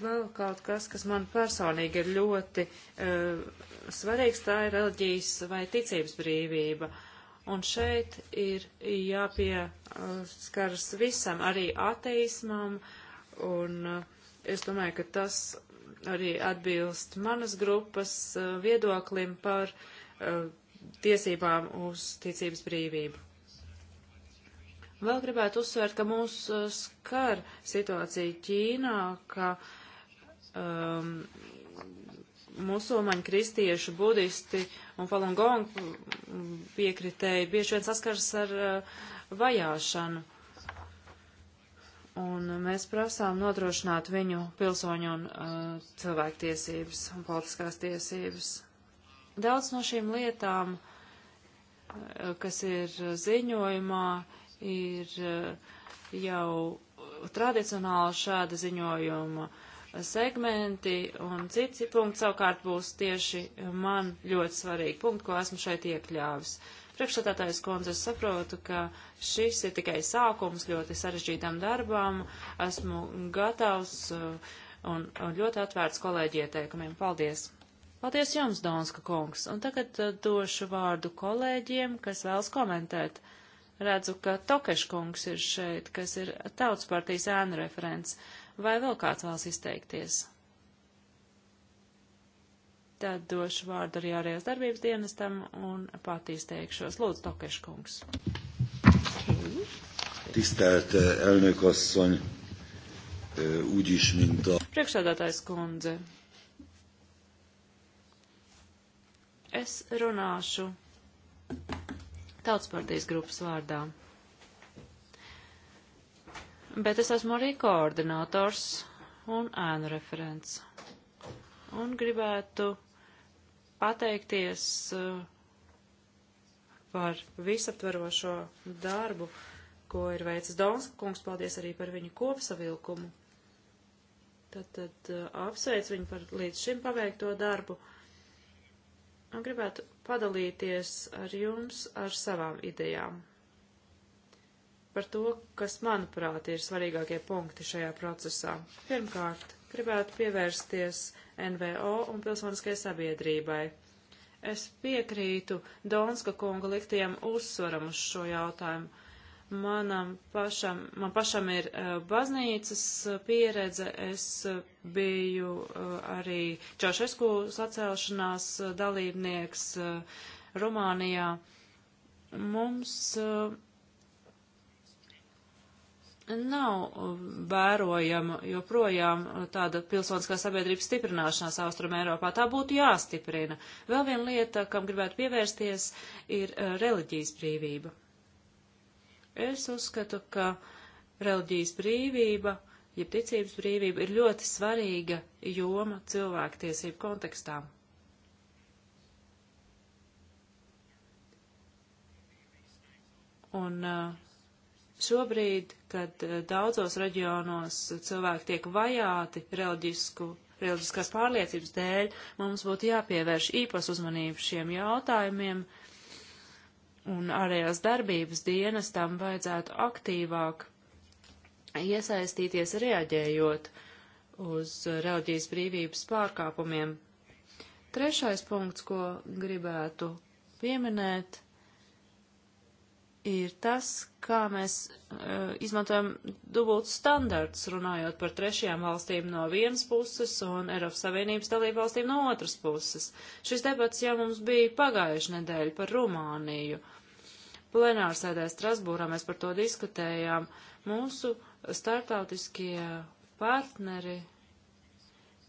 vēl kaut kas, kas man personīgi ir ļoti uh, svarīgs, tā ir reliģijas vai ticības brīvība. Un šeit ir jāpieskaras visam, arī ateismam, un uh, es domāju, ka tas arī atbilst manas grupas uh, viedoklim par uh, tiesībām uz ticības brīvību. Vēl gribētu uzsvērt, ka mūs uh, skar situācija Ķīnā, ka um, musulmaņi, kristieši, budisti un Falun Gong mm, piekritēji bieži vien saskars ar uh, vajāšanu un mēs prasām nodrošināt viņu pilsoņu un uh, cilvēktiesības un politiskās tiesības. Daudz no šīm lietām, uh, kas ir ziņojumā, ir uh, jau tradicionāli šāda ziņojuma segmenti, un cits punkts savukārt būs tieši man ļoti svarīgi punkti, ko esmu šeit iekļāvis. Uh, Priekšstādātājs kundze, es saprotu, ka šis ir tikai sākums ļoti sarežģītam darbam. Esmu gatavs uh, un, un ļoti atvērts kolēģi ieteikumiem. Paldies! Paldies jums, Donska kungs! Un tagad uh, došu vārdu kolēģiem, kas vēlas komentēt. Redzu, ka Tokeš kungs ir šeit, kas ir tautas partijas ēnu referents. Vai vēl kāds vēlas izteikties? Tad došu vārdu arī ārējās darbības dienestam un pat izteikšos. Lūdzu, Tokeškungs. Tisztelt eh, elnök asszony, eh, úgyis, mint a... Priekšsēdētājs kundze. Es runāšu Tautspartijas grupas vārdā. Bet es esmu arī koordinators un ēnu referents un gribētu pateikties eh, par visaptverošo darbu, ko ir veicis Donska kungs. Paldies arī par viņu kopsavilkumu. Tad, tad eh, apsveic viņu par līdz šim paveikto darbu un gribētu padalīties ar jums ar savām idejām par to, kas, manuprāt, ir svarīgākie punkti šajā procesā. Pirmkārt, gribētu pievērsties NVO un pilsoniskai sabiedrībai. Es piekrītu Donska kunga liktiem uzsvaram uz šo jautājumu. Manam pašam, man pašam ir uh, baznīcas uh, pieredze, es uh, biju uh, arī Čaušesku sacēlšanās uh, dalībnieks uh, Rumānijā. Mums uh, nav um, vērojama joprojām uh, tāda pilsoniskā sabiedrības stiprināšanās Austrum Eiropā. Tā būtu jāstiprina. Vēl viena lieta, kam gribētu pievērsties, ir uh, reliģijas brīvība. Es uzskatu, ka reliģijas brīvība, jeb ticības brīvība ir ļoti svarīga joma cilvēktiesību kontekstā. Un uh, Šobrīd, kad eh, daudzos reģionos cilvēki tiek vajāti reliģisku, reliģiskās pārliecības dēļ, mums būtu jāpievērš īpas uzmanību šiem jautājumiem, un ārējās darbības dienestam vajadzētu aktīvāk iesaistīties reaģējot uz eh, reliģijas brīvības pārkāpumiem. Trešais punkts, ko gribētu pieminēt, ir tas, kā mēs uh, izmantojam dubult standarts, runājot par trešajām valstīm no vienas puses un Eiropas Savienības dalību valstīm no otras puses. Šis debats jau mums bija pagājuši nedēļa par Rumāniju. Plenārsēdē Strasbūrā mēs par to diskutējām. Mūsu startautiskie partneri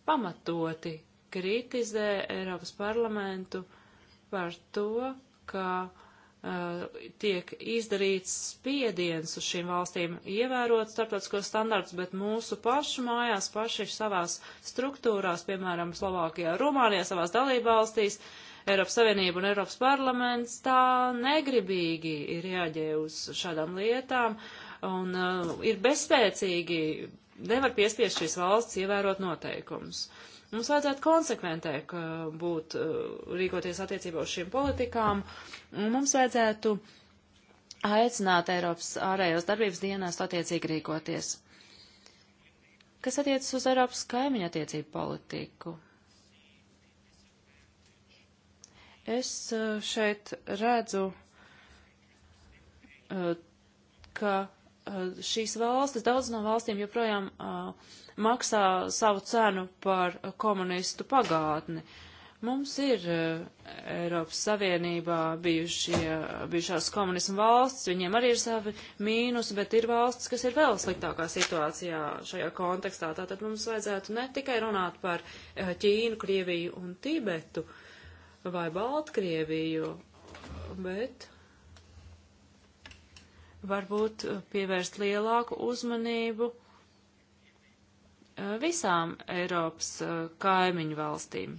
pamatoti kritizē Eiropas parlamentu par to, ka uh, Uh, tiek izdarīts spiediens uz šīm valstīm ievērot starptautiskos standartus, bet mūsu pašu mājās, paši savās struktūrās, piemēram, Slovākijā, Rumānijā, savās dalībvalstīs, Eiropas Savienība un Eiropas parlaments tā negribīgi ir jāģē uz šādām lietām un uh, ir bezspēcīgi, nevar piespiest šīs valsts ievērot noteikumus. Uh, Mums vajadzētu konsekventēk būt, uh, rīkoties attiecībā uz šīm politikām, un mums vajadzētu aicināt Eiropas ārējos darbības dienās attiecīgi rīkoties. Kas attiecas uz Eiropas kaimiņa attiecību politiku? Es uh, šeit redzu, uh, ka šīs valstis, daudz no valstīm joprojām uh, maksā savu cenu par komunistu pagātni. Mums ir eh, Eiropas Savienībā bijušie, bijušās komunismu valsts, viņiem arī ir savi mīnusi, bet ir valsts, kas ir vēl sliktākā situācijā šajā kontekstā. Tātad mums vajadzētu ne tikai runāt par eh, Ķīnu, Krieviju un Tibetu vai Baltkrieviju, bet varbūt eh, pievērst lielāku uzmanību Eh, visām Eiropas eh, kaimiņu valstīm.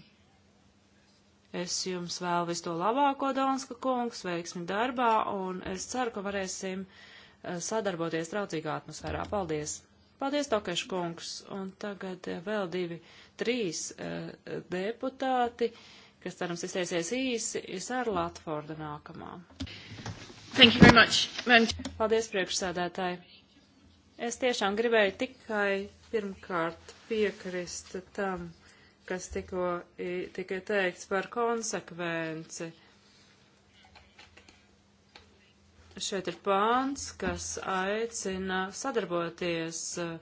Es jums vēlu visu to labāko, Donska kungs, veiksmi darbā, un es ceru, ka varēsim eh, sadarboties traucīgā atmosfērā. Paldies! Paldies, Tokeš kungs! Un tagad vēl divi, trīs uh, deputāti, kas, cerams, izteiksies īsi, ir ar Latforda nākamā. Thank you very much. Man... Paldies, priekšsēdētāji! Es tiešām gribēju tikai pirmkārt piekrist tam, kas tikko tika teikts par konsekvenci. Šeit ir pāns, kas aicina sadarboties eh,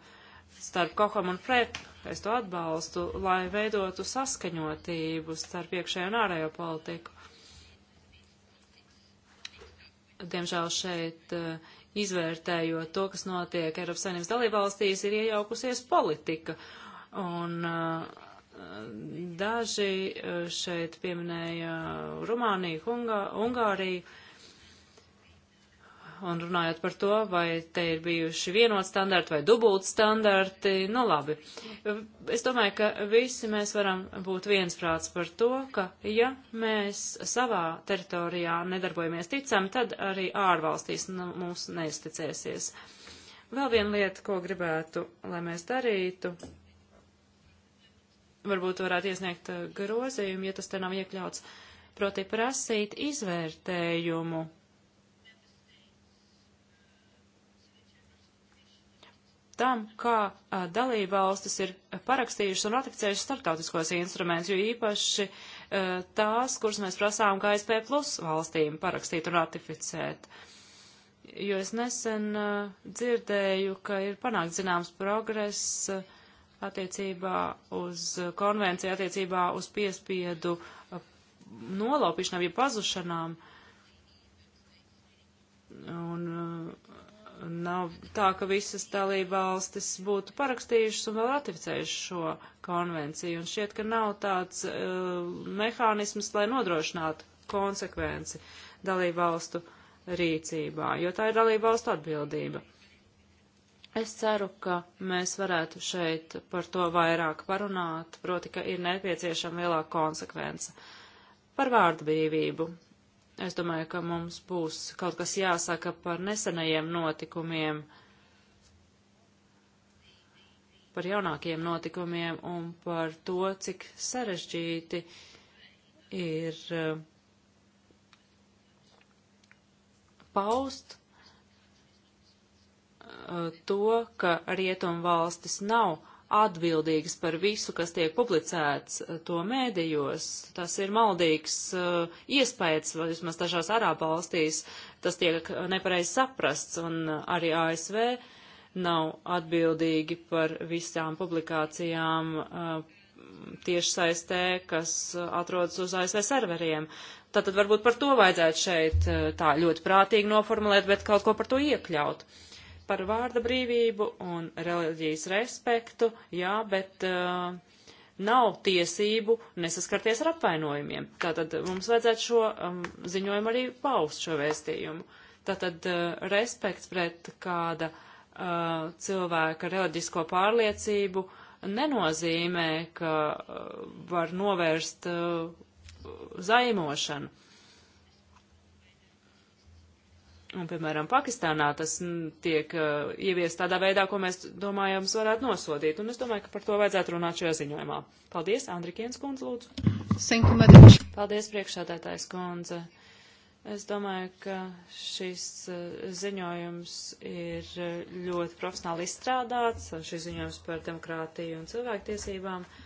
starp kohom un prep, es to atbalstu, lai veidotu saskaņotību starp iekšējo un ārējo politiku. Diemžēl šeit uh, izvērtējot to, kas notiek Eiropas Savienības dalībvalstīs, ir iejaukusies politika. Un uh, daži uh, šeit pieminēja Rumāniju, Hungā, Ungāriju un runājot par to, vai te ir bijuši vienot standarti vai dubult standarti, nu labi. Es domāju, ka visi mēs varam būt viensprāts par to, ka ja mēs savā teritorijā nedarbojamies ticami, tad arī ārvalstīs nu, mūs neizticēsies. Vēl viena lieta, ko gribētu, lai mēs darītu, varbūt varētu iesniegt uh, grozījumu, ja tas te nav iekļauts, proti prasīt izvērtējumu tam, kā dalībvalstis ir parakstījušas un ratificējušas starptautiskos instrumentus, jo īpaši a, tās, kuras mēs prasām KSP plus valstīm parakstīt un ratificēt. Jo es nesen a, dzirdēju, ka ir panākt zināms progress a, attiecībā uz konvenciju, attiecībā uz piespiedu nolaupīšanām, ja pazušanām. Un nav tā, ka visas dalībvalstis būtu parakstījušas un vēl ratificējušas šo konvenciju, un šķiet, ka nav tāds uh, mehānisms, lai nodrošinātu konsekvenci dalībvalstu rīcībā, jo tā ir dalībvalstu atbildība. Es ceru, ka mēs varētu šeit par to vairāk parunāt, proti, ka ir nepieciešama lielāka konsekvence. Par vārdu brīvību. Es domāju, ka mums būs kaut kas jāsaka par nesenajiem notikumiem, par jaunākiem notikumiem un par to, cik sarežģīti ir eh, paust eh, to, ka rietumvalstis nav atbildīgas par visu, kas tiek publicēts eh, to mēdījos. Tas ir maldīgs uh, iespējas, vai vismaz dažās arāba valstīs tas tiek eh, nepareiz saprasts, un arī ASV nav atbildīgi par visām publikācijām uh, tieši saistē, kas atrodas uz ASV serveriem. Tātad varbūt par to vajadzētu šeit tā ļoti prātīgi noformulēt, bet kaut ko par to iekļaut. Uh, par vārda brīvību un reliģijas respektu, jā, bet uh, nav tiesību nesaskarties ar apvainojumiem. Tātad mums vajadzētu šo um, ziņojumu arī paust šo vēstījumu. Tātad uh, respekts pret kāda uh, cilvēka reliģisko pārliecību nenozīmē, ka uh, var novērst uh, zaimošanu. Un, piemēram, Pakistānā tas mm, tiek uh, eh, ieviest tādā veidā, ko mēs domājam, varētu nosodīt. Un es domāju, ka par to vajadzētu runāt šajā ziņojumā. Paldies, Andrikienas kundze, lūdzu. Senkumadiņš. Paldies, priekšādātājs kundze. Es domāju, ka šis eh, ziņojums ir eh, ļoti profesionāli izstrādāts, šis ziņojums par demokrātiju un cilvēktiesībām. Uh,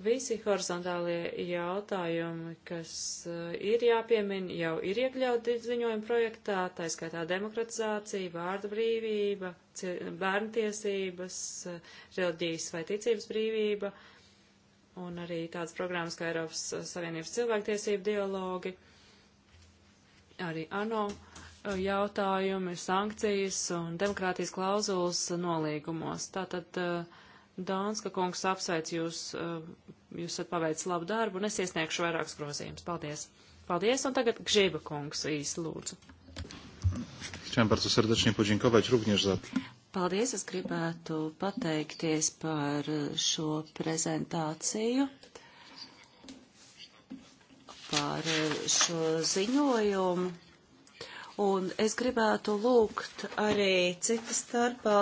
Visi horizontālie jautājumi, kas eh, ir jāpiemin, jau ir iekļauti ziņojuma projektā, tā skaitā demokratizācija, vārda brīvība, bērntiesības, eh, reliģijas vai ticības brīvība un arī tādas programmas kā Eiropas Savienības cilvēktiesību dialogi, arī ANO eh, jautājumi, sankcijas un demokrātijas klauzulas nolīgumos. Tātad uh, Dānska kungs apsveic jūs, eh, jūs esat paveicis labu darbu, un es iesniegšu vairākus grozījumus. Paldies! Paldies, un tagad Gžiba kungs īsti lūdzu. Chciałem bardzo serdecznie podziękować również za Paldies, es gribētu pateikties par šo prezentāciju, par šo ziņojumu, un es gribētu lūgt arī citas starpā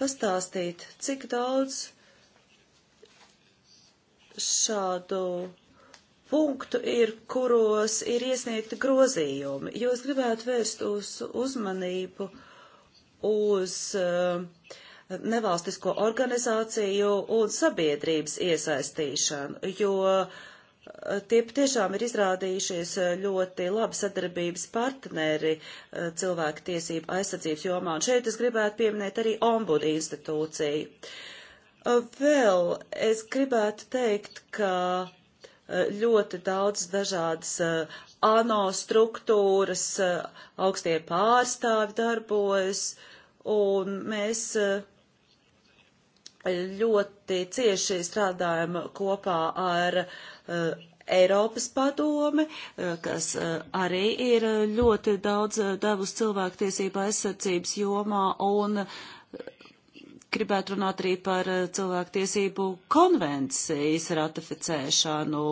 pastāstīt, cik daudz šādu punktu ir, kuros ir iesniegti grozījumi, jo es gribētu vērst uz uzmanību uz uh, nevalstisko organizāciju un sabiedrības iesaistīšanu, jo uh, Eh, tie tiešām ir izrādījušies eh, ļoti labi sadarbības partneri eh, cilvēku tiesību aizsardzības jomā, un šeit es gribētu pieminēt arī ombudu institūciju. Vēl es gribētu teikt, ka ļoti daudz dažādas ANO struktūras, augstie pārstāvi darbojas, un mēs ļoti cieši strādājam kopā ar uh, Eh, Eiropas padome, eh, kas eh, arī ir ļoti daudz devus cilvēktiesība aizsardzības jomā un gribētu runāt arī par cilvēktiesību konvencijas ratificēšanu.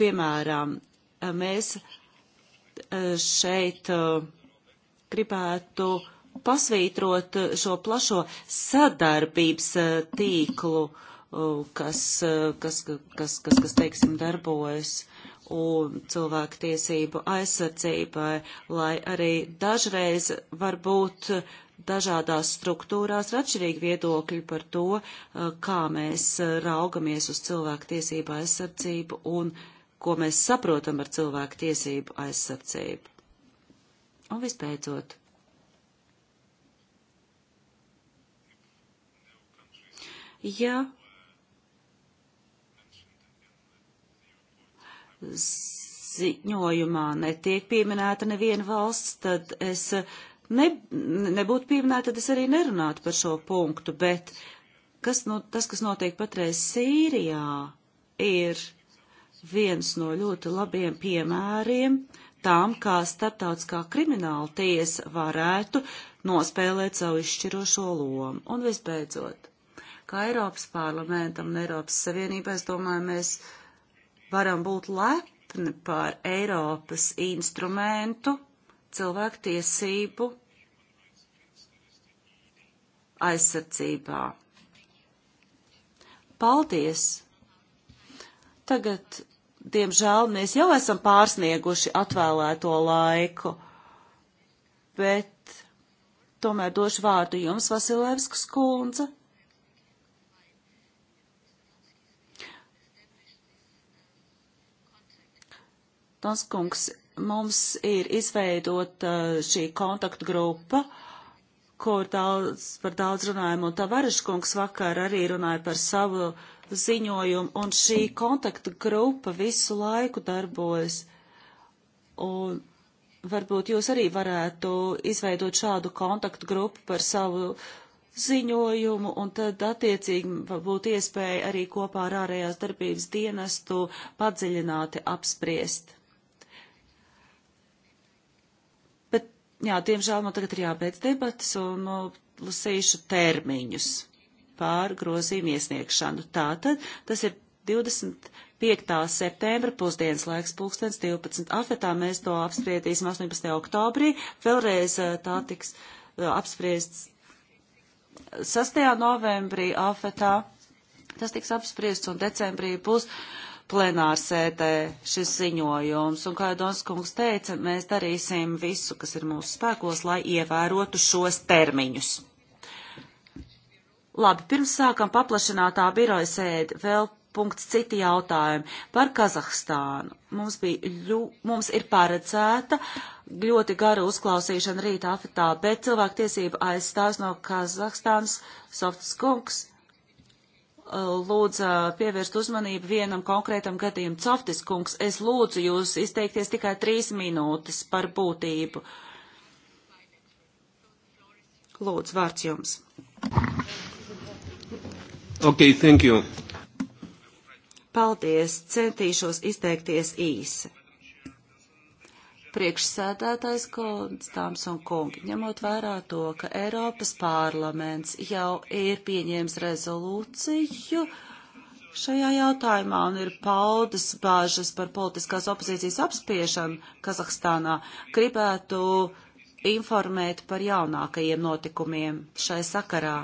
Piemēram, mēs šeit gribētu pasvītrot šo plašo sadarbības tīklu uh, kas, kas, kas, kas, kas teiksim, darbojas un cilvēku tiesību aizsardzībai, lai arī dažreiz varbūt dažādās struktūrās ir atšķirīgi viedokļi par to, kā mēs raugamies uz cilvēku tiesību aizsardzību un ko mēs saprotam ar cilvēku tiesību aizsardzību. Un vispēcot. Ja ziņojumā netiek pieminēta neviena valsts, tad es ne, nebūtu pieminēta, tad es arī nerunātu par šo punktu, bet kas, nu, tas, kas notiek patreiz Sīrijā, ir viens no ļoti labiem piemēriem tām, kā starptautiskā krimināla tiesa varētu nospēlēt savu izšķirošo lomu. Un visbeidzot, kā Eiropas parlamentam un Eiropas Savienībai, es domāju, mēs varam būt lepni par Eiropas instrumentu cilvēktiesību aizsardzībā. Paldies! Tagad, diemžēl, mēs jau esam pārsnieguši atvēlēto laiku, bet tomēr došu vārdu jums, Vasilevskas kundze. Daltons kungs, mums ir izveidota eh, šī kontaktgrupa, kur daudz, par daudz runājumu, un Tavariškungs vakar arī runāja par savu ziņojumu, un šī kontaktgrupa visu laiku darbojas. Un varbūt jūs arī varētu izveidot šādu kontaktgrupu par savu ziņojumu, un tad attiecīgi būtu iespēja arī kopā ar ārējās darbības dienestu padziļināti apspriest jā, diemžēl man tagad ir jābeidz debatas un nu, lasīšu termiņus pār grozījumu iesniegšanu. Tātad tas ir 25. septembra pusdienas laiks, pulkstens 12. Afetā mēs to apspriedīsim 18. oktobrī. Vēlreiz eh, tā tiks eh, apspriests 6. novembrī Afetā. Tas tiks apspriests un decembrī būs. Uh, plenārsētē šis ziņojums, un kā Donskungs teica, mēs darīsim visu, kas ir mūsu spēkos, lai ievērotu šos termiņus. Labi, pirms sākam paplašinātā biroja sēdi, vēl punkts citi jautājumi par Kazahstānu. Mums, bija, ļu, mums ir paredzēta ļoti gara uzklausīšana rīta afetā, bet cilvēktiesība aizstāvs no Kazahstānas Softs Kungs Uh, lūdza uh, pievērst uzmanību vienam konkrētam gadījumam. Coftis kungs, es lūdzu jūs izteikties tikai trīs minūtes par būtību. Lūdzu, vārds jums. Ok, thank you. Paldies, centīšos izteikties īsi priekšsēdētājs Konstāms un kungi, ņemot vērā to, ka Eiropas parlaments jau ir pieņēmis rezolūciju šajā jautājumā un ir paudas bāžas par politiskās opozīcijas apspiešanu Kazahstānā, gribētu informēt par jaunākajiem notikumiem šai sakarā.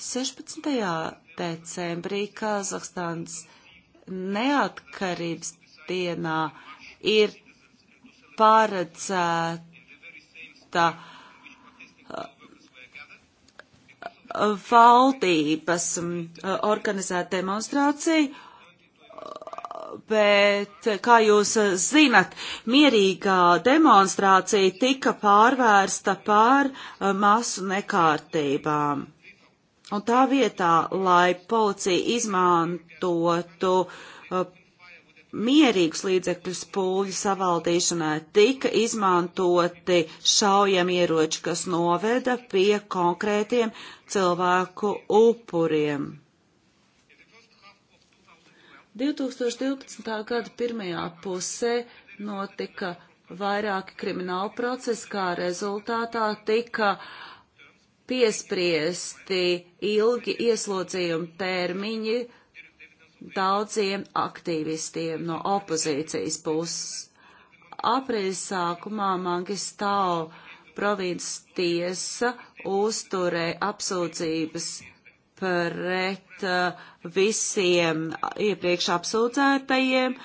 16. decembrī Kazahstāns neatkarības dienā ir paredzēta uh, valdības um, uh, organizēta demonstrācija, uh, bet, kā jūs zinat, mierīgā demonstrācija tika pārvērsta pār masu nekārtībām. Un tā vietā, lai policija izmantotu mierīgus līdzekļus pūļu savaldīšanai tika izmantoti šaujamieroči, kas noveda pie konkrētiem cilvēku upuriem. 2012. gada pirmajā pusē notika vairāki krimināla procesi, kā rezultātā tika piespriesti ilgi ieslodzījumi termiņi daudziem aktīvistiem no opozīcijas puses. Aprīļa sākumā Mangistāo provinces tiesa uzturēja apsūdzības pret uh, visiem iepriekš apsūdzētajiem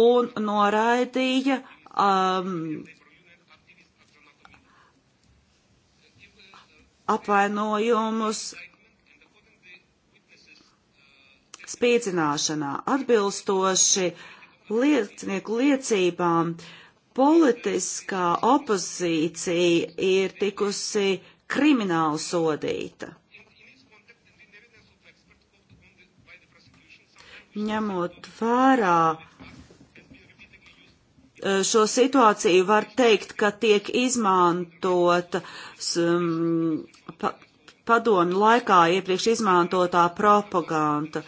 un noraidīja um, apvainojumus spīdzināšanā. Atbilstoši liecinieku liecībām, politiskā opozīcija ir tikusi krimināli sodīta. Ņemot vērā e, šo situāciju var teikt, ka tiek izmantota um, pa, padomju laikā iepriekš izmantotā propaganda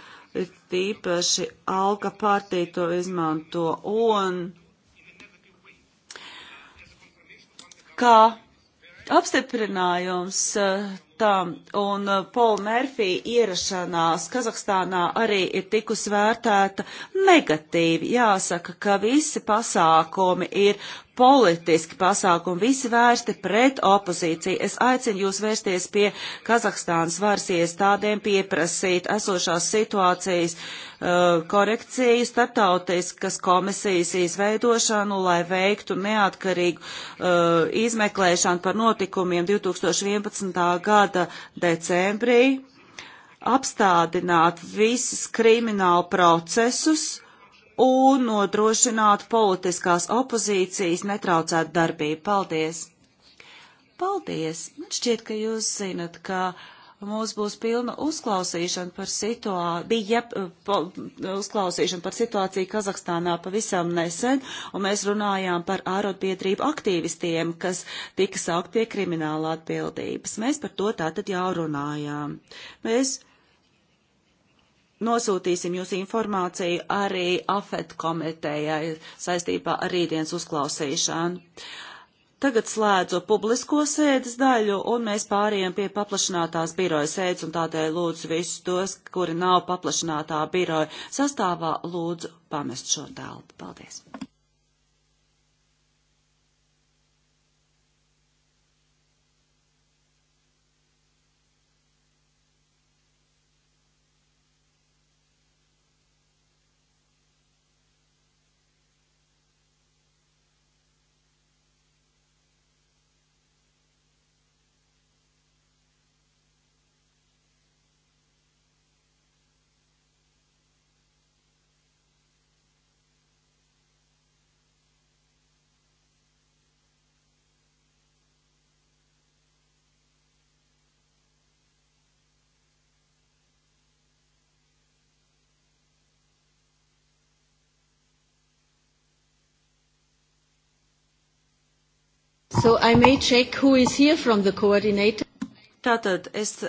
tīpaši alka partija to izmanto un kā apstiprinājums eh, tam un eh, Paul Murphy ierašanās Kazahstānā arī ir tikus vērtēta negatīvi. Jāsaka, ka visi pasākumi ir politiski pasākumi, visi vērsti pret opozīciju. Es aicinu jūs vērsties pie Kazahstānas varas iestādēm, pieprasīt esošās situācijas uh, korekciju, startautiskas komisijas izveidošanu, lai veiktu neatkarīgu uh, izmeklēšanu par notikumiem 2011. gada decembrī, apstādināt visus kriminālu procesus, un nodrošināt politiskās opozīcijas netraucēt darbību. Paldies! Paldies! Man šķiet, ka jūs zinat, ka mums būs pilna uzklausīšana par situāciju, bija po, uzklausīšana par situāciju Kazahstānā pavisam nesen, un mēs runājām par ārotbiedrību aktīvistiem, kas tika saukt pie krimināla atbildības. Mēs par to tātad jau runājām. Mēs nosūtīsim jūsu informāciju arī AFET komitejai saistībā ar rītdienas uzklausīšanu. Tagad slēdzu publisko sēdes daļu, un mēs pāriem pie paplašinātās biroja sēdes, un tādēļ lūdzu visus tos, kuri nav paplašinātā biroja sastāvā, lūdzu pamest šo telpu. Paldies! So I may check who is here from the coordinator. Tātad es